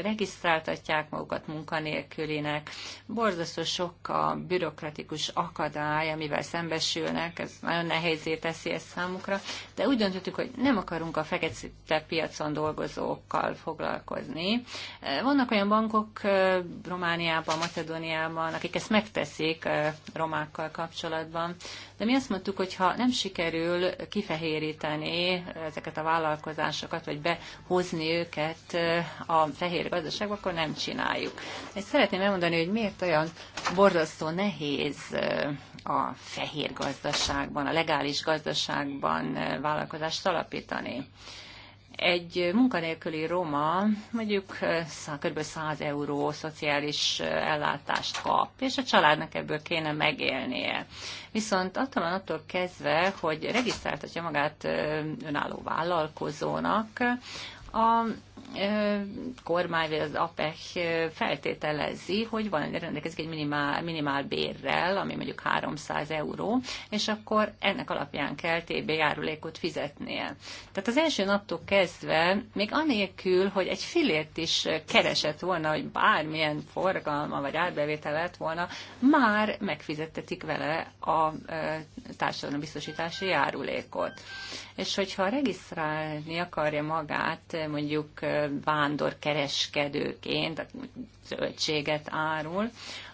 regisztráltatják magukat munkanélkülinek, borzasztó sok a bürokratikus akadály, amivel szembesülnek, ez nagyon nehézé teszi ezt számukra, de úgy döntöttük, hogy nem akarunk a fekete piacon dolgozókkal foglalkozni. Vannak olyan bankok Romániában, Macedóniában, akik ezt megteszik romákkal kapcsolatban, de mi azt mondtuk, hogy ha nem sikerül sikerül kifehéríteni ezeket a vállalkozásokat, vagy behozni őket eh, a fehér gazdaságba, akkor nem csináljuk. És szeretném elmondani, hogy miért olyan borzasztó nehéz eh, a fehér gazdaságban, a legális gazdaságban eh, vállalkozást alapítani egy munkanélküli roma mondjuk kb. 100 euró szociális ellátást kap, és a családnak ebből kéne megélnie. Viszont attól van attól kezdve, hogy regisztráltatja magát önálló vállalkozónak, a kormány, vagy az APEC feltételezi, hogy van, rendelkezik egy minimál, minimál bérrel, ami mondjuk 300 euró, és akkor ennek alapján kell TB járulékot fizetnie. Tehát az első naptól kezdve, még anélkül, hogy egy filért is keresett volna, hogy bármilyen forgalma vagy árbevétel lett volna, már megfizettetik vele a társadalombiztosítási járulékot és hogyha regisztrálni akarja magát mondjuk vándorkereskedőként, zöldséget árul,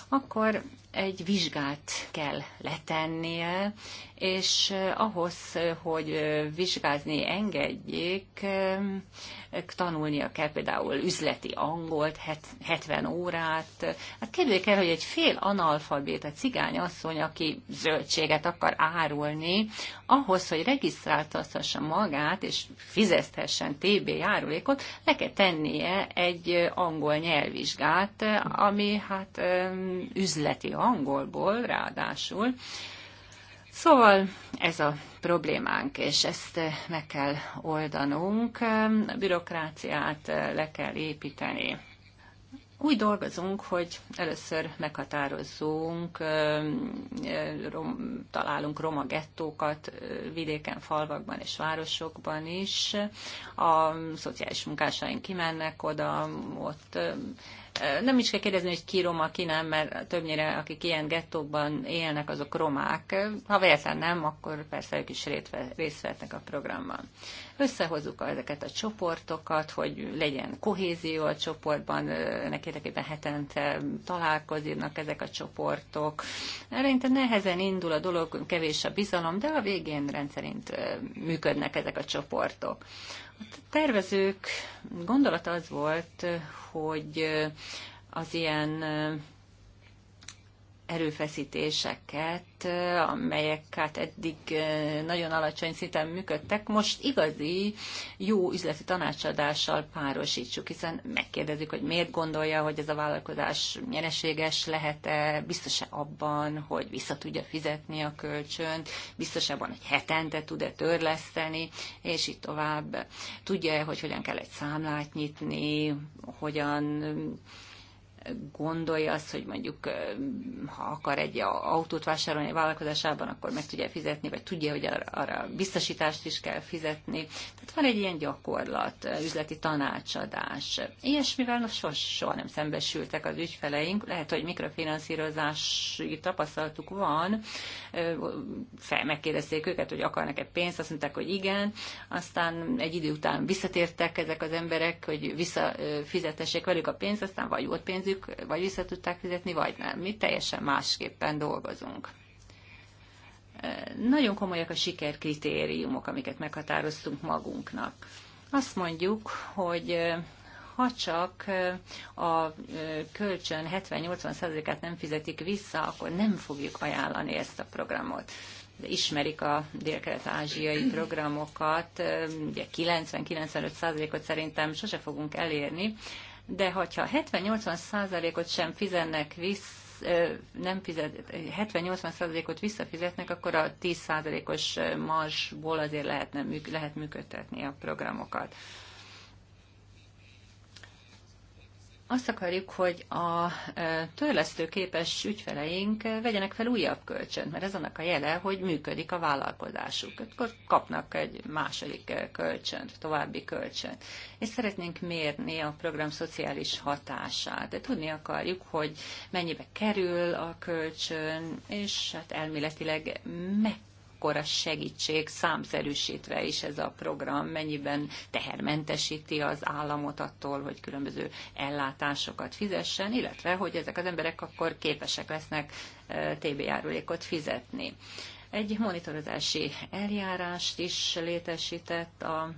akkor egy vizsgát kell letennie, és eh, ahhoz, hogy eh, vizsgázni engedjék, eh, tanulnia kell például üzleti angolt, 70 órát. Hát kérdék el, hogy egy fél cigány, asszony, aki zöldséget akar árulni, ahhoz, hogy regisztráltathassa magát és fizethessen TB járulékot, le kell tennie egy angol nyelvvizsgát, ami hát üzleti angolból ráadásul, Szóval ez a problémánk, és ezt meg kell oldanunk, a bürokráciát le kell építeni. Úgy dolgozunk, hogy először meghatározzunk, rom, találunk roma gettókat vidéken, falvakban és városokban is. A szociális munkásaink kimennek oda, ott nem is kell kérdezni, hogy ki roma, ki nem, mert többnyire akik ilyen gettókban élnek, azok romák. Ha véletlen nem, akkor persze ők is részt vettek a programban. Összehozzuk ezeket a csoportokat, hogy legyen kohézió a csoportban, ennek érdekében hetente találkoznak ezek a csoportok. Erre nehezen indul a dolog, kevés a bizalom, de a végén rendszerint működnek ezek a csoportok. A tervezők gondolata az volt, hogy az ilyen erőfeszítéseket, amelyek hát eddig nagyon alacsony szinten működtek, most igazi jó üzleti tanácsadással párosítsuk, hiszen megkérdezzük, hogy miért gondolja, hogy ez a vállalkozás nyereséges lehet-e, biztos-e abban, hogy vissza tudja fizetni a kölcsönt, biztos-e abban, hogy hetente tud-e törleszteni, és így tovább. Tudja-e, hogy hogyan kell egy számlát nyitni, hogyan gondolja azt, hogy mondjuk ha akar egy autót vásárolni a vállalkozásában, akkor meg tudja fizetni, vagy tudja, hogy arra biztosítást is kell fizetni. Tehát van egy ilyen gyakorlat, üzleti tanácsadás. Ilyesmivel no, soha, nem szembesültek az ügyfeleink. Lehet, hogy mikrofinanszírozási tapasztalatuk van. Fel megkérdezték őket, hogy akarnak egy pénzt, azt mondták, hogy igen. Aztán egy idő után visszatértek ezek az emberek, hogy visszafizetessék velük a pénzt, aztán vagy volt pénz tudjuk, vagy vissza tudták fizetni, vagy nem. Mi teljesen másképpen dolgozunk. Nagyon komolyak a sikerkritériumok, amiket meghatároztunk magunknak. Azt mondjuk, hogy ha csak a kölcsön 70-80%-át nem fizetik vissza, akkor nem fogjuk ajánlani ezt a programot. ismerik a dél-kelet-ázsiai programokat, ugye 90-95%-ot szerintem sose fogunk elérni, de hogyha 70-80 százalékot sem fizetnek, vissza, nem fizet, 70-80%-ot visszafizetnek, akkor a 10 százalékos marsból azért lehet, lehet működtetni a programokat. azt akarjuk, hogy a törlesztőképes ügyfeleink vegyenek fel újabb kölcsönt, mert ez annak a jele, hogy működik a vállalkozásuk. Akkor kapnak egy második kölcsönt, további kölcsönt. És szeretnénk mérni a program szociális hatását. De tudni akarjuk, hogy mennyibe kerül a kölcsön, és hát elméletileg meg mekkora segítség számszerűsítve is ez a program, mennyiben tehermentesíti az államot attól, hogy különböző ellátásokat fizessen, illetve hogy ezek az emberek akkor képesek lesznek TB járulékot fizetni. Egy monitorozási eljárást is létesített a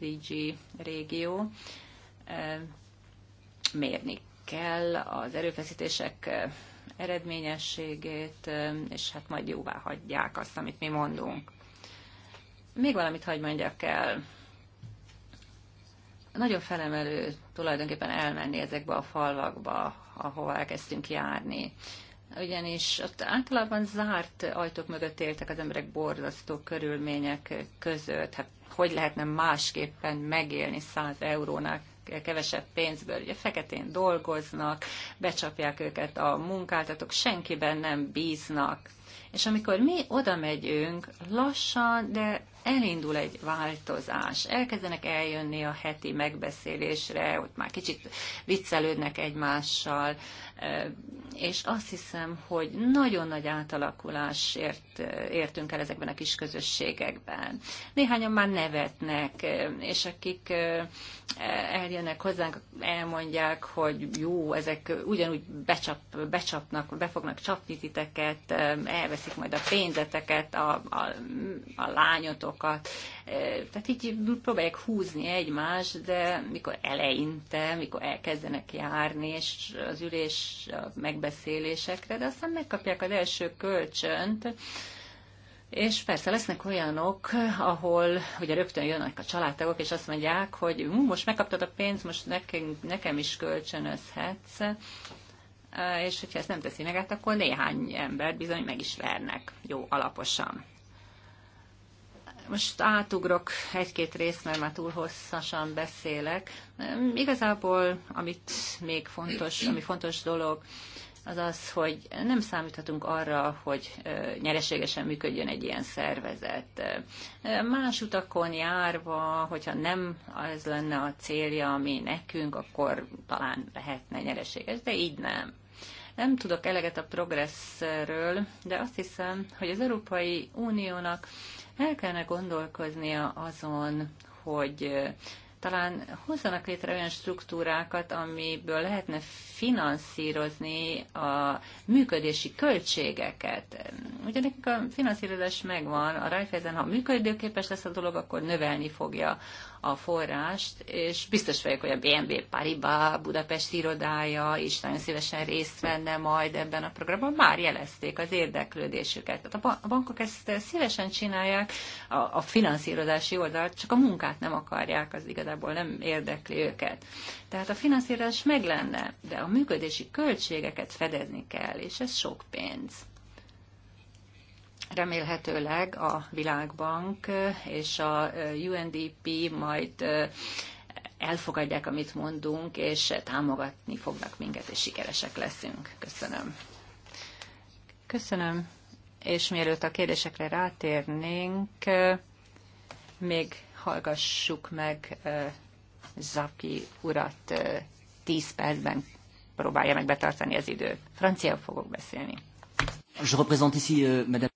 DG régió. Mérni kell az erőfeszítések eredményességét, és hát majd jóvá hagyják azt, amit mi mondunk. Még valamit hagy mondjak el. Nagyon felemelő tulajdonképpen elmenni ezekbe a falvakba, ahova elkezdtünk járni ugyanis ott általában zárt ajtók mögött éltek az emberek borzasztó körülmények között. Hát hogy lehetne másképpen megélni 100 eurónak kevesebb pénzből. Ugye feketén dolgoznak, becsapják őket a munkáltatók, senkiben nem bíznak. És amikor mi oda megyünk, lassan, de elindul egy változás, elkezdenek eljönni a heti megbeszélésre, ott már kicsit viccelődnek egymással, és azt hiszem, hogy nagyon nagy átalakulásért értünk el ezekben a kis közösségekben. Néhányan már nevetnek, és akik eljönnek hozzánk, elmondják, hogy jó, ezek ugyanúgy becsap, becsapnak, be fognak csapni titeket, elveszik majd a pénzeteket, a, a, a lányotok dolgokat. Tehát így próbálják húzni egymást, de mikor eleinte, mikor elkezdenek járni, és az ülés a megbeszélésekre, de aztán megkapják az első kölcsönt, és persze lesznek olyanok, ahol ugye rögtön jönnek a családtagok, és azt mondják, hogy most megkaptad a pénzt, most nekem, nekem is kölcsönözhetsz, és hogyha ezt nem teszi meg, át, akkor néhány ember bizony meg is vernek, jó, alaposan. Most átugrok egy-két részt, mert már túl hosszasan beszélek. Igazából, amit még fontos, ami fontos dolog, az az, hogy nem számíthatunk arra, hogy nyereségesen működjön egy ilyen szervezet. Más utakon járva, hogyha nem az lenne a célja, ami nekünk, akkor talán lehetne nyereséges, de így nem. Nem tudok eleget a progresszről, de azt hiszem, hogy az Európai Uniónak el kellene gondolkoznia azon, hogy talán hozzanak létre olyan struktúrákat, amiből lehetne finanszírozni a működési költségeket. Ugye nekik a finanszírozás megvan, a rajfejezen, ha működőképes lesz a dolog, akkor növelni fogja a forrást, és biztos vagyok, hogy a BNB Paribas Budapest irodája is nagyon szívesen részt venne majd ebben a programban. Már jelezték az érdeklődésüket. Tehát a bankok ezt szívesen csinálják, a, a finanszírozási oldalt, csak a munkát nem akarják, az igazából nem érdekli őket. Tehát a finanszírozás meg lenne, de a működési költségeket fedezni kell, és ez sok pénz. Remélhetőleg a Világbank és a UNDP majd elfogadják, amit mondunk, és támogatni fognak minket, és sikeresek leszünk. Köszönöm. Köszönöm. És mielőtt a kérdésekre rátérnénk, még hallgassuk meg Zaki urat 10 percben próbálja meg betartani az időt. Francia fogok beszélni. Je représente ici, euh, madame...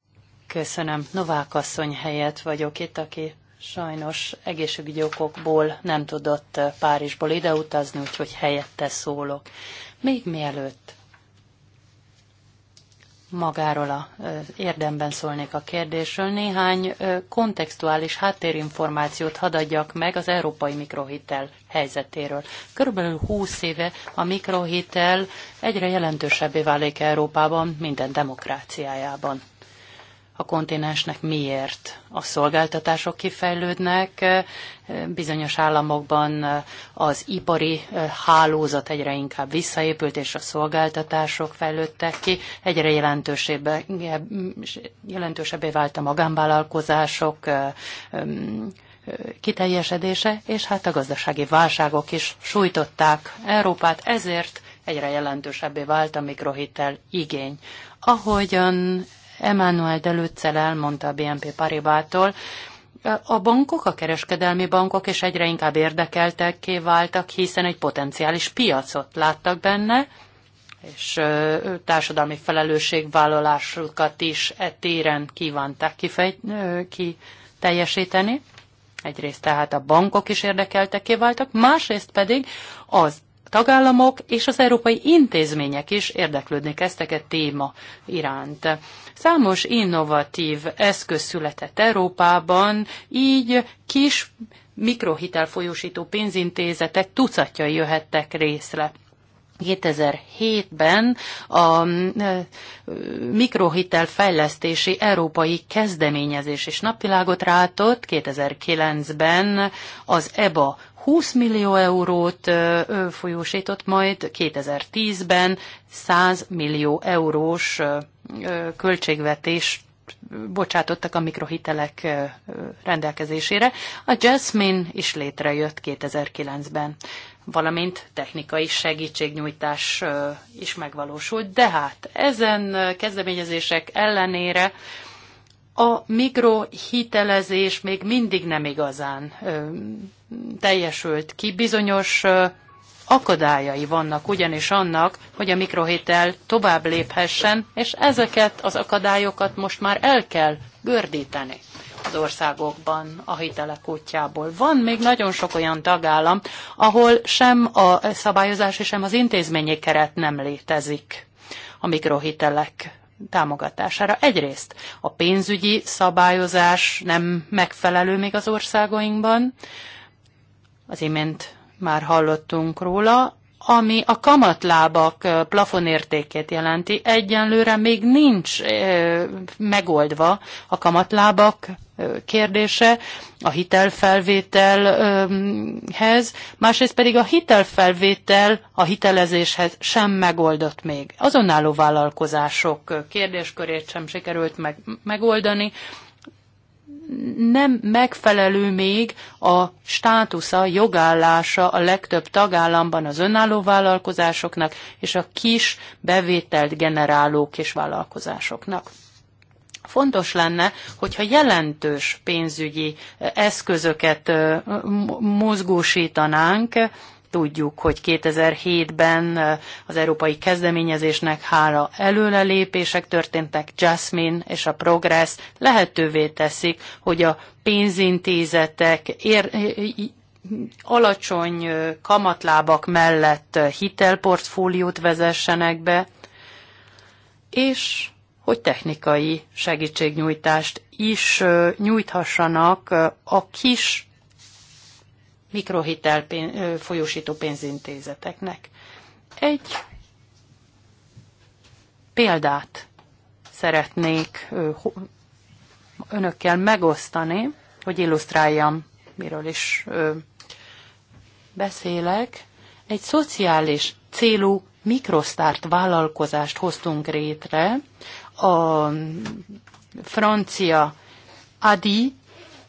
Köszönöm. Novák asszony helyett vagyok itt, aki sajnos egészségügyi okokból nem tudott eh, Párizsból ide utazni, úgyhogy helyette szólok. Még mielőtt magáról a eh, érdemben szólnék a kérdésről. Néhány eh, kontextuális háttérinformációt hadd adjak meg az európai mikrohitel helyzetéről. Körülbelül 20 éve a mikrohitel egyre jelentősebbé válik Európában, minden demokráciájában a kontinensnek miért. A szolgáltatások kifejlődnek, eh, bizonyos államokban eh, az ipari eh, hálózat egyre inkább visszaépült, és a szolgáltatások fejlődtek ki, egyre mm, jelentősebbé vált a magánvállalkozások mm, kiteljesedése, és hát a gazdasági válságok is sújtották Európát, ezért egyre jelentősebbé vált a mikrohitel igény. Ahogyan Emmanuel de Lüccel elmondta a BNP Paribától, a bankok, a kereskedelmi bankok és egyre inkább érdekeltekké váltak, hiszen egy potenciális piacot láttak benne, és társadalmi felelősségvállalásukat is e téren kívánták kifej, ki teljesíteni. Egyrészt tehát a bankok is érdekeltek, váltak, másrészt pedig az tagállamok és az európai intézmények is érdeklődni kezdtek e téma iránt. Számos innovatív eszköz született Európában, így kis mikrohitelfolyósító pénzintézetek tucatjai jöhettek részre. 2007-ben a e, mikrohitel fejlesztési európai kezdeményezés is napvilágot rátott, 2009-ben az EBA 20 millió eurót folyósított, majd 2010-ben 100 millió eurós költségvetés, bocsátottak a mikrohitelek rendelkezésére. A Jasmine is létrejött 2009-ben, valamint technikai segítségnyújtás is megvalósult, de hát ezen kezdeményezések ellenére a mikrohitelezés még mindig nem igazán teljesült ki. Bizonyos akadályai vannak ugyanis annak, hogy a mikrohitel tovább léphessen, és ezeket az akadályokat most már el kell gördíteni az országokban a hitelek útjából. Van még nagyon sok olyan tagállam, ahol sem a szabályozási, sem az intézményi keret nem létezik a mikrohitelek támogatására. Egyrészt a pénzügyi szabályozás nem megfelelő még az országainkban, az imént már hallottunk róla, ami a kamatlábak plafonértékét jelenti, egyenlőre még nincs megoldva a kamatlábak kérdése a hitelfelvételhez, másrészt pedig a hitelfelvétel a hitelezéshez sem megoldott még. azonálló vállalkozások kérdéskörét sem sikerült meg, megoldani, nem megfelelő még a státusza, jogállása a legtöbb tagállamban az önálló vállalkozásoknak és a kis bevételt generáló kis vállalkozásoknak. Fontos lenne, hogyha jelentős pénzügyi eszközöket mozgósítanánk, Tudjuk, hogy 2007-ben az európai kezdeményezésnek hála előrelépések történtek, Jasmine és a Progress lehetővé teszik, hogy a pénzintézetek ér, alacsony kamatlábak mellett hitelportfóliót vezessenek be, és hogy technikai segítségnyújtást is nyújthassanak a kis mikrohitel folyósító pénzintézeteknek. Egy példát szeretnék önökkel megosztani, hogy illusztráljam, miről is beszélek. Egy szociális célú mikrosztárt vállalkozást hoztunk létre a francia Adi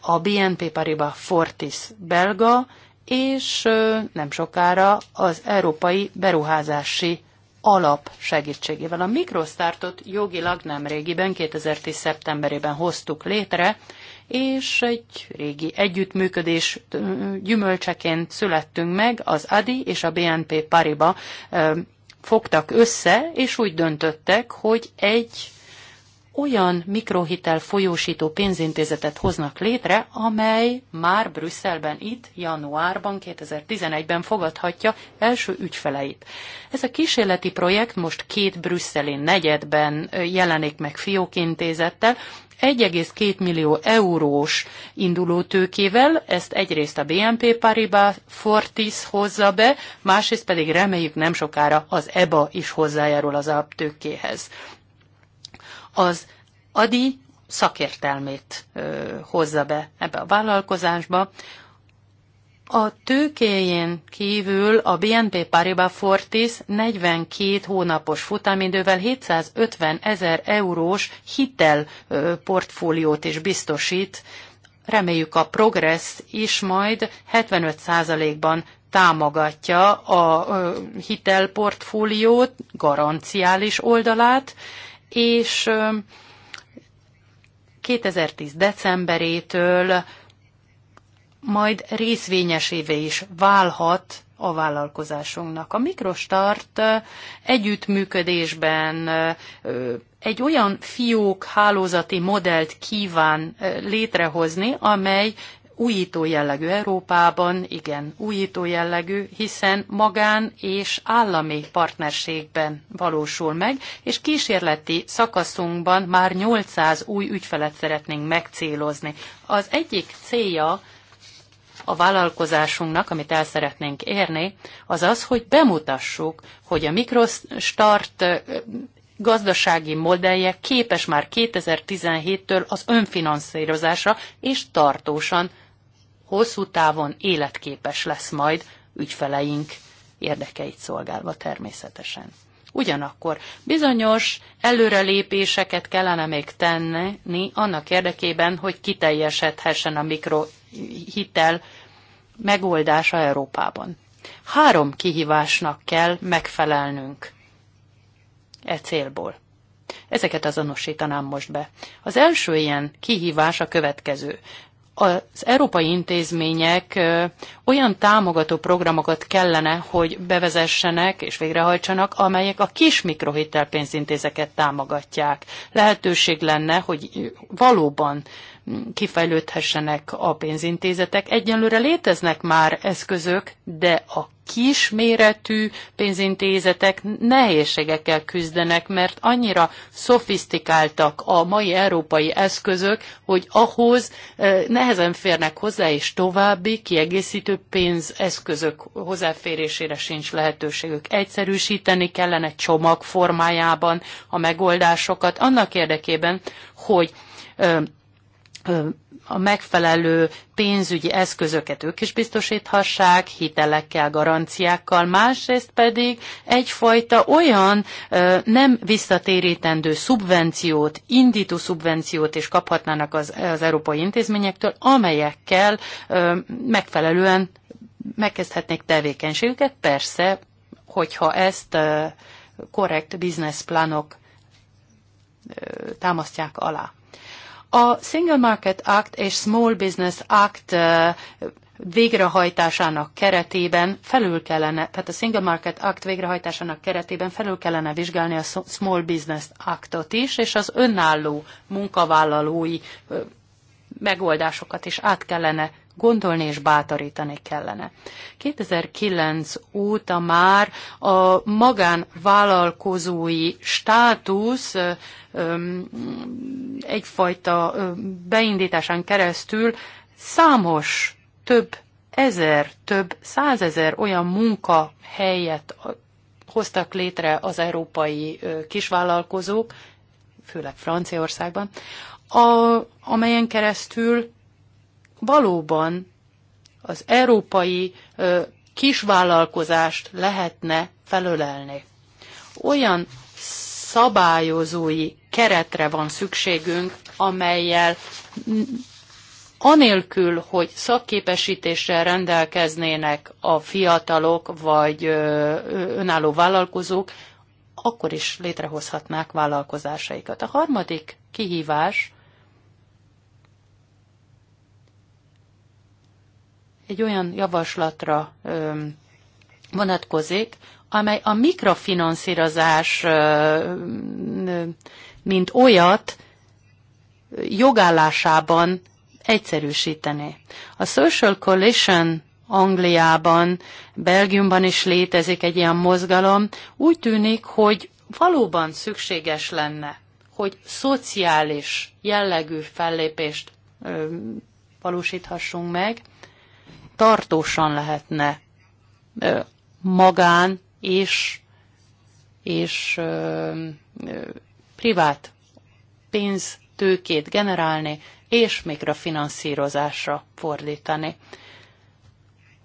a BNP Paribas Fortis belga, és nem sokára az Európai Beruházási Alap segítségével. A Mikrostartot jogilag nem régiben, 2010. szeptemberében hoztuk létre, és egy régi együttműködés gyümölcseként születtünk meg, az ADI és a BNP Paribas fogtak össze, és úgy döntöttek, hogy egy olyan mikrohitel folyósító pénzintézetet hoznak létre, amely már Brüsszelben itt, januárban, 2011-ben fogadhatja első ügyfeleit. Ez a kísérleti projekt most két brüsszeli negyedben jelenik meg fiókintézettel, 1,2 millió eurós indulótőkével, ezt egyrészt a BNP Paribas Fortis hozza be, másrészt pedig reméljük nem sokára az EBA is hozzájárul az alaptőkéhez az ADI szakértelmét hozza be ebbe a vállalkozásba. A tőkéjén kívül a BNP Paribas Fortis 42 hónapos futamidővel 750 ezer eurós hitel portfóliót is biztosít. Reméljük a Progress is majd 75%-ban támogatja a hitelportfóliót, garanciális oldalát, és 2010. decemberétől majd részvényesévé is válhat a vállalkozásunknak. A Mikrostart együttműködésben egy olyan fiók hálózati modellt kíván létrehozni, amely újító jellegű Európában, igen, újító jellegű, hiszen magán és állami partnerségben valósul meg, és kísérleti szakaszunkban már 800 új ügyfelet szeretnénk megcélozni. Az egyik célja a vállalkozásunknak, amit el szeretnénk érni, az az, hogy bemutassuk, hogy a mikrostart gazdasági modellje képes már 2017-től az önfinanszírozásra és tartósan hosszú távon életképes lesz majd ügyfeleink érdekeit szolgálva természetesen. Ugyanakkor bizonyos előrelépéseket kellene még tenni annak érdekében, hogy kiteljesedhessen a mikrohitel megoldása Európában. Három kihívásnak kell megfelelnünk e célból. Ezeket azonosítanám most be. Az első ilyen kihívás a következő az európai intézmények olyan támogató programokat kellene, hogy bevezessenek és végrehajtsanak, amelyek a kis mikrohitelpénzintézeket támogatják. Lehetőség lenne, hogy valóban kifejlődhessenek a pénzintézetek. Egyenlőre léteznek már eszközök, de a kisméretű pénzintézetek nehézségekkel küzdenek, mert annyira szofisztikáltak a mai európai eszközök, hogy ahhoz eh, nehezen férnek hozzá, és további kiegészítő pénzeszközök hozzáférésére sincs lehetőségük. Egyszerűsíteni kellene csomag formájában a megoldásokat annak érdekében, hogy eh, a megfelelő pénzügyi eszközöket ők is biztosíthassák, hitelekkel, garanciákkal, másrészt pedig egyfajta olyan ö, nem visszatérítendő szubvenciót, indító szubvenciót is kaphatnának az, az európai intézményektől, amelyekkel ö, megfelelően megkezdhetnék tevékenységüket, persze, hogyha ezt ö, korrekt bizniszplánok támasztják alá. A Single Market Act és Small Business Act végrehajtásának keretében felül kellene, tehát a Single Market Act végrehajtásának keretében felül kellene vizsgálni a Small Business Actot is, és az önálló munkavállalói megoldásokat is át kellene gondolni és bátorítani kellene. 2009 óta már a magánvállalkozói státusz egyfajta beindításán keresztül számos több ezer, több százezer olyan munkahelyet hoztak létre az európai kisvállalkozók, főleg Franciaországban, a, amelyen keresztül valóban az európai kisvállalkozást lehetne felölelni. Olyan szabályozói keretre van szükségünk, amelyel anélkül, hogy szakképesítéssel rendelkeznének a fiatalok vagy önálló vállalkozók, akkor is létrehozhatnák vállalkozásaikat. A harmadik kihívás egy olyan javaslatra vonatkozik, amely a mikrofinanszírozás mint olyat jogállásában egyszerűsítené. A Social Coalition Angliában, Belgiumban is létezik egy ilyen mozgalom. Úgy tűnik, hogy valóban szükséges lenne, hogy szociális jellegű fellépést ö, valósíthassunk meg, tartósan lehetne magán és, és privát pénztőkét generálni, és mikrofinanszírozásra fordítani.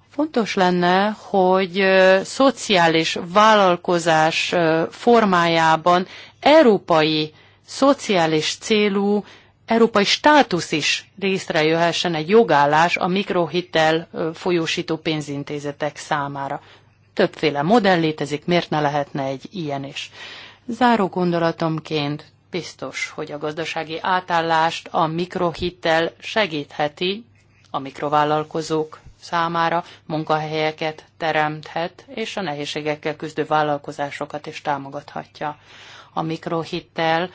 Fontos lenne, hogy szociális vállalkozás formájában európai szociális célú európai státusz is részre jöhessen egy jogállás a mikrohitel folyósító pénzintézetek számára. Többféle modell létezik, miért ne lehetne egy ilyen is. Záró gondolatomként biztos, hogy a gazdasági átállást a mikrohitel segítheti a mikrovállalkozók számára, munkahelyeket teremthet, és a nehézségekkel küzdő vállalkozásokat is támogathatja. A mikrohittel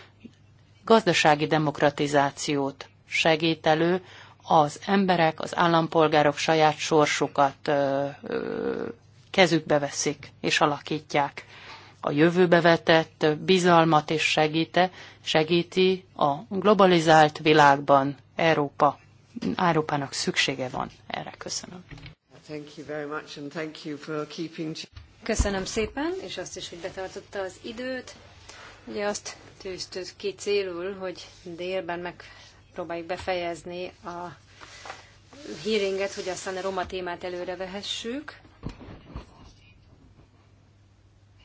gazdasági demokratizációt segít elő, az emberek, az állampolgárok saját sorsukat ö, ö, kezükbe veszik és alakítják. A jövőbe vetett bizalmat is segíte, segíti a globalizált világban Európa. Európának szüksége van erre. Köszönöm. Köszönöm szépen, és azt is, hogy betartotta az időt. Ugye azt tűztött ki célul, hogy délben megpróbáljuk befejezni a hearinget, hogy aztán a roma témát előre vehessük.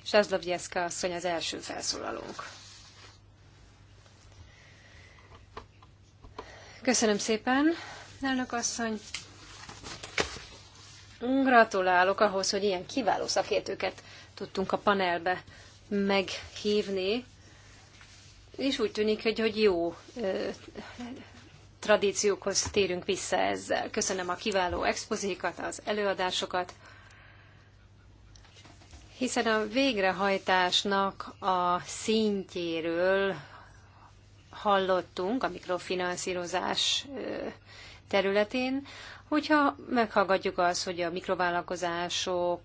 Sazlovjeszka asszony az első felszólalónk. Köszönöm szépen, elnök asszony. Gratulálok ahhoz, hogy ilyen kiváló szakértőket tudtunk a panelbe meghívni, és úgy tűnik, hogy, hogy jó ö, tradíciókhoz térünk vissza ezzel. Köszönöm a kiváló expozíkat, az előadásokat, hiszen a végrehajtásnak a szintjéről hallottunk a mikrofinanszírozás területén, Hogyha meghallgatjuk azt, hogy a mikrovállalkozások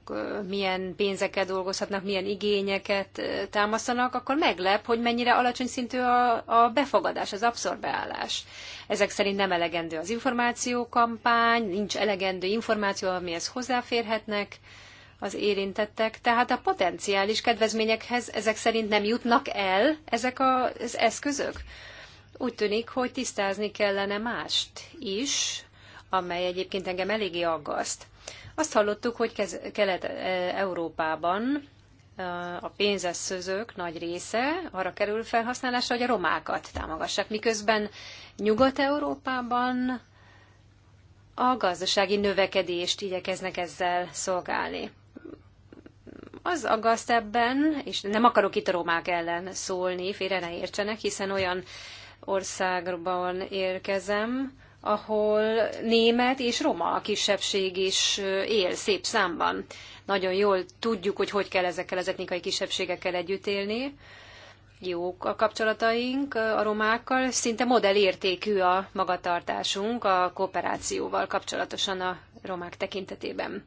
milyen pénzeket dolgozhatnak, milyen igényeket támasztanak, akkor meglep, hogy mennyire alacsony szintű a, a befogadás, az abszorbálás. Ezek szerint nem elegendő az információkampány, nincs elegendő információ, amihez hozzáférhetnek az érintettek, tehát a potenciális kedvezményekhez ezek szerint nem jutnak el ezek az eszközök. Úgy tűnik, hogy tisztázni kellene mást is, amely egyébként engem eléggé aggaszt. Azt hallottuk, hogy Kelet-Európában eh, eh, a pénzeszközök nagy része arra kerül felhasználásra, hogy a romákat támogassák, miközben Nyugat-Európában a gazdasági növekedést igyekeznek ezzel szolgálni. Az aggaszt ebben, és nem akarok itt a romák ellen szólni, félre ne értsenek, hiszen olyan országban érkezem, ahol német és roma kisebbség is él szép számban. Nagyon jól tudjuk, hogy hogy kell ezekkel az etnikai kisebbségekkel együtt élni. Jók a kapcsolataink a romákkal, szinte modellértékű a magatartásunk a kooperációval kapcsolatosan a romák tekintetében.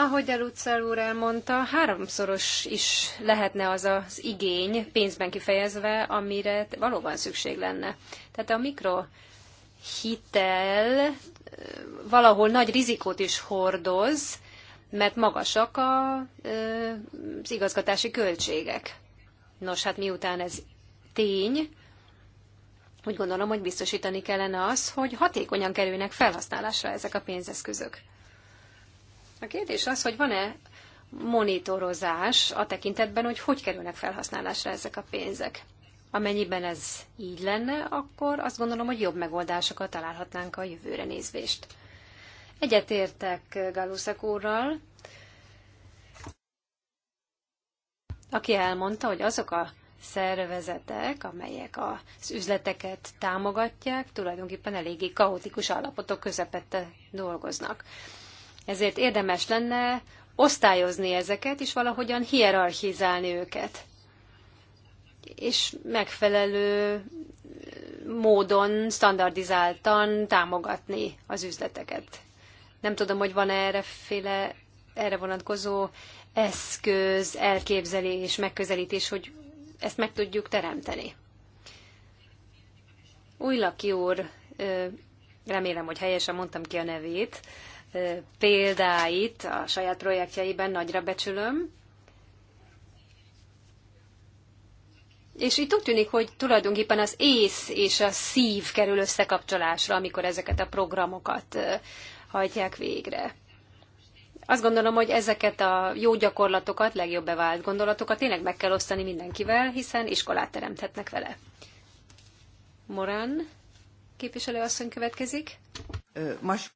Ahogy Elucel úr elmondta, háromszoros is lehetne az az igény, pénzben kifejezve, amire valóban szükség lenne. Tehát a mikrohitel valahol nagy rizikót is hordoz, mert magasak a, az igazgatási költségek. Nos, hát miután ez tény, úgy gondolom, hogy biztosítani kellene az, hogy hatékonyan kerüljenek felhasználásra ezek a pénzeszközök. A kérdés az, hogy van-e monitorozás a tekintetben, hogy hogy kerülnek felhasználásra ezek a pénzek. Amennyiben ez így lenne, akkor azt gondolom, hogy jobb megoldásokat találhatnánk a jövőre nézvést. Egyetértek Galuszek úrral, aki elmondta, hogy azok a szervezetek, amelyek az üzleteket támogatják, tulajdonképpen eléggé kaotikus állapotok közepette dolgoznak. Ezért érdemes lenne osztályozni ezeket, és valahogyan hierarchizálni őket. És megfelelő módon, standardizáltan támogatni az üzleteket. Nem tudom, hogy van -e erreféle, erre vonatkozó eszköz, elképzelés, megközelítés, hogy ezt meg tudjuk teremteni. Laki úr, remélem, hogy helyesen mondtam ki a nevét, példáit a saját projektjeiben nagyra becsülöm. És itt úgy tűnik, hogy tulajdonképpen az ész és a szív kerül összekapcsolásra, amikor ezeket a programokat hajtják végre. Azt gondolom, hogy ezeket a jó gyakorlatokat, legjobb bevált gondolatokat tényleg meg kell osztani mindenkivel, hiszen iskolát teremthetnek vele. Morán képviselőasszony következik. Ö, most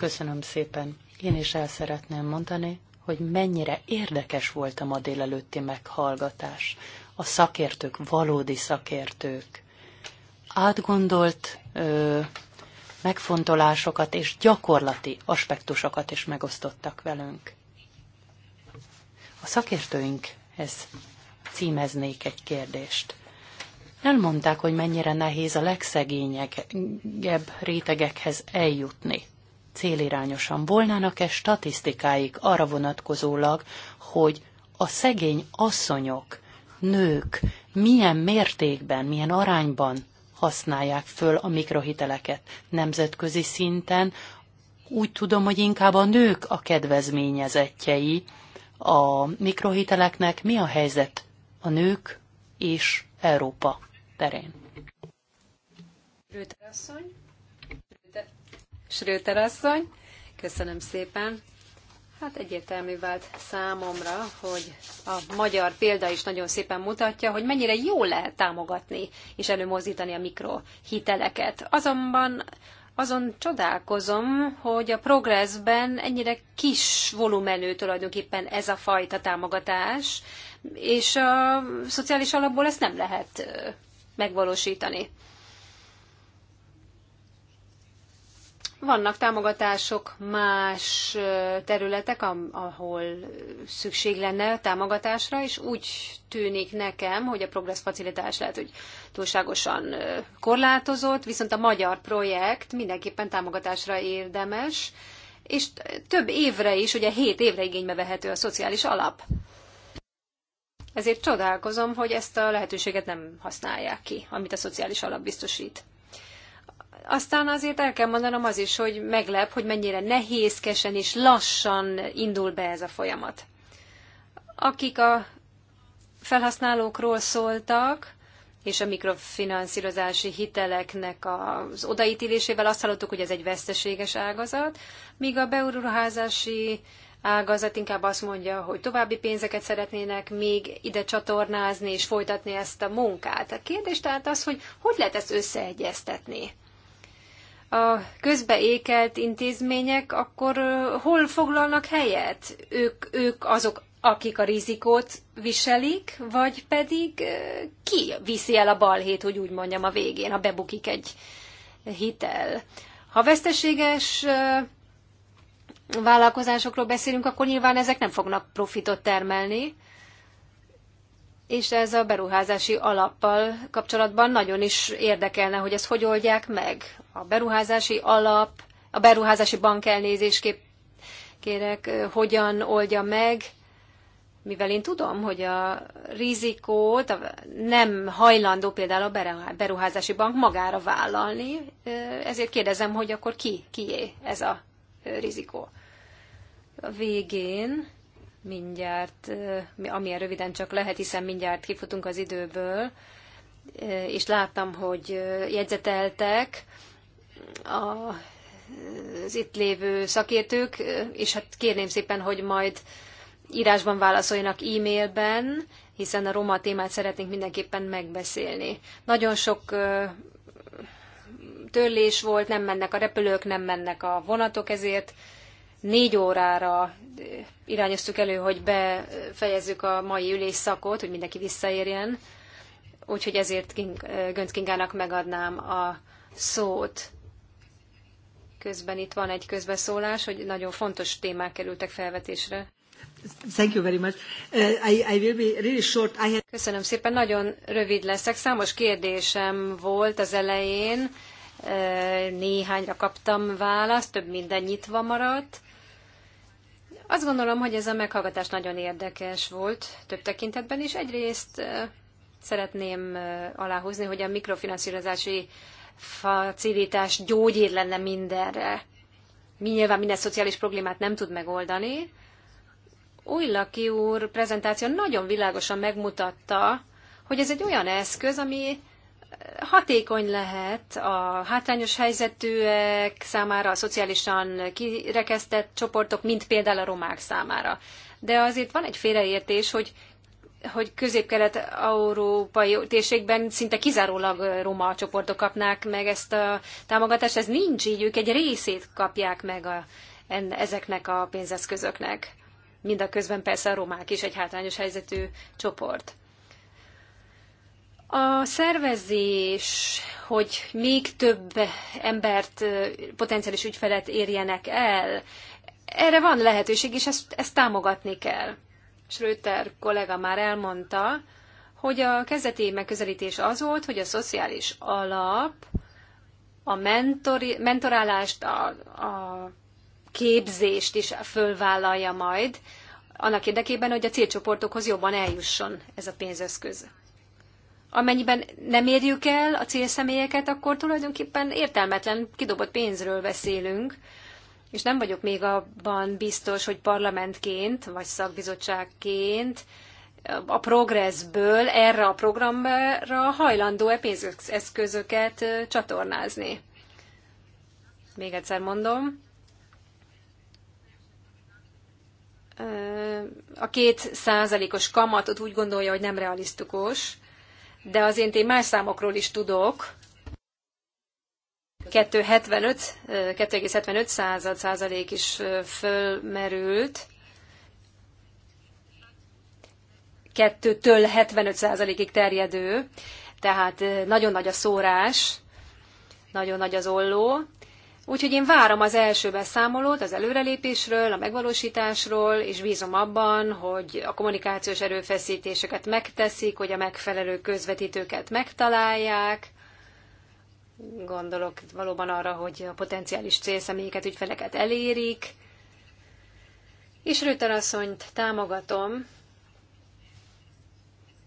Köszönöm szépen. Én is el szeretném mondani, hogy mennyire érdekes volt a ma délelőtti meghallgatás. A szakértők, valódi szakértők. Átgondolt ö, megfontolásokat és gyakorlati aspektusokat is megosztottak velünk. A szakértőinkhez címeznék egy kérdést. Elmondták, hogy mennyire nehéz a legszegényebb rétegekhez eljutni célirányosan. Volnának-e statisztikáik arra vonatkozólag, hogy a szegény asszonyok, nők milyen mértékben, milyen arányban használják föl a mikrohiteleket nemzetközi szinten. Úgy tudom, hogy inkább a nők a kedvezményezettjei a mikrohiteleknek. Mi a helyzet a nők és Európa terén? Rőter asszony. Schröter asszony. Köszönöm szépen. Hát egyértelmű vált számomra, hogy a magyar példa is nagyon szépen mutatja, hogy mennyire jól lehet támogatni és előmozdítani a mikrohiteleket. Azonban azon csodálkozom, hogy a progressben ennyire kis volumenű tulajdonképpen ez a fajta támogatás, és a szociális alapból ezt nem lehet megvalósítani. Vannak támogatások más területek, ahol szükség lenne támogatásra, és úgy tűnik nekem, hogy a progress facilitás lehet, hogy túlságosan korlátozott, viszont a magyar projekt mindenképpen támogatásra érdemes, és több évre is, ugye 7 évre igénybe vehető a szociális alap. Ezért csodálkozom, hogy ezt a lehetőséget nem használják ki, amit a szociális alap biztosít aztán azért el kell mondanom az is, hogy meglep, hogy mennyire nehézkesen és lassan indul be ez a folyamat. Akik a felhasználókról szóltak, és a mikrofinanszírozási hiteleknek az odaítélésével azt hallottuk, hogy ez egy veszteséges ágazat, míg a beuruházási ágazat inkább azt mondja, hogy további pénzeket szeretnének még ide csatornázni és folytatni ezt a munkát. A kérdés tehát az, hogy hogy lehet ezt összeegyeztetni a közbeékelt intézmények akkor hol foglalnak helyet? Ők, ők azok, akik a rizikót viselik, vagy pedig ki viszi el a balhét, hogy úgy mondjam, a végén, ha bebukik egy hitel. Ha veszteséges vállalkozásokról beszélünk, akkor nyilván ezek nem fognak profitot termelni, és ez a beruházási alappal kapcsolatban nagyon is érdekelne, hogy ezt hogy oldják meg a beruházási alap, a beruházási bank elnézésképp kérek, hogyan oldja meg, mivel én tudom, hogy a rizikót nem hajlandó például a beruházási bank magára vállalni, ezért kérdezem, hogy akkor ki, kié ez a rizikó. A végén mindjárt, amilyen röviden csak lehet, hiszen mindjárt kifutunk az időből, és láttam, hogy jegyzeteltek, a, az itt lévő szakértők, és hát kérném szépen, hogy majd írásban válaszoljanak e-mailben, hiszen a roma témát szeretnénk mindenképpen megbeszélni. Nagyon sok törlés volt, nem mennek a repülők, nem mennek a vonatok, ezért négy órára irányoztuk elő, hogy befejezzük a mai ülésszakot, hogy mindenki visszaérjen. Úgyhogy ezért King, Gönc Kingának megadnám a szót. Közben itt van egy közbeszólás, hogy nagyon fontos témák kerültek felvetésre. Thank you very much. Uh, I, I will be really short. I have... Köszönöm szépen, nagyon rövid leszek. Számos kérdésem volt az elején, uh, néhányra kaptam választ, több minden nyitva maradt. Azt gondolom, hogy ez a meghallgatás nagyon érdekes volt több tekintetben is. Egyrészt uh, szeretném aláhozni, hogy a mikrofinanszírozási facilitás gyógyír lenne mindenre. Mi nyilván minden szociális problémát nem tud megoldani. Laki úr prezentáció nagyon világosan megmutatta, hogy ez egy olyan eszköz, ami hatékony lehet a hátrányos helyzetűek számára, a szociálisan kirekesztett csoportok, mint például a romák számára. De azért van egy félreértés, hogy hogy közép-kelet-európai térségben szinte kizárólag roma csoportok kapnák meg ezt a támogatást. Ez nincs így, ők egy részét kapják meg a, en, ezeknek a pénzeszközöknek. Mindaközben persze a romák is egy hátrányos helyzetű csoport. A szervezés, hogy még több embert, potenciális ügyfelet érjenek el, erre van lehetőség, és ezt, ezt támogatni kell. Schröter kollega már elmondta, hogy a kezdeti megközelítés az volt, hogy a szociális alap a mentori, mentorálást, a, a képzést is fölvállalja majd, annak érdekében, hogy a célcsoportokhoz jobban eljusson ez a pénzeszköz. Amennyiben nem érjük el a célszemélyeket, akkor tulajdonképpen értelmetlen kidobott pénzről beszélünk, és nem vagyok még abban biztos, hogy parlamentként vagy szakbizottságként a progresszből erre a programra hajlandó-e pénzeszközöket csatornázni. Még egyszer mondom, a két százalékos kamatot úgy gondolja, hogy nem realisztikus, de azért én más számokról is tudok, 2,75, század százalék is fölmerült. 2-től 75 százalékig terjedő, tehát nagyon nagy a szórás, nagyon nagy az olló. Úgyhogy én várom az első beszámolót az előrelépésről, a megvalósításról, és bízom abban, hogy a kommunikációs erőfeszítéseket megteszik, hogy a megfelelő közvetítőket megtalálják, Gondolok valóban arra, hogy a potenciális célszemélyeket, ügyfeleket elérik. És Rőtel asszonyt támogatom,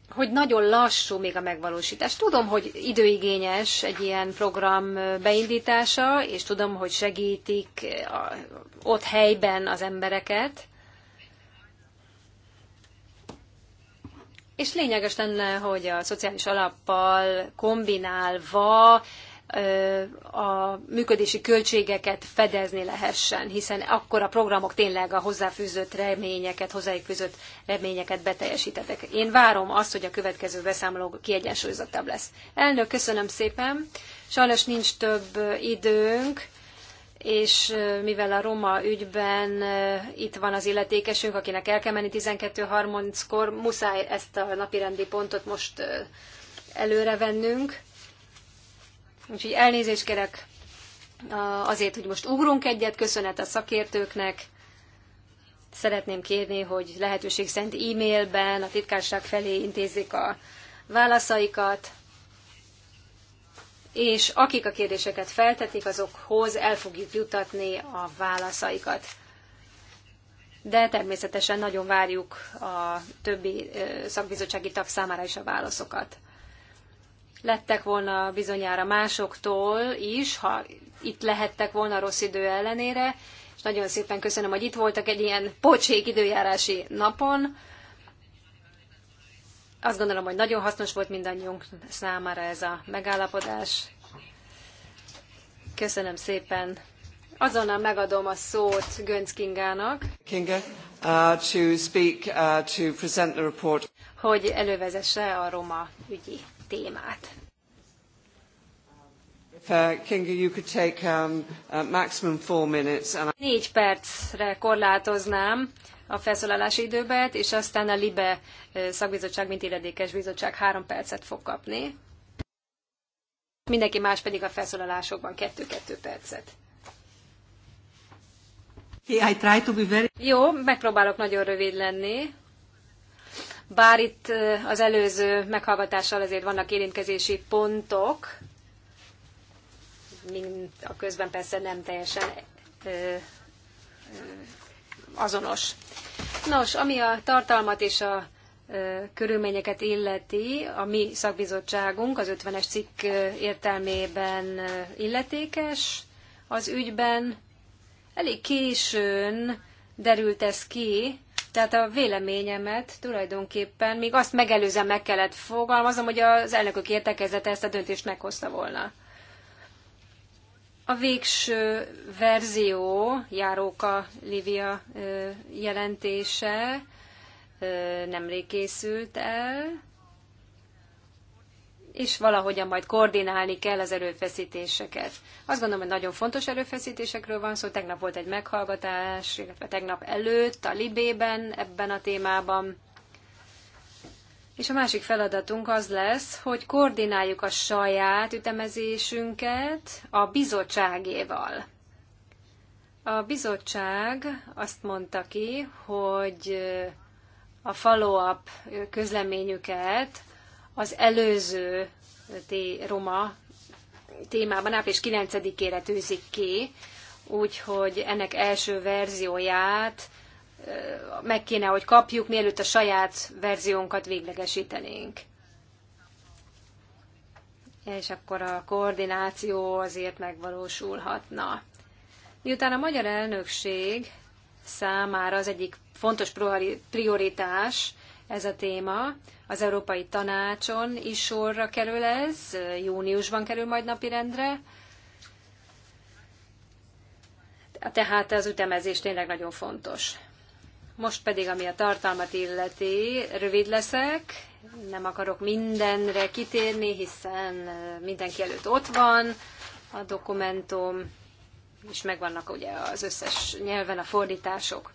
hogy nagyon lassú még a megvalósítás. Tudom, hogy időigényes egy ilyen program beindítása, és tudom, hogy segítik a, ott helyben az embereket. És lényeges lenne, hogy a szociális alappal kombinálva a működési költségeket fedezni lehessen, hiszen akkor a programok tényleg a hozzáfűzött reményeket, hozzájuk fűzött reményeket beteljesítetek. Én várom azt, hogy a következő beszámoló kiegyensúlyozottabb lesz. Elnök, köszönöm szépen. Sajnos nincs több időnk, és mivel a Roma ügyben itt van az illetékesünk, akinek el kell menni 12.30-kor, muszáj ezt a napirendi pontot most előrevennünk. Úgyhogy elnézést kérek azért, hogy most ugrunk egyet, köszönet a szakértőknek. Szeretném kérni, hogy lehetőség szerint e-mailben a titkárság felé intézzék a válaszaikat, és akik a kérdéseket feltetik, azokhoz el fogjuk jutatni a válaszaikat. De természetesen nagyon várjuk a többi szakbizottsági tag számára is a válaszokat lettek volna bizonyára másoktól is, ha itt lehettek volna rossz idő ellenére, és nagyon szépen köszönöm, hogy itt voltak egy ilyen pocsék időjárási napon. Azt gondolom, hogy nagyon hasznos volt mindannyiunk számára ez a megállapodás. Köszönöm szépen. Azonnal megadom a szót Gönc Kingának. Kinga, uh, to speak, uh, to present the report. Hogy elővezesse a Roma ügyi témát. Négy percre korlátoznám a felszólalási időbet, és aztán a LIBE szakbizottság, mint illedékes bizottság három percet fog kapni. Mindenki más pedig a felszólalásokban kettő-kettő percet. I try to be very... Jó, megpróbálok nagyon rövid lenni. Bár itt az előző meghallgatással azért vannak érintkezési pontok, mint a közben persze nem teljesen azonos. Nos, ami a tartalmat és a körülményeket illeti, a mi szakbizottságunk az 50-es cikk értelmében illetékes az ügyben. Elég későn derült ez ki, tehát a véleményemet tulajdonképpen még azt megelőzően meg kellett fogalmaznom, hogy az elnökök értekezete ezt a döntést meghozta volna. A végső verzió, Járóka Livia jelentése nemrég készült el, és valahogyan majd koordinálni kell az erőfeszítéseket. Azt gondolom, hogy nagyon fontos erőfeszítésekről van szó. Tegnap volt egy meghallgatás, illetve tegnap előtt a Libében ebben a témában. És a másik feladatunk az lesz, hogy koordináljuk a saját ütemezésünket a bizottságéval. A bizottság azt mondta ki, hogy a follow-up közleményüket az előző té- roma témában április 9-ére tűzik ki, úgyhogy ennek első verzióját meg kéne, hogy kapjuk, mielőtt a saját verziónkat véglegesítenénk. És akkor a koordináció azért megvalósulhatna. Miután a magyar elnökség számára az egyik fontos prioritás ez a téma. Az Európai Tanácson is sorra kerül ez, júniusban kerül majd napirendre. Tehát az ütemezés tényleg nagyon fontos. Most pedig, ami a tartalmat illeti, rövid leszek, nem akarok mindenre kitérni, hiszen mindenki előtt ott van a dokumentum, és megvannak ugye az összes nyelven a fordítások.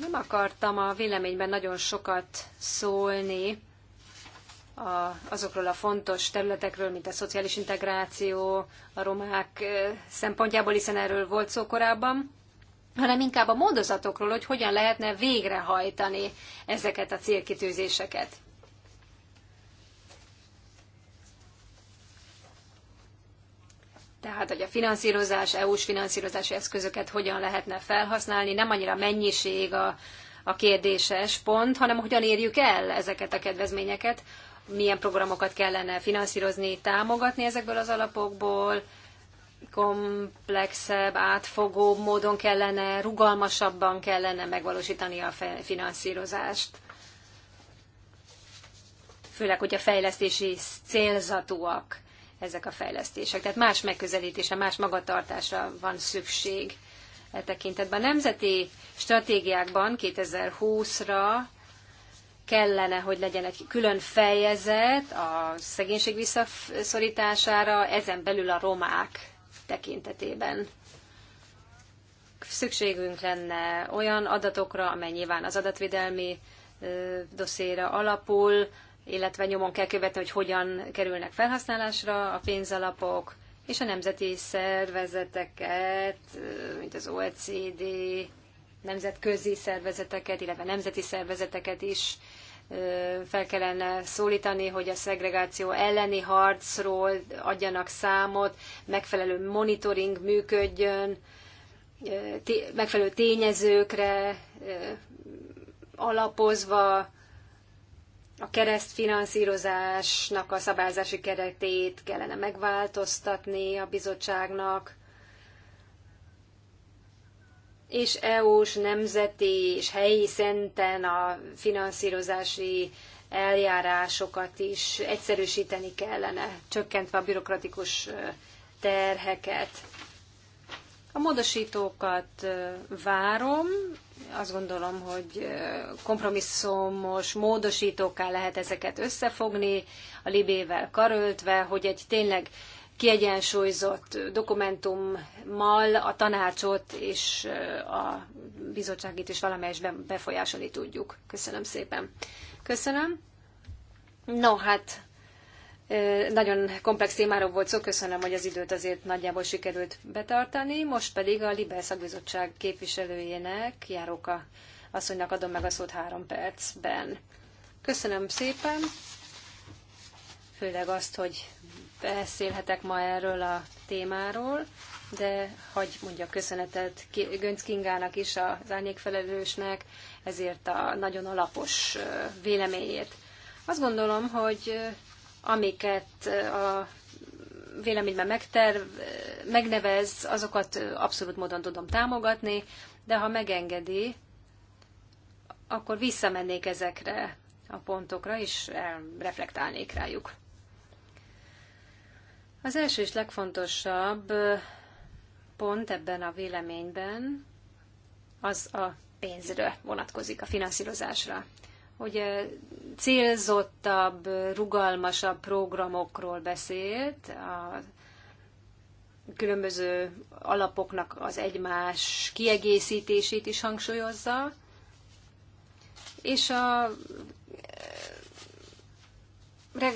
Nem akartam a véleményben nagyon sokat szólni a, azokról a fontos területekről, mint a szociális integráció, a romák szempontjából, hiszen erről volt szó korábban, hanem inkább a módozatokról, hogy hogyan lehetne végrehajtani ezeket a célkitűzéseket. tehát hogy a finanszírozás, EU-s finanszírozási eszközöket hogyan lehetne felhasználni, nem annyira mennyiség a, a kérdéses pont, hanem hogyan érjük el ezeket a kedvezményeket, milyen programokat kellene finanszírozni, támogatni ezekből az alapokból, komplexebb, átfogó módon kellene, rugalmasabban kellene megvalósítani a finanszírozást. Főleg, hogy a fejlesztési célzatúak ezek a fejlesztések. Tehát más megközelítése, más magatartásra van szükség e tekintetben. A nemzeti stratégiákban 2020-ra kellene, hogy legyen egy külön fejezet a szegénység visszaszorítására, ezen belül a romák tekintetében. Szükségünk lenne olyan adatokra, amely nyilván az adatvédelmi dosszéra alapul, illetve nyomon kell követni, hogy hogyan kerülnek felhasználásra a pénzalapok, és a nemzeti szervezeteket, mint az OECD, nemzetközi szervezeteket, illetve nemzeti szervezeteket is fel kellene szólítani, hogy a szegregáció elleni harcról adjanak számot, megfelelő monitoring működjön, megfelelő tényezőkre alapozva a keresztfinanszírozásnak a szabályzási keretét kellene megváltoztatni a bizottságnak, és EU-s, nemzeti és helyi szenten a finanszírozási eljárásokat is egyszerűsíteni kellene, csökkentve a bürokratikus terheket. A módosítókat várom, azt gondolom, hogy kompromisszumos módosítókká lehet ezeket összefogni, a libével karöltve, hogy egy tényleg kiegyensúlyozott dokumentummal a tanácsot és a bizottságit is valamelyest befolyásolni tudjuk. Köszönöm szépen. Köszönöm. No, hát nagyon komplex témáról volt szó, köszönöm, hogy az időt azért nagyjából sikerült betartani. Most pedig a Libel Szakbizottság képviselőjének, Járóka asszonynak adom meg a szót három percben. Köszönöm szépen, főleg azt, hogy beszélhetek ma erről a témáról, de hagy mondja köszönetet Gönc Kingának is, az árnyékfelelősnek, ezért a nagyon alapos véleményét. Azt gondolom, hogy amiket eh, a véleményben megterv, eh, megnevez, azokat eh, abszolút módon tudom támogatni, de ha megengedi, akkor visszamennék ezekre a pontokra, és reflektálnék rájuk. Az első és legfontosabb pont ebben a véleményben az a pénzre vonatkozik, a finanszírozásra hogy célzottabb, rugalmasabb programokról beszélt, a különböző alapoknak az egymás kiegészítését is hangsúlyozza, és a,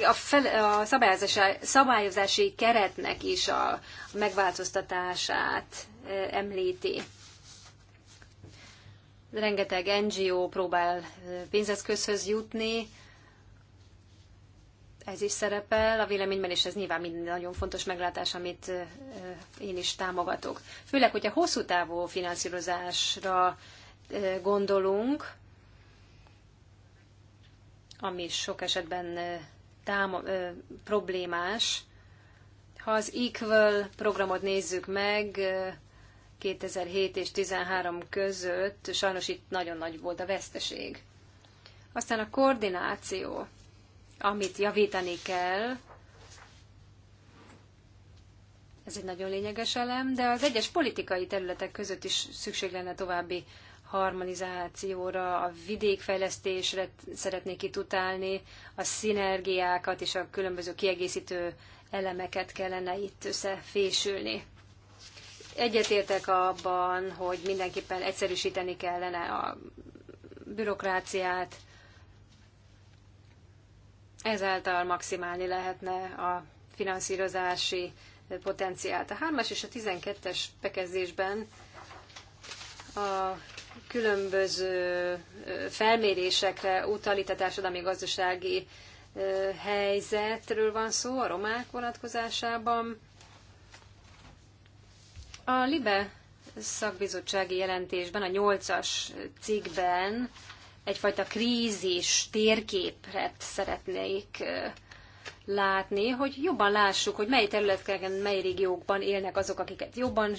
a, fel, a szabályozási, szabályozási keretnek is a megváltoztatását említi rengeteg NGO próbál eh, pénzeszközhöz jutni, ez is szerepel a véleményben, és ez nyilván minden nagyon fontos meglátás, amit eh, eh, én is támogatok. Főleg, hogyha hosszú távú finanszírozásra gondolunk, ami sok esetben táma, ö, problémás. Ha az Equal programot nézzük meg, 2007 és 13 között sajnos itt nagyon nagy volt a veszteség. Aztán a koordináció, amit javítani kell, ez egy nagyon lényeges elem, de az egyes politikai területek között is szükség lenne további harmonizációra, a vidékfejlesztésre szeretnék itt utálni, a szinergiákat és a különböző kiegészítő elemeket kellene itt összefésülni. Egyetértek abban, hogy mindenképpen egyszerűsíteni kellene a bürokráciát, ezáltal maximálni lehetne a finanszírozási potenciált. A 3 és a 12-es bekezdésben a különböző felmérésekre utal, a társadalmi gazdasági helyzetről van szó a romák vonatkozásában. A LIBE szakbizottsági jelentésben, a nyolcas cikkben egyfajta krízis térképet szeretnék látni, hogy jobban lássuk, hogy mely területeken, mely régiókban élnek azok, akiket jobban,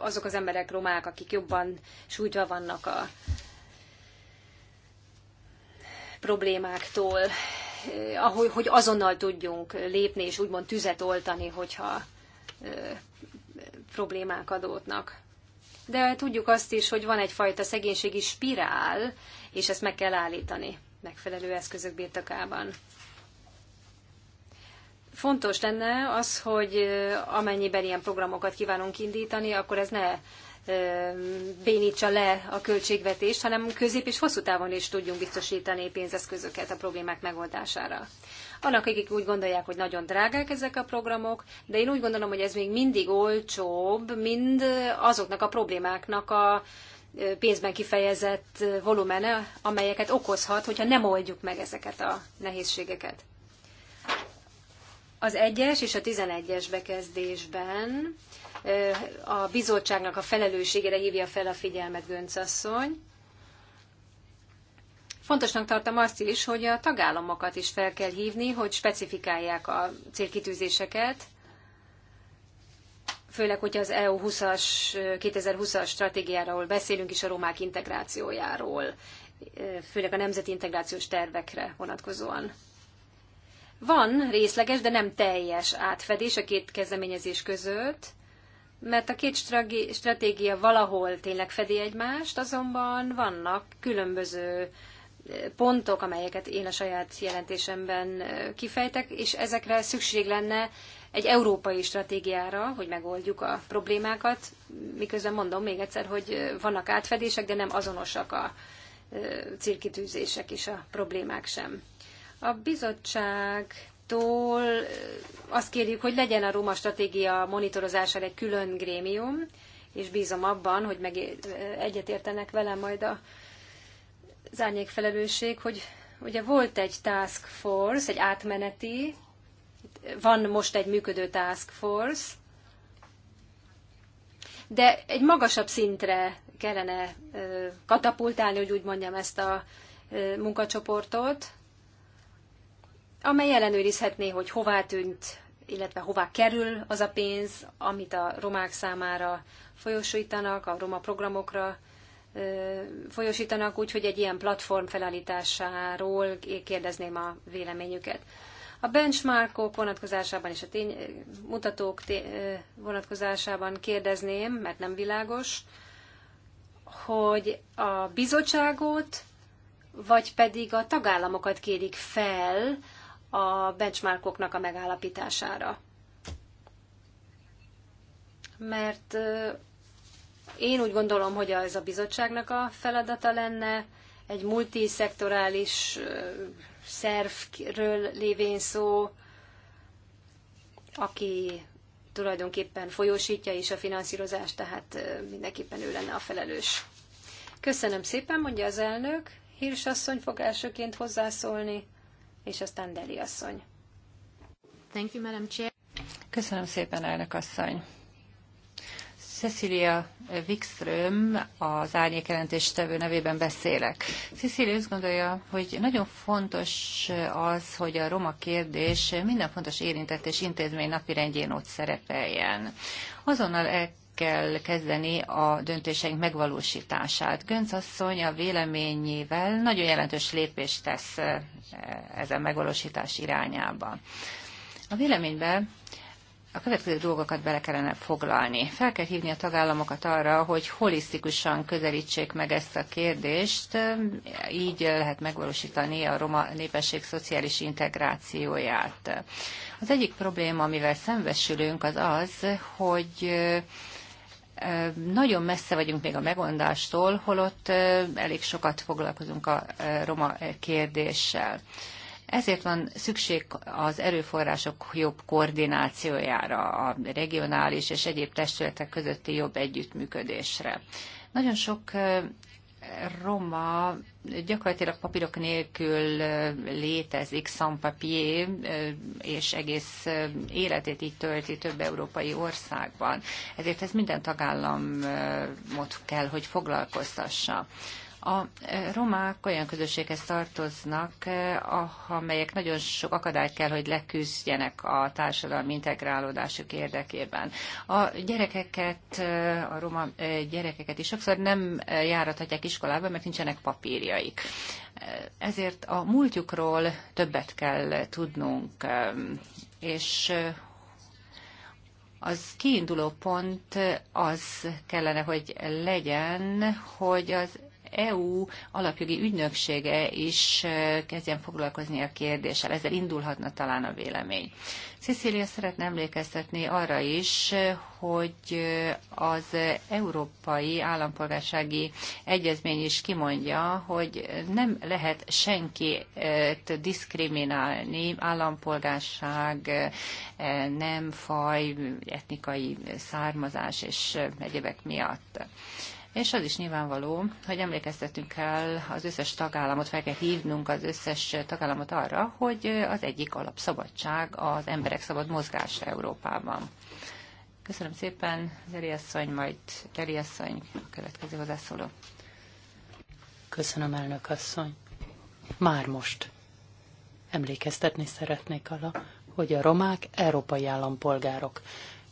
azok az emberek romák, akik jobban sújtva vannak a problémáktól, eh, ahogy, hogy azonnal tudjunk lépni és úgymond tüzet oltani, hogyha problémák adódnak. De tudjuk azt is, hogy van egyfajta szegénységi spirál, és ezt meg kell állítani megfelelő eszközök birtokában. Fontos lenne az, hogy eh, amennyiben ilyen programokat kívánunk indítani, akkor ez ne bénítsa le a költségvetést, hanem közép és hosszú távon is tudjunk biztosítani pénzeszközöket a problémák megoldására. Annak, akik úgy gondolják, hogy nagyon drágák ezek a programok, de én úgy gondolom, hogy ez még mindig olcsóbb, mint azoknak a problémáknak a pénzben kifejezett volumene, amelyeket okozhat, hogyha nem oldjuk meg ezeket a nehézségeket. Az 1-es és a 11-es bekezdésben Eh, a bizottságnak a felelősségére hívja fel a figyelmet asszony. Fontosnak tartom azt is, hogy a tagállamokat is fel kell hívni, hogy specifikálják a célkitűzéseket, főleg, hogyha az EU 20-as, 2020-as stratégiáról beszélünk, és a romák integrációjáról, eh, főleg a nemzeti integrációs tervekre vonatkozóan. Van részleges, de nem teljes átfedés a két kezdeményezés között, mert a két stratégia valahol tényleg fedi egymást, azonban vannak különböző eh, pontok, amelyeket én a saját jelentésemben eh, kifejtek, és ezekre szükség lenne egy európai stratégiára, hogy megoldjuk a problémákat, miközben mondom még egyszer, hogy eh, vannak átfedések, de nem azonosak a célkitűzések és a problémák sem. A bizottság Tól azt kérjük, hogy legyen a Róma stratégia monitorozására egy külön grémium, és bízom abban, hogy meg egyetértenek velem majd a az árnyék felelősség, hogy ugye volt egy task force, egy átmeneti, van most egy működő task force, de egy magasabb szintre kellene katapultálni, hogy úgy mondjam, ezt a munkacsoportot, amely ellenőrizhetné, hogy hová tűnt, illetve hová kerül az a pénz, amit a romák számára folyosítanak, a roma programokra folyosítanak, úgyhogy egy ilyen platform felállításáról kérdezném a véleményüket. A benchmarkok vonatkozásában és a tény, mutatók vonatkozásában kérdezném, mert nem világos, hogy a bizottságot, vagy pedig a tagállamokat kérik fel a benchmarkoknak a megállapítására. Mert én úgy gondolom, hogy ez a bizottságnak a feladata lenne, egy multiszektorális szervről lévén szó, aki tulajdonképpen folyósítja is a finanszírozást, tehát mindenképpen ő lenne a felelős. Köszönöm szépen, mondja az elnök. Hírsasszony fog elsőként hozzászólni és aztán Deli asszony. Thank you, Madam Chair. Köszönöm szépen, elnök asszony. Cecilia Wikström, az tevő nevében beszélek. Cecilia azt gondolja, hogy nagyon fontos az, hogy a roma kérdés minden fontos érintett és intézmény napirendjén ott szerepeljen. Azonnal el kell kezdeni a döntéseink megvalósítását. Gönc asszony a véleményével nagyon jelentős lépést tesz e, ezen megvalósítás irányába. A véleményben a következő dolgokat bele kellene foglalni. Fel kell hívni a tagállamokat arra, hogy holisztikusan közelítsék meg ezt a kérdést, e, így lehet megvalósítani a roma népesség szociális integrációját. Az egyik probléma, amivel szembesülünk, az az, hogy nagyon messze vagyunk még a megoldástól, holott elég sokat foglalkozunk a roma kérdéssel. Ezért van szükség az erőforrások jobb koordinációjára, a regionális és egyéb testületek közötti jobb együttműködésre. Nagyon sok roma gyakorlatilag papírok nélkül létezik, sans papier, és egész életét így tölti több európai országban. Ezért ez minden tagállamot kell, hogy foglalkoztassa. A e, romák olyan közösséghez tartoznak, e, ah, amelyek nagyon sok akadályt kell, hogy leküzdjenek a társadalmi integrálódásuk érdekében. A gyerekeket, e, a roma gyerekeket is sokszor nem járathatják iskolába, mert nincsenek papírjaik. Ezért a múltjukról többet kell tudnunk, és az kiinduló pont az kellene, hogy legyen, hogy az EU alapjogi ügynöksége is kezdjen foglalkozni a kérdéssel. Ezzel indulhatna talán a vélemény. Cecília szeretne emlékeztetni arra is, hogy az Európai Állampolgársági Egyezmény is kimondja, hogy nem lehet senkit diszkriminálni állampolgárság, e, nem faj, etnikai származás és egyebek miatt. És az is nyilvánvaló, hogy emlékeztetünk kell az összes tagállamot, fel kell hívnunk az összes tagállamot arra, hogy az egyik alapszabadság az emberek szabad mozgása Európában. Köszönöm szépen, Zeli asszony, majd Zeli asszony, a következő hozzászóló. Köszönöm, elnök asszony. Már most emlékeztetni szeretnék arra, hogy a romák európai állampolgárok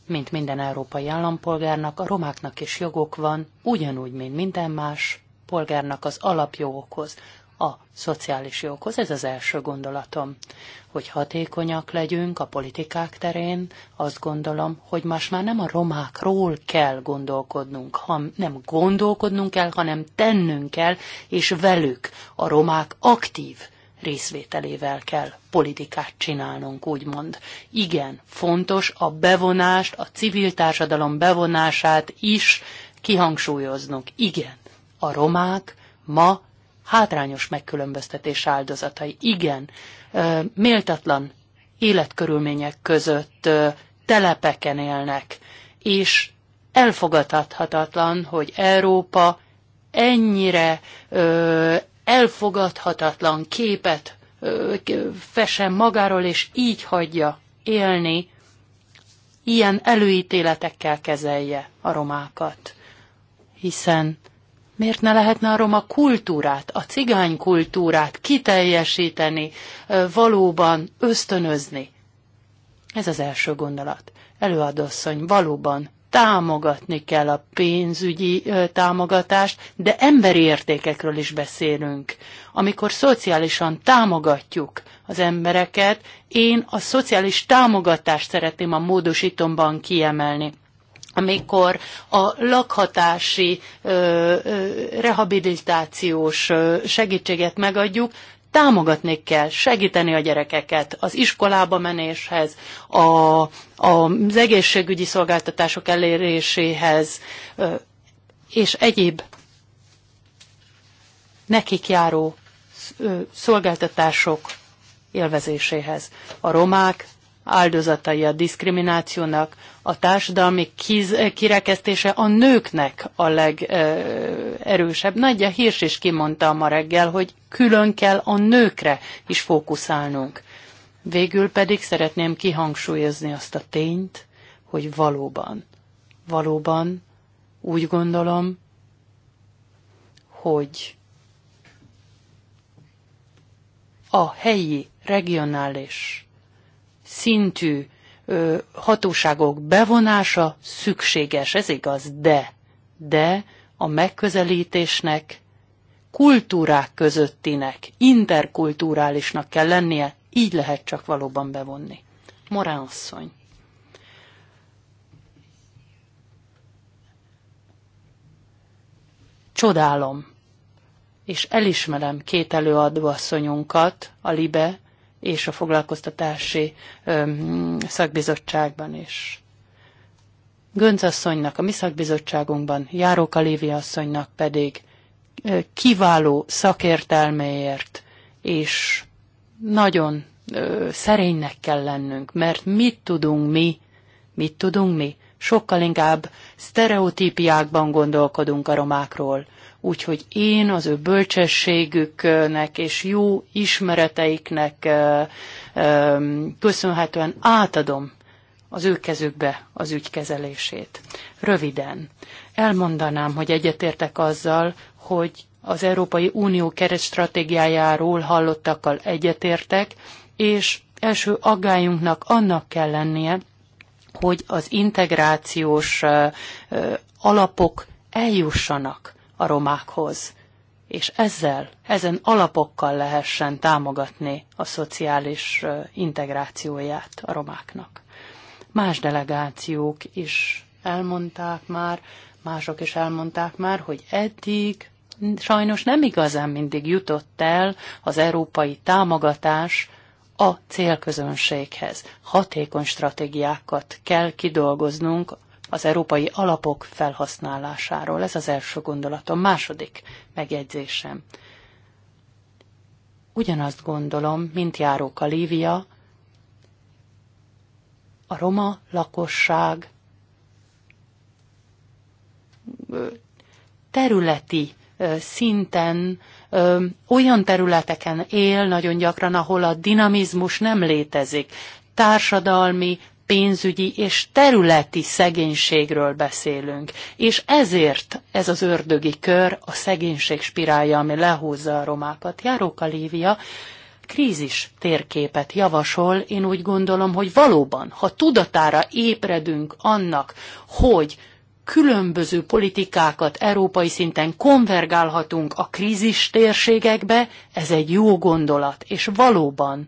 mint minden európai állampolgárnak, a romáknak is jogok van, ugyanúgy, mint minden más polgárnak az alapjogokhoz, a szociális joghoz. Ez az első gondolatom. Hogy hatékonyak legyünk a politikák terén, azt gondolom, hogy más már nem a romákról kell gondolkodnunk, ha nem gondolkodnunk kell, hanem tennünk kell, és velük a romák aktív részvételével kell politikát csinálnunk, úgymond. Igen, fontos a bevonást, a civil társadalom bevonását is kihangsúlyoznunk. Igen, a romák ma hátrányos megkülönböztetés áldozatai. Igen, méltatlan életkörülmények között telepeken élnek, és elfogadhatatlan, hogy Európa ennyire ö, elfogadhatatlan képet fesen magáról, és így hagyja élni, ilyen előítéletekkel kezelje a romákat. Hiszen miért ne lehetne a roma kultúrát, a cigány kultúrát kiteljesíteni, valóban ösztönözni? Ez az első gondolat. Előadasszony, valóban támogatni kell a pénzügyi támogatást, de emberi értékekről is beszélünk. Amikor szociálisan támogatjuk az embereket, én a szociális támogatást szeretném a módosítomban kiemelni amikor a lakhatási rehabilitációs segítséget megadjuk, támogatni kell, segíteni a gyerekeket az iskolába menéshez, a, a, az egészségügyi szolgáltatások eléréséhez, és egyéb nekik járó szolgáltatások élvezéséhez. A romák áldozatai a diszkriminációnak, a társadalmi kiz, kirekesztése a nőknek a legerősebb. Nagyja Hírs is kimondta ma reggel, hogy külön kell a nőkre is fókuszálnunk. Végül pedig szeretném kihangsúlyozni azt a tényt, hogy valóban, valóban úgy gondolom, hogy a helyi, regionális szintű ö, hatóságok bevonása szükséges, ez igaz, de, de a megközelítésnek kultúrák közöttinek, interkulturálisnak kell lennie, így lehet csak valóban bevonni. Morán asszony. Csodálom, és elismerem két előadó asszonyunkat, a Libe és a foglalkoztatási szakbizottságban is. Gönc asszonynak, a mi szakbizottságunkban, Járó Lévi asszonynak pedig kiváló szakértelméért, és nagyon szerénynek kell lennünk, mert mit tudunk mi, mit tudunk mi? Sokkal inkább sztereotípiákban gondolkodunk a romákról, Úgyhogy én az ő bölcsességüknek és jó ismereteiknek köszönhetően átadom az ő kezükbe az ügy kezelését. Röviden elmondanám, hogy egyetértek azzal, hogy az Európai Unió keretstratégiájáról hallottakkal egyetértek, és első aggályunknak annak kell lennie, hogy az integrációs alapok eljussanak a romákhoz, és ezzel, ezen alapokkal lehessen támogatni a szociális integrációját a romáknak. Más delegációk is elmondták már, mások is elmondták már, hogy eddig sajnos nem igazán mindig jutott el az európai támogatás a célközönséghez. Hatékony stratégiákat kell kidolgoznunk az európai alapok felhasználásáról. Ez az első gondolatom. Második megjegyzésem. Ugyanazt gondolom, mint járók a Lívia, a roma lakosság területi szinten olyan területeken él nagyon gyakran, ahol a dinamizmus nem létezik. Társadalmi, pénzügyi és területi szegénységről beszélünk, és ezért ez az ördögi kör a szegénység spirálja, ami lehúzza a romákat. Járóka Lívia krízis térképet javasol, én úgy gondolom, hogy valóban, ha tudatára ébredünk annak, hogy különböző politikákat európai szinten konvergálhatunk a krízis térségekbe, ez egy jó gondolat, és valóban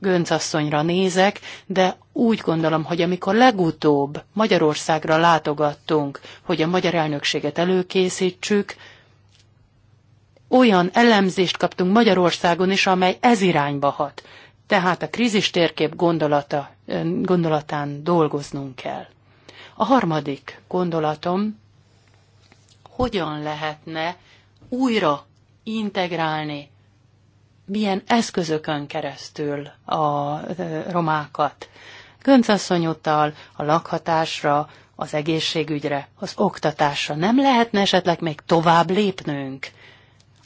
Göncasszonyra nézek, de úgy gondolom, hogy amikor legutóbb Magyarországra látogattunk, hogy a magyar elnökséget előkészítsük, olyan elemzést kaptunk Magyarországon is, amely ez irányba hat. Tehát a krízis térkép gondolata, gondolatán dolgoznunk kell. A harmadik gondolatom, hogyan lehetne újra integrálni milyen eszközökön keresztül a e, romákat. Göncasszony utal a lakhatásra, az egészségügyre, az oktatásra. Nem lehetne esetleg még tovább lépnünk?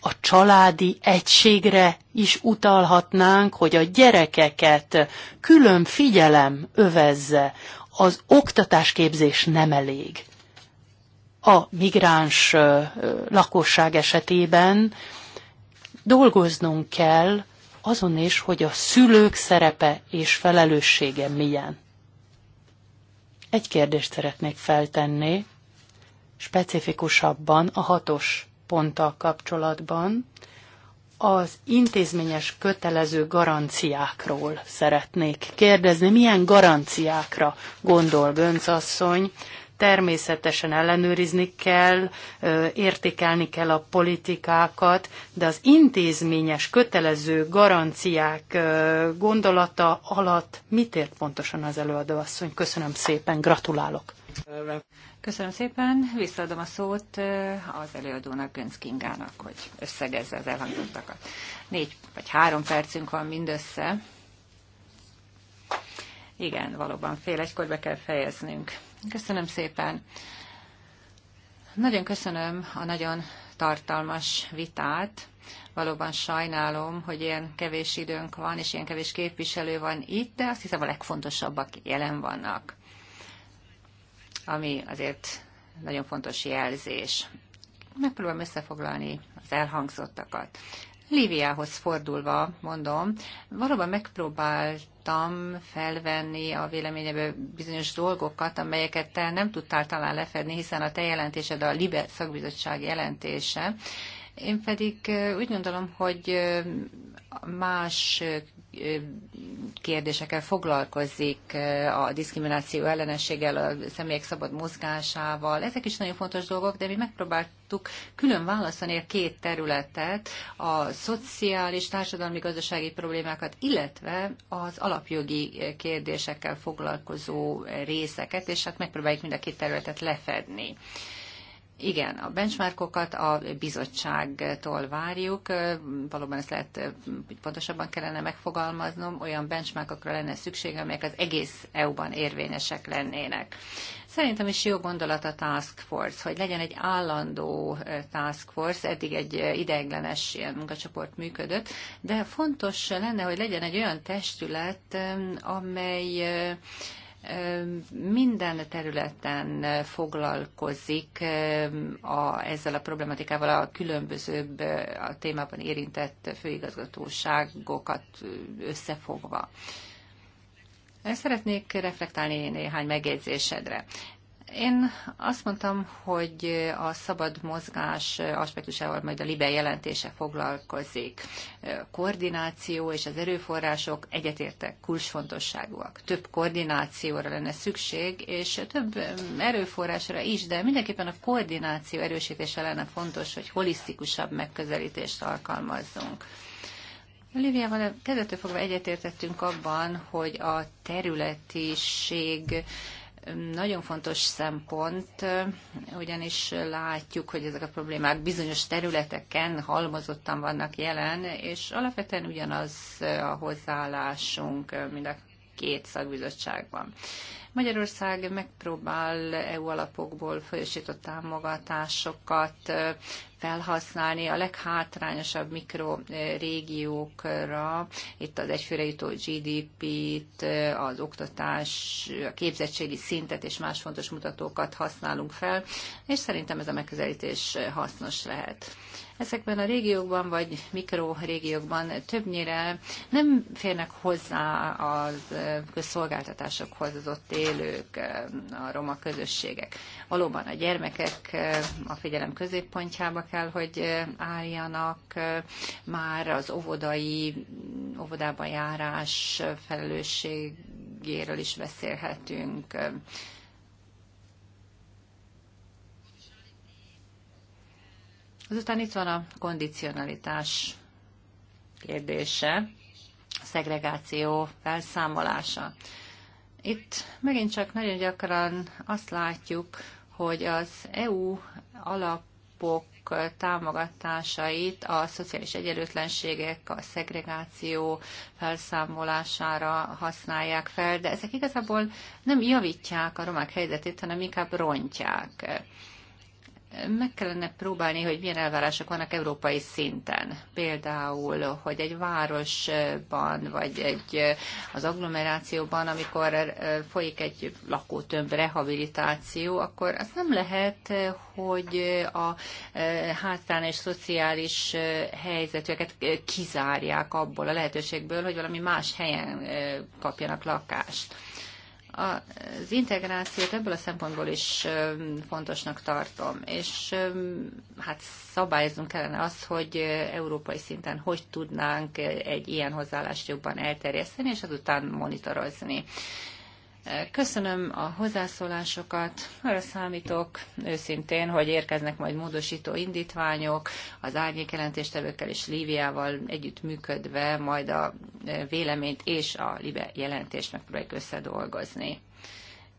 A családi egységre is utalhatnánk, hogy a gyerekeket külön figyelem övezze. Az oktatásképzés nem elég. A migráns e, lakosság esetében dolgoznunk kell azon is, hogy a szülők szerepe és felelőssége milyen. Egy kérdést szeretnék feltenni, specifikusabban a hatos ponttal kapcsolatban, az intézményes kötelező garanciákról szeretnék kérdezni. Milyen garanciákra gondol Gönc asszony? Természetesen ellenőrizni kell, értékelni kell a politikákat, de az intézményes kötelező garanciák gondolata alatt mit ért pontosan az előadó asszony? Köszönöm szépen, gratulálok! Köszönöm szépen, visszaadom a szót az előadónak, Gönc Kingának, hogy összegezze az elhangzottakat. Négy vagy három percünk van mindössze. Igen, valóban fél egykor be kell fejeznünk. Köszönöm szépen. Nagyon köszönöm a nagyon tartalmas vitát. Valóban sajnálom, hogy ilyen kevés időnk van, és ilyen kevés képviselő van itt, de azt hiszem a legfontosabbak jelen vannak, ami azért nagyon fontos jelzés. Megpróbálom összefoglalni az elhangzottakat. Líviához fordulva mondom, valóban megpróbált próbáltam felvenni a véleményebe bizonyos dolgokat, amelyeket te nem tudtál talán lefedni, hiszen a te jelentésed a Libe szakbizottság jelentése. Én pedig úgy gondolom, hogy más kérdésekkel foglalkozik, a diszkrimináció ellenességgel, a személyek szabad mozgásával. Ezek is nagyon fontos dolgok, de mi megpróbáltuk külön választani a két területet, a szociális, társadalmi, gazdasági problémákat, illetve az alapjogi kérdésekkel foglalkozó részeket, és hát megpróbáljuk mind a két területet lefedni. Igen, a benchmarkokat a bizottságtól várjuk, valóban ezt lehet, hogy pontosabban kellene megfogalmaznom, olyan benchmarkokra lenne szükség, amelyek az egész EU-ban érvényesek lennének. Szerintem is jó gondolat a task force, hogy legyen egy állandó task force, eddig egy ideiglenes ilyen munkacsoport működött, de fontos lenne, hogy legyen egy olyan testület, amely minden területen foglalkozik a, ezzel a problematikával a különbözőbb a témában érintett főigazgatóságokat összefogva. Szeretnék reflektálni néhány megjegyzésedre. Én azt mondtam, hogy a szabad mozgás aspektusával majd a Libe jelentése foglalkozik. Koordináció és az erőforrások egyetértek kulcsfontosságúak. Több koordinációra lenne szükség, és több erőforrásra is, de mindenképpen a koordináció erősítése lenne fontos, hogy holisztikusabb megközelítést alkalmazzunk. Oliviával kezdettől fogva egyetértettünk abban, hogy a területiség nagyon fontos szempont, ugyanis látjuk, hogy ezek a problémák bizonyos területeken halmozottan vannak jelen, és alapvetően ugyanaz a hozzáállásunk mind a két szakbizottságban. Magyarország megpróbál EU alapokból folyosított támogatásokat felhasználni a leghátrányosabb mikrorégiókra, itt az egyfőre jutó GDP-t, az oktatás, a képzettségi szintet és más fontos mutatókat használunk fel, és szerintem ez a megközelítés hasznos lehet ezekben a régiókban vagy mikrorégiókban többnyire nem férnek hozzá a közszolgáltatásokhoz az ott élők, a roma közösségek. Valóban a gyermekek a figyelem középpontjába kell, hogy álljanak, már az óvodai, óvodába járás felelősségéről is beszélhetünk, Azután itt van a kondicionalitás kérdése, a szegregáció felszámolása. Itt megint csak nagyon gyakran azt látjuk, hogy az EU alapok támogatásait a szociális egyenlőtlenségek, a szegregáció felszámolására használják fel, de ezek igazából nem javítják a romák helyzetét, hanem inkább rontják meg kellene próbálni, hogy milyen elvárások vannak európai szinten. Például, hogy egy városban, vagy egy, az agglomerációban, amikor eh, folyik egy lakótömb rehabilitáció, akkor az nem lehet, hogy a eh, hátrán és szociális eh, helyzetüket kizárják abból a lehetőségből, hogy valami más helyen kapjanak lakást az integrációt ebből a szempontból is fontosnak tartom, és hát szabályozunk kellene azt, hogy európai szinten hogy tudnánk egy ilyen hozzáállást jobban elterjeszteni, és azután monitorozni. Köszönöm a hozzászólásokat, arra számítok őszintén, hogy érkeznek majd módosító indítványok, az árnyék jelentéstevőkkel és Líviával működve, majd a véleményt és a LIBE jelentést megpróbáljuk összedolgozni.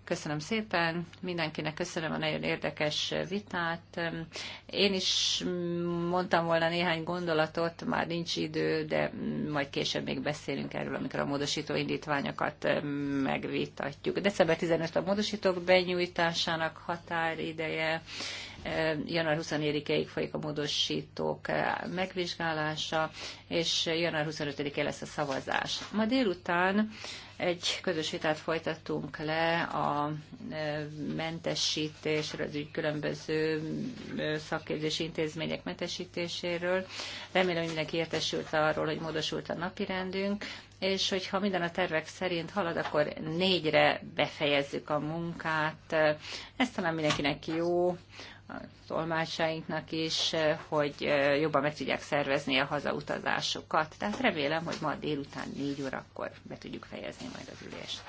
Köszönöm szépen, mindenkinek köszönöm a nagyon érdekes vitát. Én is mondtam volna néhány gondolatot, már nincs idő, de majd később még beszélünk erről, amikor a módosító indítványokat megvitatjuk. December 15 a módosítók benyújtásának határideje január 24-ig folyik a módosítók megvizsgálása, és január 25-e lesz a szavazás. Ma délután egy közös vitát folytattunk le a e, mentesítésről, az ügy különböző e, szakképzési intézmények mentesítéséről. Remélem, hogy mindenki értesült arról, hogy módosult a napirendünk, és hogyha minden a tervek szerint halad, akkor négyre befejezzük a munkát. Ez talán mindenkinek jó a is, eh, hogy eh, jobban meg tudják szervezni a hazautazásokat, Tehát remélem, hogy ma délután négy órakor be tudjuk fejezni majd az ülést.